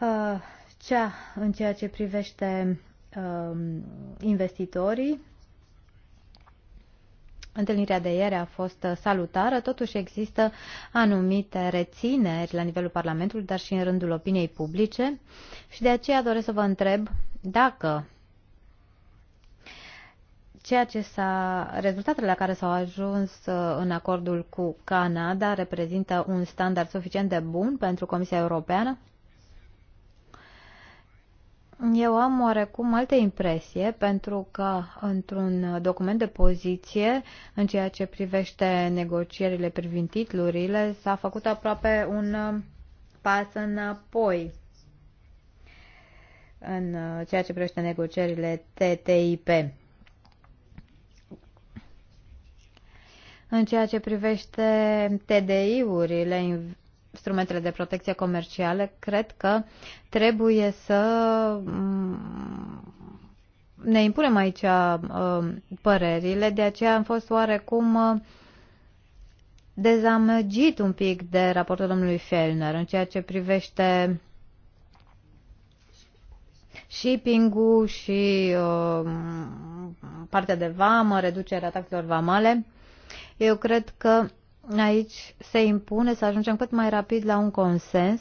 Uh, cea în ceea ce privește uh, investitorii, Întâlnirea de ieri a fost uh, salutară, totuși există anumite rețineri la nivelul Parlamentului, dar și în rândul opiniei publice și de aceea doresc să vă întreb dacă ceea ce s-a, rezultatele la care s-au ajuns uh, în acordul cu Canada reprezintă un standard suficient de bun pentru Comisia Europeană? eu am oarecum alte impresie pentru că într-un document de poziție în ceea ce privește negocierile privind titlurile s-a făcut aproape un uh, pas înapoi uh, în ceea ce privește negocierile TTIP. În ceea ce privește TDI-urile, instrumentele de protecție comercială, cred că trebuie să mm, ne impunem aici uh, părerile, de aceea am fost oarecum uh, dezamăgit un pic de raportul domnului Fellner în ceea ce privește shipping-ul și uh, partea de vamă, reducerea taxelor vamale. Eu cred că Aici se impune să ajungem cât mai rapid la un consens,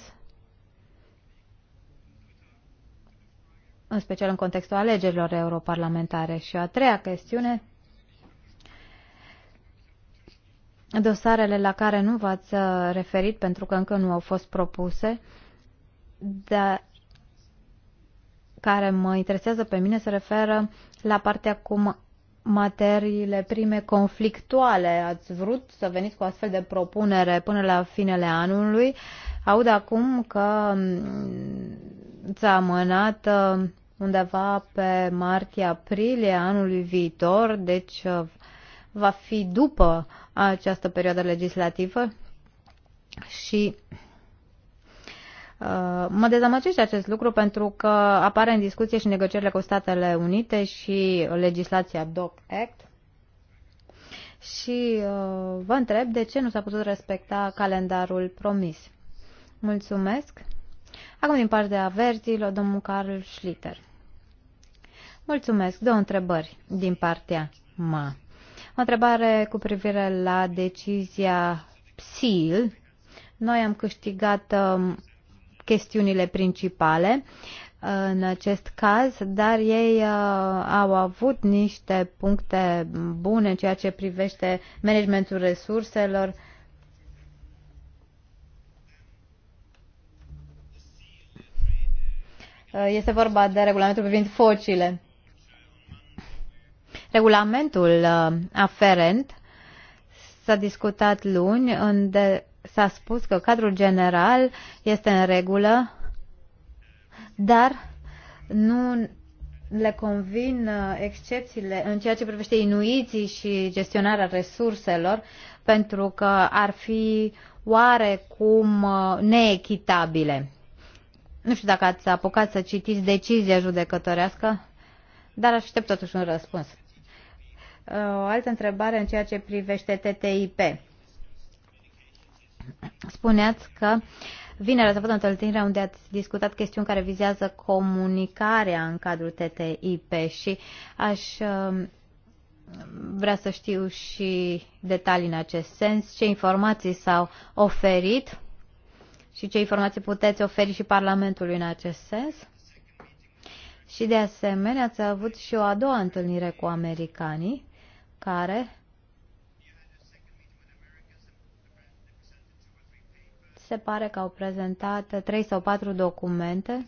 în special în contextul alegerilor europarlamentare. Și a treia chestiune, dosarele la care nu v-ați uh, referit pentru că încă nu au fost propuse, dar care mă interesează pe mine se referă la partea cum materiile prime conflictuale. Ați vrut să veniți cu astfel de propunere până la finele anului. Aud acum că s-a mm, amânat mm, undeva pe martie-aprilie anului viitor, deci mm, va fi după această perioadă legislativă și Uh, mă dezamăgește acest lucru pentru că apare în discuție și negocierile cu Statele Unite și legislația DOC Act. Și uh, vă întreb de ce nu s-a putut respecta calendarul promis. Mulțumesc. Acum din partea verzilor, domnul Carl Schlitter. Mulțumesc. Două întrebări din partea MA. O întrebare cu privire la decizia PSIL. Noi am câștigat um, chestiunile principale uh, în acest caz, dar ei uh, au avut niște puncte bune în ceea ce privește managementul resurselor. Uh, este vorba de regulamentul privind focile. Regulamentul uh, aferent s-a discutat luni în de s-a spus că cadrul general este în regulă, dar nu le convin uh, excepțiile în ceea ce privește inuiții și gestionarea resurselor, pentru că ar fi oarecum uh, neechitabile. Nu știu dacă ați apucat să citiți decizia judecătorească, dar aștept totuși un răspuns. Uh, o altă întrebare în ceea ce privește TTIP. Spuneați că vineri s avut o întâlnire unde ați discutat chestiuni care vizează comunicarea în cadrul TTIP și aș um, vrea să știu și detalii în acest sens, ce informații s-au oferit și ce informații puteți oferi și Parlamentului în acest sens. Și de asemenea ați avut și o a doua întâlnire cu americanii care se pare că au prezentat trei sau patru documente.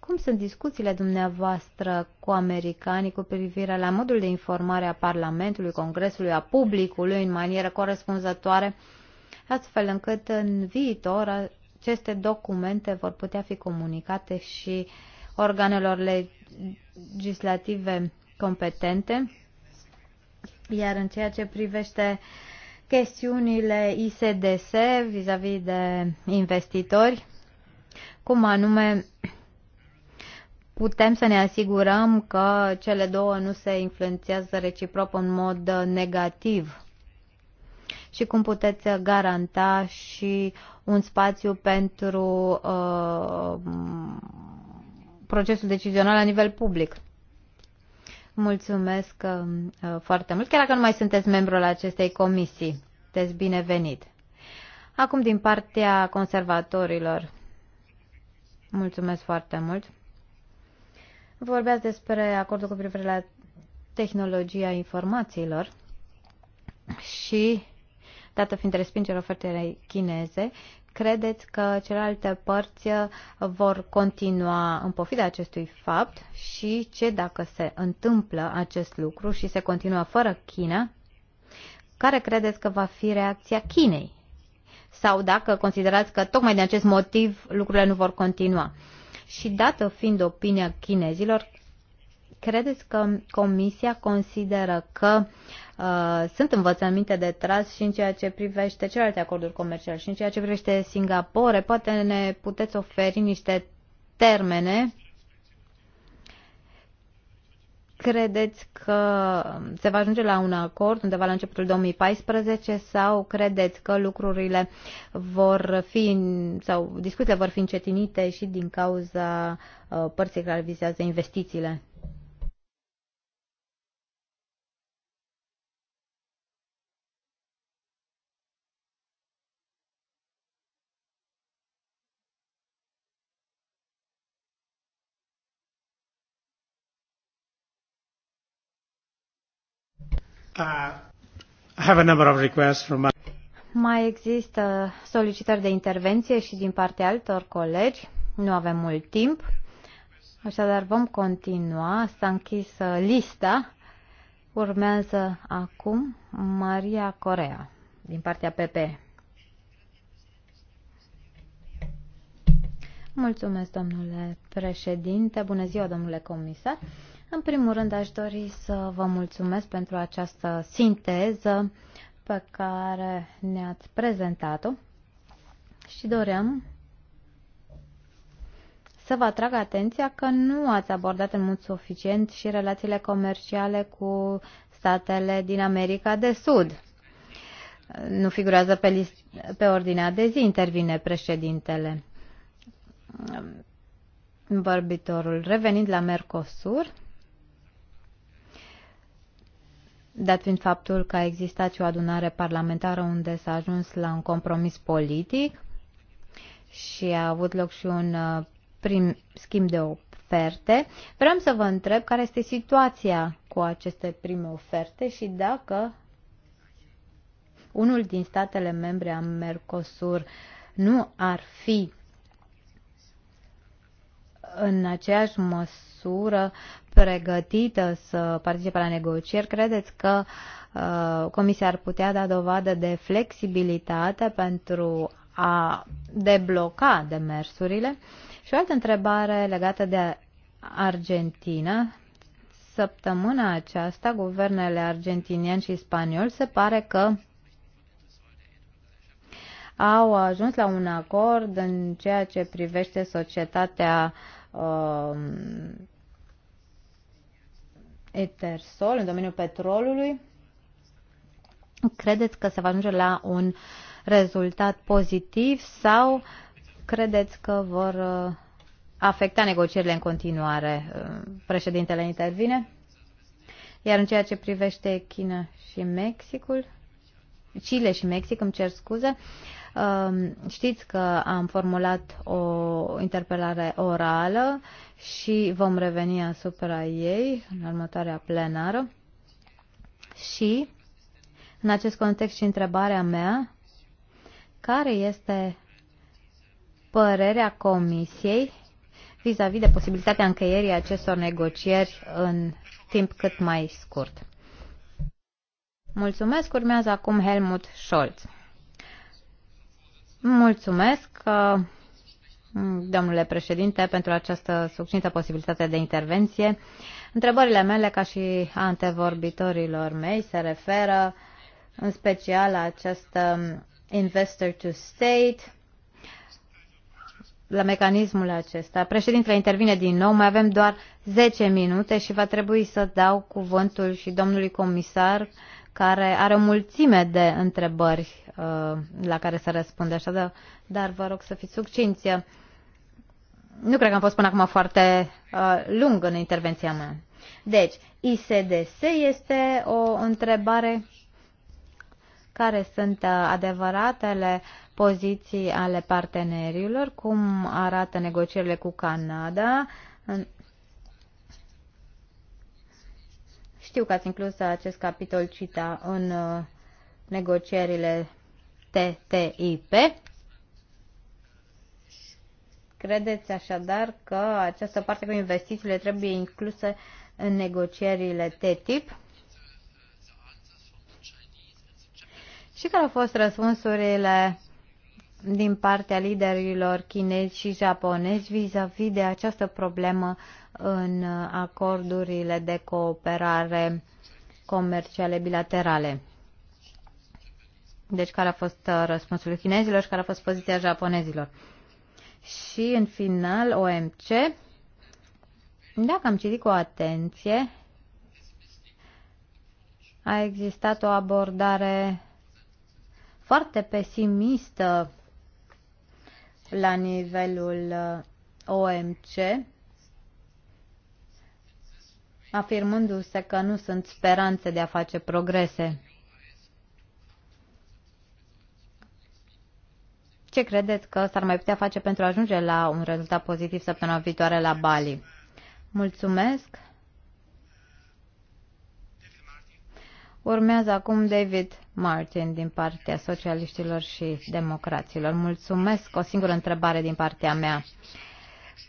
Cum sunt discuțiile dumneavoastră cu americanii cu privire la modul de informare a Parlamentului, Congresului, a publicului în manieră corespunzătoare, astfel încât în viitor aceste documente vor putea fi comunicate și organelor legislative competente? Iar în ceea ce privește uh, chestiunile ISDS vis-a-vis -vis de investitori, cum anume putem să ne asigurăm că cele două nu se influențează reciproc în mod negativ și cum puteți garanta și un spațiu pentru uh, procesul decizional la nivel public. Mulțumesc uh, uh, foarte mult, chiar dacă nu mai sunteți membru al acestei comisii. Sunteți binevenit. Acum din partea conservatorilor. Mulțumesc foarte mult. Vorbeați despre acordul cu privire la tehnologia informațiilor și, dată fiind respingerea ofertei chineze, credeți că celelalte părți vor continua în pofida acestui fapt și ce dacă se întâmplă acest lucru și se continuă fără China, care credeți că va fi reacția Chinei? Sau dacă considerați că tocmai din acest motiv lucrurile nu vor continua? Și dată fiind opinia chinezilor, Credeți că Comisia consideră că uh, sunt învățăminte de tras și în ceea ce privește celelalte acorduri comerciale și în ceea ce privește Singapore? Poate ne puteți oferi niște termene credeți că se va ajunge la un acord undeva la începutul 2014 sau credeți că lucrurile vor fi sau discuțiile vor fi încetinite și din cauza uh, părții care vizează investițiile? Uh, I have a number of requests from my... Mai există solicitări de intervenție și din partea altor colegi. Nu avem mult timp, așadar vom continua. S-a închis uh, lista. Urmează acum Maria Corea din partea PP. Mulțumesc, domnule președinte. Bună ziua, domnule comisar. În primul rând aș dori să vă mulțumesc pentru această sinteză pe care ne-ați prezentat-o și doream să vă atrag atenția că nu ați abordat în mod suficient și relațiile comerciale cu statele din America de Sud. Nu figurează pe, list- pe ordinea de zi, intervine președintele. Vorbitorul revenind la Mercosur, dat fiind faptul că a existat și o adunare parlamentară unde s-a ajuns la un compromis politic și a avut loc și un uh, prim schimb de oferte. Vreau să vă întreb care este situația cu aceste prime oferte și dacă unul din statele membre a Mercosur nu ar fi în aceeași măsură pregătită să participe la negocieri, credeți că uh, Comisia ar putea da dovadă de flexibilitate pentru a debloca demersurile? Și o altă întrebare legată de Argentina. Săptămâna aceasta, guvernele argentinian și spaniol se pare că au ajuns la un acord în ceea ce privește societatea uh, uh, Etersol, în domeniul petrolului, credeți că se va ajunge la un rezultat pozitiv sau credeți că vor uh, afecta negocierile în continuare? Uh, președintele intervine? Iar în ceea ce privește China și Mexicul, Chile și Mexic, îmi cer scuze, uh, Um, știți că am formulat o interpelare orală și vom reveni asupra ei în următoarea plenară. Și, în acest context și întrebarea mea, care este părerea Comisiei vis-a-vis -vis de posibilitatea încheierii acestor negocieri în timp cât mai scurt. Mulțumesc, urmează acum Helmut Scholz. Mulțumesc, uh, domnule președinte, pentru această succintă posibilitate de intervenție. Întrebările mele, ca și antevorbitorilor mei, se referă în special la această um, investor to state, la mecanismul acesta. Președintele intervine din nou, mai avem doar 10 minute și va trebui să dau cuvântul și domnului comisar care are o mulțime de întrebări uh, la care să răspunde. Așa de, dar vă rog să fiți succinți. Nu cred că am fost până acum foarte uh, lung în intervenția mea. Deci, ISDS este o întrebare care sunt uh, adevăratele poziții ale partenerilor, cum arată negocierile cu Canada, Știu că ați inclus acest capitol CITA în uh, negocierile TTIP. Credeți așadar că această parte cu investițiile trebuie inclusă în negocierile TTIP? Și care au fost răspunsurile din partea liderilor chinezi și japonezi vis-a-vis -vis de această problemă în acordurile de cooperare comerciale bilaterale. Deci care a fost uh, răspunsul chinezilor și care a fost poziția japonezilor. Și în final OMC, dacă am citit cu atenție, a existat o abordare foarte pesimistă la nivelul uh, OMC, afirmându-se că nu sunt speranțe de a face progrese. Ce credeți că s-ar mai putea face pentru a ajunge la un rezultat pozitiv săptămâna viitoare la Bali? Mulțumesc! Urmează acum David Martin din partea socialiștilor și democraților. Mulțumesc. O singură întrebare din partea mea.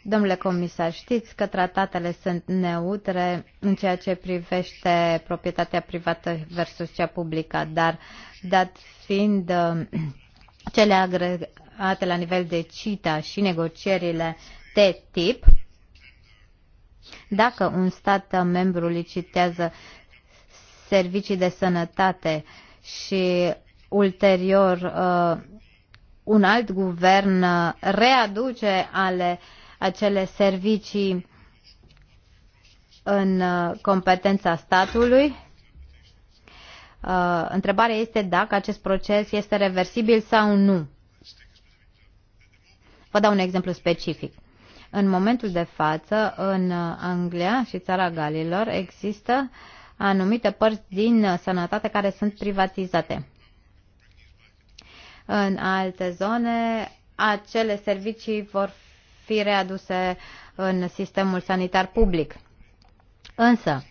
Domnule comisar, știți că tratatele sunt neutre în ceea ce privește proprietatea privată versus cea publică, dar dat fiind uh, cele agregate la nivel de CITA și negocierile de tip, dacă un stat membru licitează servicii de sănătate și ulterior uh, un alt guvern uh, readuce ale acele servicii în uh, competența statului. Uh, întrebarea este dacă acest proces este reversibil sau nu. Vă dau un exemplu specific. În momentul de față, în uh, Anglia și țara Galilor, există uh, anumite părți din uh, sănătate care sunt privatizate. În alte zone, acele servicii vor fi readuse în sistemul sanitar public. Însă,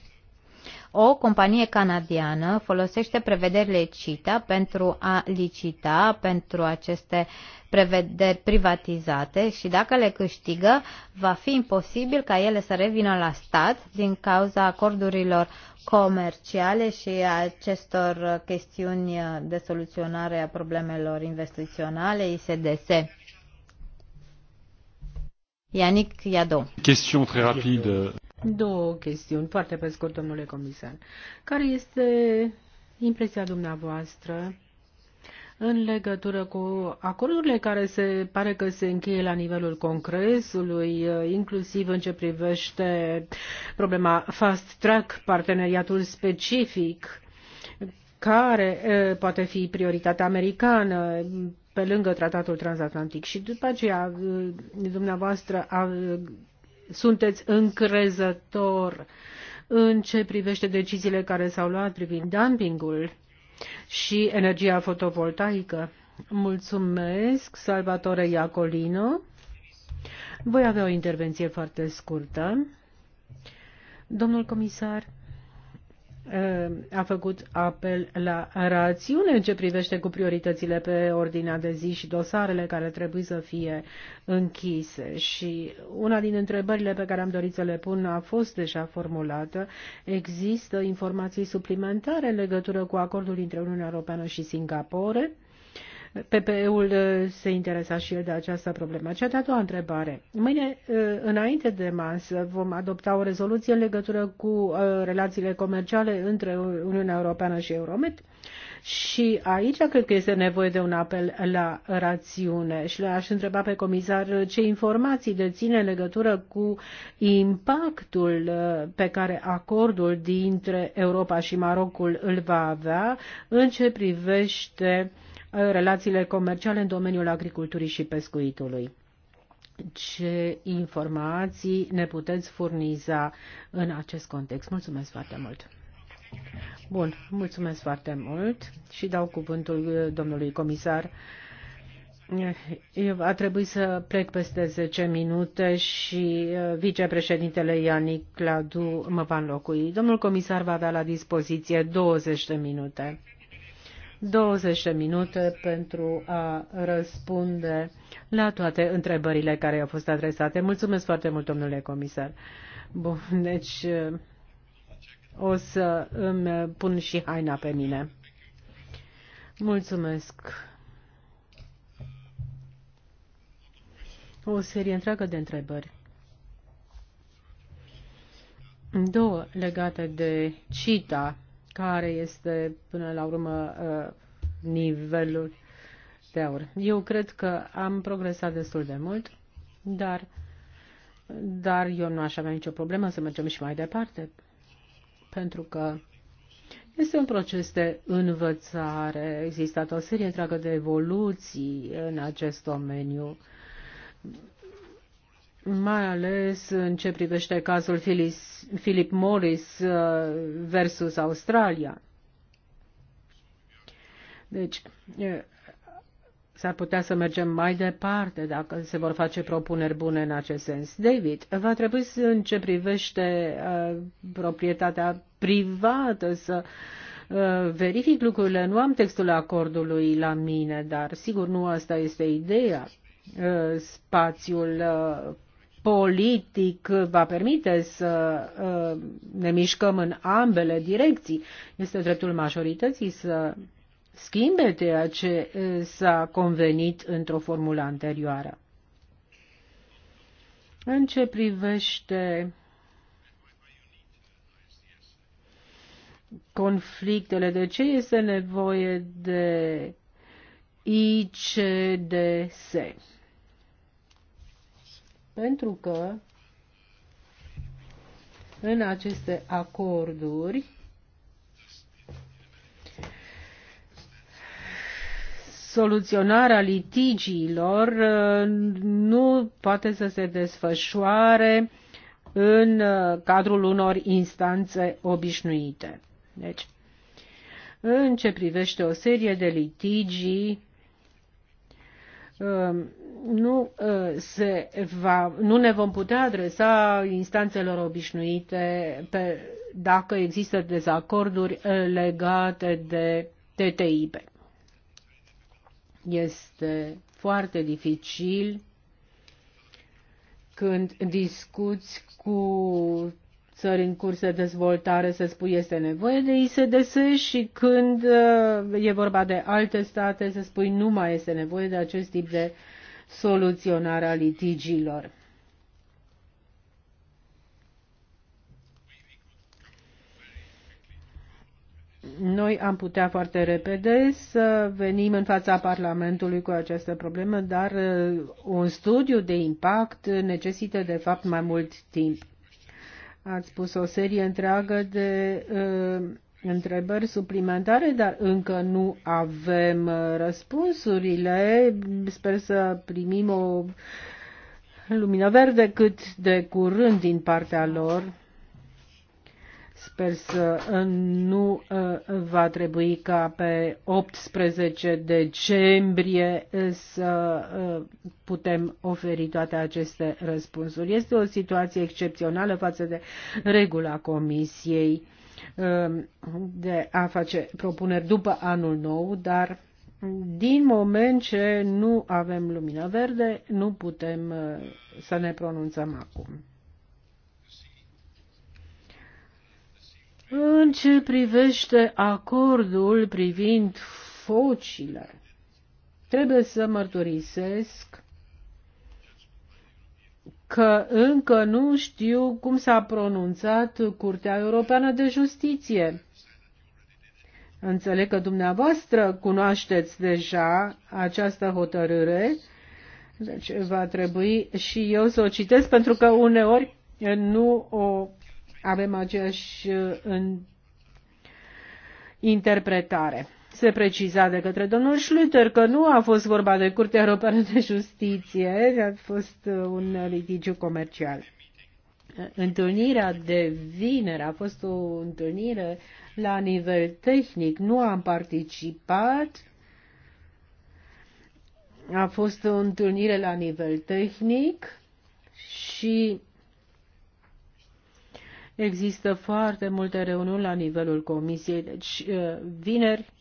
o companie canadiană folosește prevederile CITA pentru a licita pentru aceste prevederi privatizate și dacă le câștigă, va fi imposibil ca ele să revină la stat din cauza acordurilor comerciale și a acestor chestiuni de soluționare a problemelor investiționale, ISDS. Yannick Iado. Chestiune foarte rapide. Două chestiuni, foarte pe scurt, domnule comisar. Care este impresia dumneavoastră în legătură cu acordurile care se pare că se încheie la nivelul Congresului, inclusiv în ce privește problema fast track, parteneriatul specific, care poate fi prioritatea americană pe lângă tratatul transatlantic. Și după aceea, dumneavoastră, sunteți încrezător în ce privește deciziile care s-au luat privind dumpingul și energia fotovoltaică. Mulțumesc, Salvatore Iacolino. Voi avea o intervenție foarte scurtă. Domnul comisar. Uh, a făcut apel la rațiune în ce privește cu prioritățile pe ordinea de zi și dosarele care trebuie să fie închise. Și una din întrebările pe care am dorit să le pun a fost deja formulată. Există informații suplimentare în legătură cu acordul dintre Uniunea Europeană și Singapore? PPE-ul uh, se interesa și el de această problemă. Cea de-a doua întrebare. Mâine, uh, înainte de masă, vom adopta o rezoluție în legătură cu uh, relațiile comerciale între Uniunea Europeană și Euromed și aici cred că este nevoie de un apel la rațiune și le-aș întreba pe comisar ce informații deține în legătură cu impactul pe care acordul dintre Europa și Marocul îl va avea în ce privește uh, relațiile comerciale în domeniul agriculturii și pescuitului. Ce informații ne puteți furniza în acest context? Mulțumesc foarte mult! Bun, mulțumesc foarte mult și dau cuvântul uh, domnului comisar. Eu a trebuit să plec peste 10 minute și uh, vicepreședintele Ianic Cladu mă va înlocui. Domnul comisar va avea la dispoziție 20 de minute. 20 de minute pentru a răspunde la toate întrebările care au fost adresate. Mulțumesc foarte mult, domnule comisar. Bun, deci o să îmi pun și haina pe mine. Mulțumesc. O serie întreagă de întrebări. Două legate de CITA care este până la urmă uh, nivelul de aur. Eu cred că am progresat destul de mult, dar, dar eu nu aș avea nicio problemă să mergem și mai departe, pentru că este un proces de învățare. există o serie întreagă de evoluții în acest domeniu mai ales în ce privește cazul Phyllis, Philip Morris uh, versus Australia. Deci, s-ar putea să mergem mai departe dacă se vor face propuneri bune în acest sens. David, va trebui să, în ce privește uh, proprietatea privată să uh, verific lucrurile. Nu am textul acordului la mine, dar sigur nu asta este ideea. Uh, spațiul politic va permite să uh, ne mișcăm în ambele direcții. Este dreptul majorității să schimbe ceea ce uh, s-a convenit într-o formulă anterioară. În ce privește conflictele, de ce este nevoie de ICDS? Pentru că în aceste acorduri soluționarea litigiilor uh, nu poate să se desfășoare în uh, cadrul unor instanțe obișnuite. Deci, în ce privește o serie de litigii Um, nu, uh, se va, nu ne vom putea adresa instanțelor obișnuite pe, dacă există dezacorduri uh, legate de TTIP. Este foarte dificil când discuți cu țări în curs de dezvoltare, să spui, este nevoie de ISDS și când uh, e vorba de alte state, să spui, nu mai este nevoie de acest tip de soluționare a litigiilor. Noi am putea foarte repede să venim în fața Parlamentului cu această problemă, dar uh, un studiu de impact necesită de fapt mai mult timp. Ați pus o serie întreagă de uh, întrebări suplimentare, dar încă nu avem uh, răspunsurile. Sper să primim o lumină verde cât de curând din partea lor. Sper să uh, nu uh, va trebui ca pe 18 decembrie uh, să putem oferi toate aceste răspunsuri. Este o situație excepțională față de regula Comisiei um, de a face propuneri după anul nou, dar din moment ce nu avem lumină verde, nu putem să ne pronunțăm acum. În ce privește acordul privind focile, trebuie să mărturisesc că încă nu știu cum s-a pronunțat Curtea Europeană de Justiție. Înțeleg că dumneavoastră cunoașteți deja această hotărâre, deci va trebui și eu să o citesc pentru că uneori nu o avem aceeași uh, interpretare. Se preciza de către domnul Schlüter că nu a fost vorba de Curtea Europeană de Justiție, a fost uh, un litigiu comercial. Întâlnirea de vineri a fost o întâlnire la nivel tehnic. Nu am participat. A fost o întâlnire la nivel tehnic și Există foarte multe reuniuni la nivelul comisiei, deci uh, vineri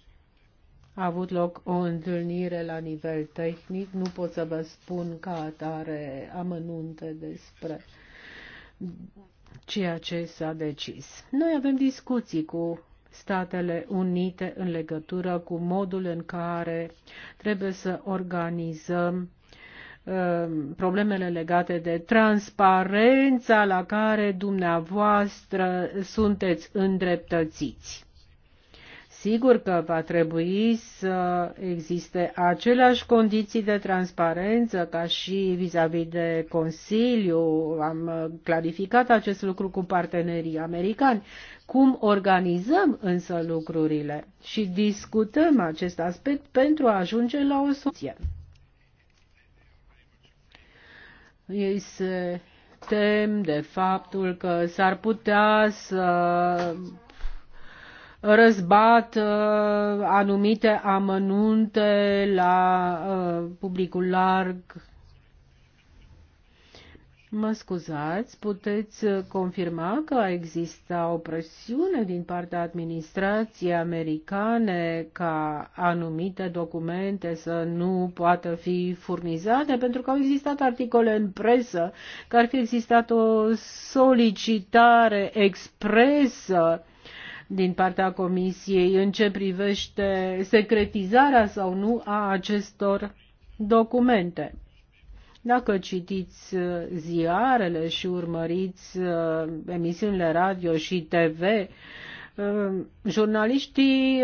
a avut loc o întâlnire la nivel tehnic. Nu pot să vă spun ca atare amănunte despre ceea ce s-a decis. Noi avem discuții cu Statele Unite în legătură cu modul în care trebuie să organizăm Uh, problemele legate de transparența la care dumneavoastră sunteți îndreptățiți. Sigur că va trebui să existe aceleași condiții de transparență ca și vis-a-vis -vis de Consiliu. Am clarificat acest lucru cu partenerii americani. Cum organizăm însă lucrurile și discutăm acest aspect pentru a ajunge la o soluție. Ei se tem de faptul că s-ar putea să răzbat anumite amănunte la uh, publicul larg Mă scuzați, puteți uh, confirma că există o presiune din partea administrației americane ca anumite documente să nu poată fi furnizate, pentru că au existat articole în presă că ar fi existat o solicitare expresă din partea Comisiei în ce privește secretizarea sau nu a acestor documente. Dacă citiți uh, ziarele și urmăriți uh, emisiunile radio și TV, uh, jurnaliștii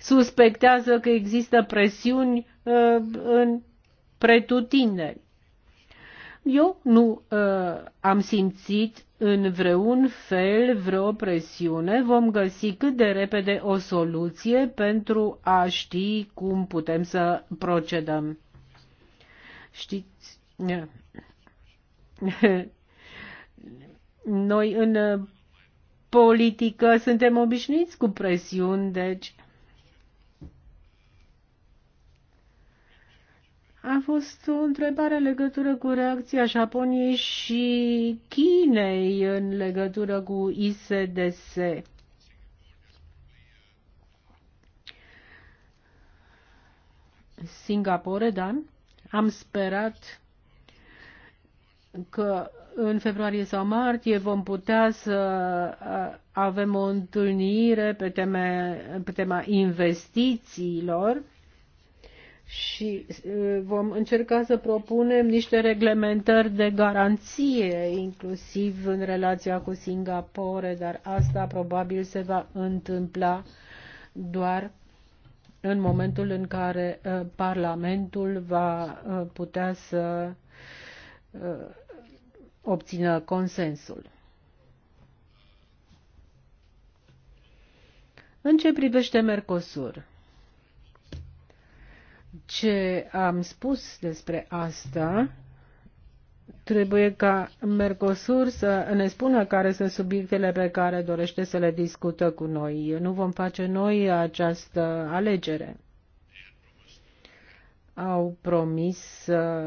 suspectează că există presiuni în pretutindeni. Eu nu uh, am simțit în vreun fel vreo presiune. Vom găsi cât de repede o soluție pentru a ști cum putem să procedăm. Știți, <laughs> noi în uh, politică suntem obișnuiți cu presiuni, deci A fost o întrebare în legătură cu reacția Japoniei și Chinei în legătură cu ISDS. Singapore, Dan? Am sperat că în februarie sau martie vom putea să avem o întâlnire pe, teme, pe tema investițiilor și vom încerca să propunem niște reglementări de garanție, inclusiv în relația cu Singapore, dar asta probabil se va întâmpla doar în momentul în care uh, Parlamentul va uh, putea să uh, obțină consensul. În ce privește Mercosur? Ce am spus despre asta trebuie ca Mercosur să ne spună care sunt subiectele pe care dorește să le discută cu noi. Nu vom face noi această alegere. Au promis să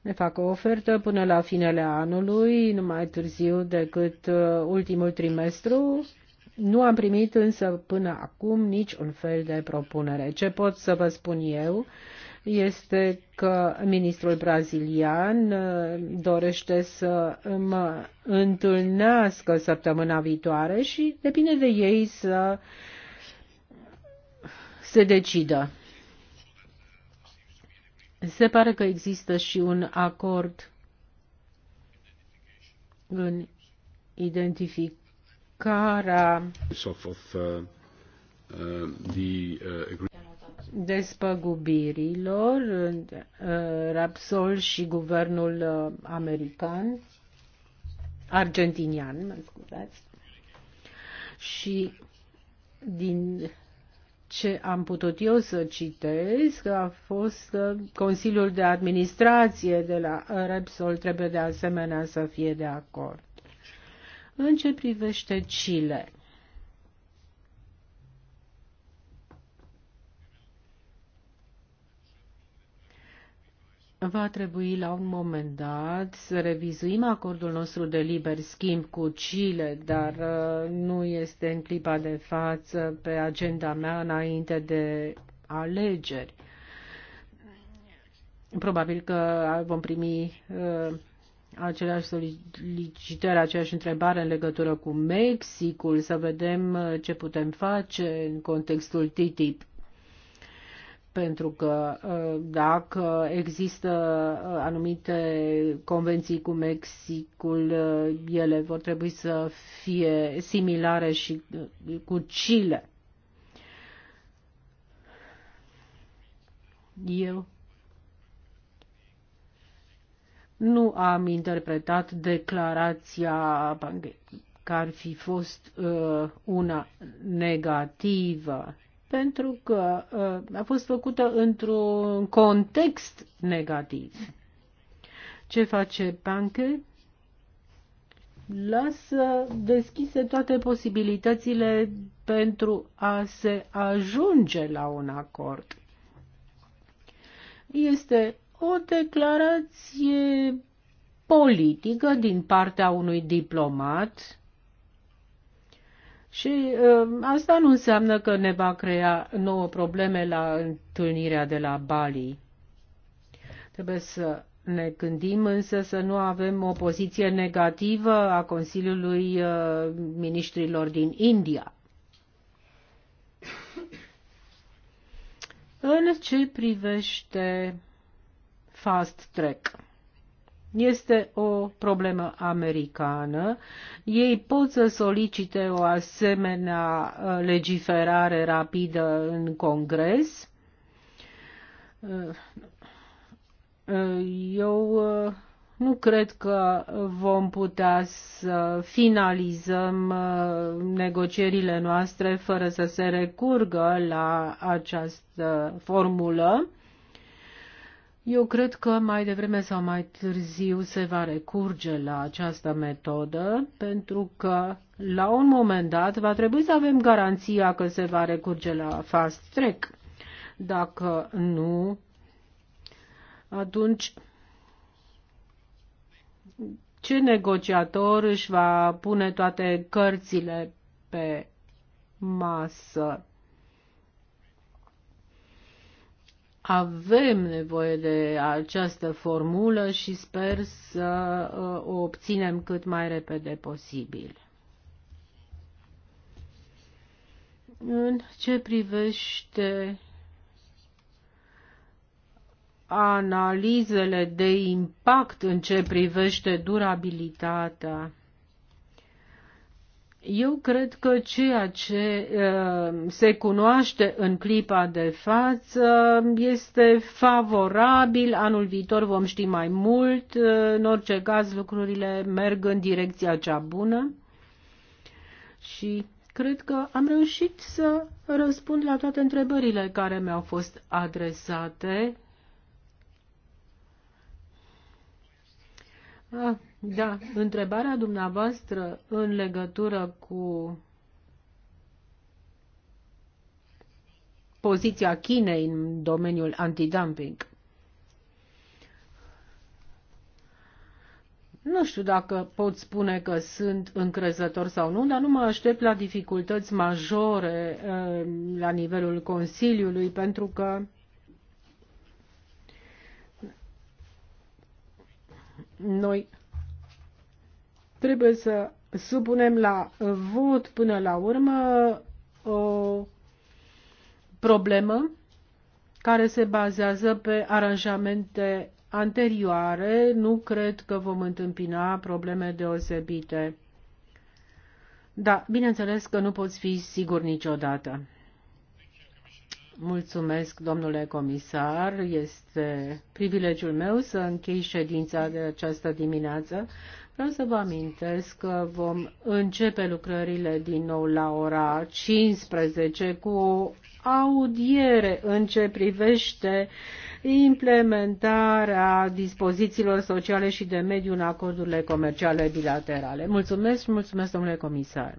ne facă o ofertă până la finele anului, nu mai târziu decât uh, ultimul trimestru. Nu am primit însă până acum nici un fel de propunere. Ce pot să vă spun eu este că ministrul brazilian uh, dorește să mă întâlnească săptămâna viitoare și depinde de ei să se decidă. Se pare că există și un acord în identificarea of, uh, uh, the, uh, despăgubirilor, uh, Rapsol și guvernul uh, american, argentinian, mă scuzați, și din ce am putut eu să citesc a fost uh, Consiliul de Administrație de la Repsol trebuie de asemenea să fie de acord. În ce privește Chile, va trebui la un moment dat să revizuim acordul nostru de liber schimb cu Chile, dar uh, nu este în clipa de față pe agenda mea înainte de alegeri. Probabil că vom primi uh, aceleași solicitări, aceeași întrebare în legătură cu Mexicul, să vedem uh, ce putem face în contextul TTIP pentru că ă, dacă există ă, anumite convenții cu Mexicul, ă, ele vor trebui să fie similare și cu Chile. Eu nu am interpretat declarația că ar fi fost uh, una negativă pentru că uh, a fost făcută într-un context negativ. Ce face Panke? Lasă deschise toate posibilitățile pentru a se ajunge la un acord. Este o declarație politică din partea unui diplomat și uh, asta nu înseamnă că ne va crea nouă probleme la întâlnirea de la Bali. Trebuie să ne gândim însă să nu avem o poziție negativă a Consiliului uh, Ministrilor din India. În ce privește fast track? Este o problemă americană. Ei pot să solicite o asemenea uh, legiferare rapidă în Congres. Uh, uh, eu nu cred că vom putea să finalizăm negocierile noastre fără să se recurgă la această formulă. Eu cred că mai devreme sau mai târziu se va recurge la această metodă, pentru că la un moment dat va trebui să avem garanția că se va recurge la fast track. Dacă nu, atunci ce negociator își va pune toate cărțile pe masă? avem nevoie de această formulă și sper să uh, o obținem cât mai repede posibil. În ce privește analizele de impact în ce privește durabilitatea eu cred că ceea ce uh, se cunoaște în clipa de față este favorabil. Anul viitor vom ști mai mult. Uh, în orice caz, lucrurile merg în direcția cea bună. Și cred că am reușit să răspund la toate întrebările care mi-au fost adresate. Ah da, întrebarea dumneavoastră în legătură cu poziția Chinei în domeniul antidumping. Nu știu dacă pot spune că sunt încrezător sau nu, dar nu mă aștept la dificultăți majore eh, la nivelul Consiliului, pentru că noi Trebuie să supunem la vot până la urmă o problemă care se bazează pe aranjamente anterioare. Nu cred că vom întâmpina probleme deosebite. Da, bineînțeles că nu poți fi sigur niciodată. Mulțumesc, domnule comisar. Este privilegiul meu să închei ședința de această dimineață. Vreau să vă amintesc că vom începe lucrările din nou la ora 15 cu o audiere în ce privește implementarea dispozițiilor sociale și de mediu în acordurile comerciale bilaterale. Mulțumesc și mulțumesc, domnule comisar.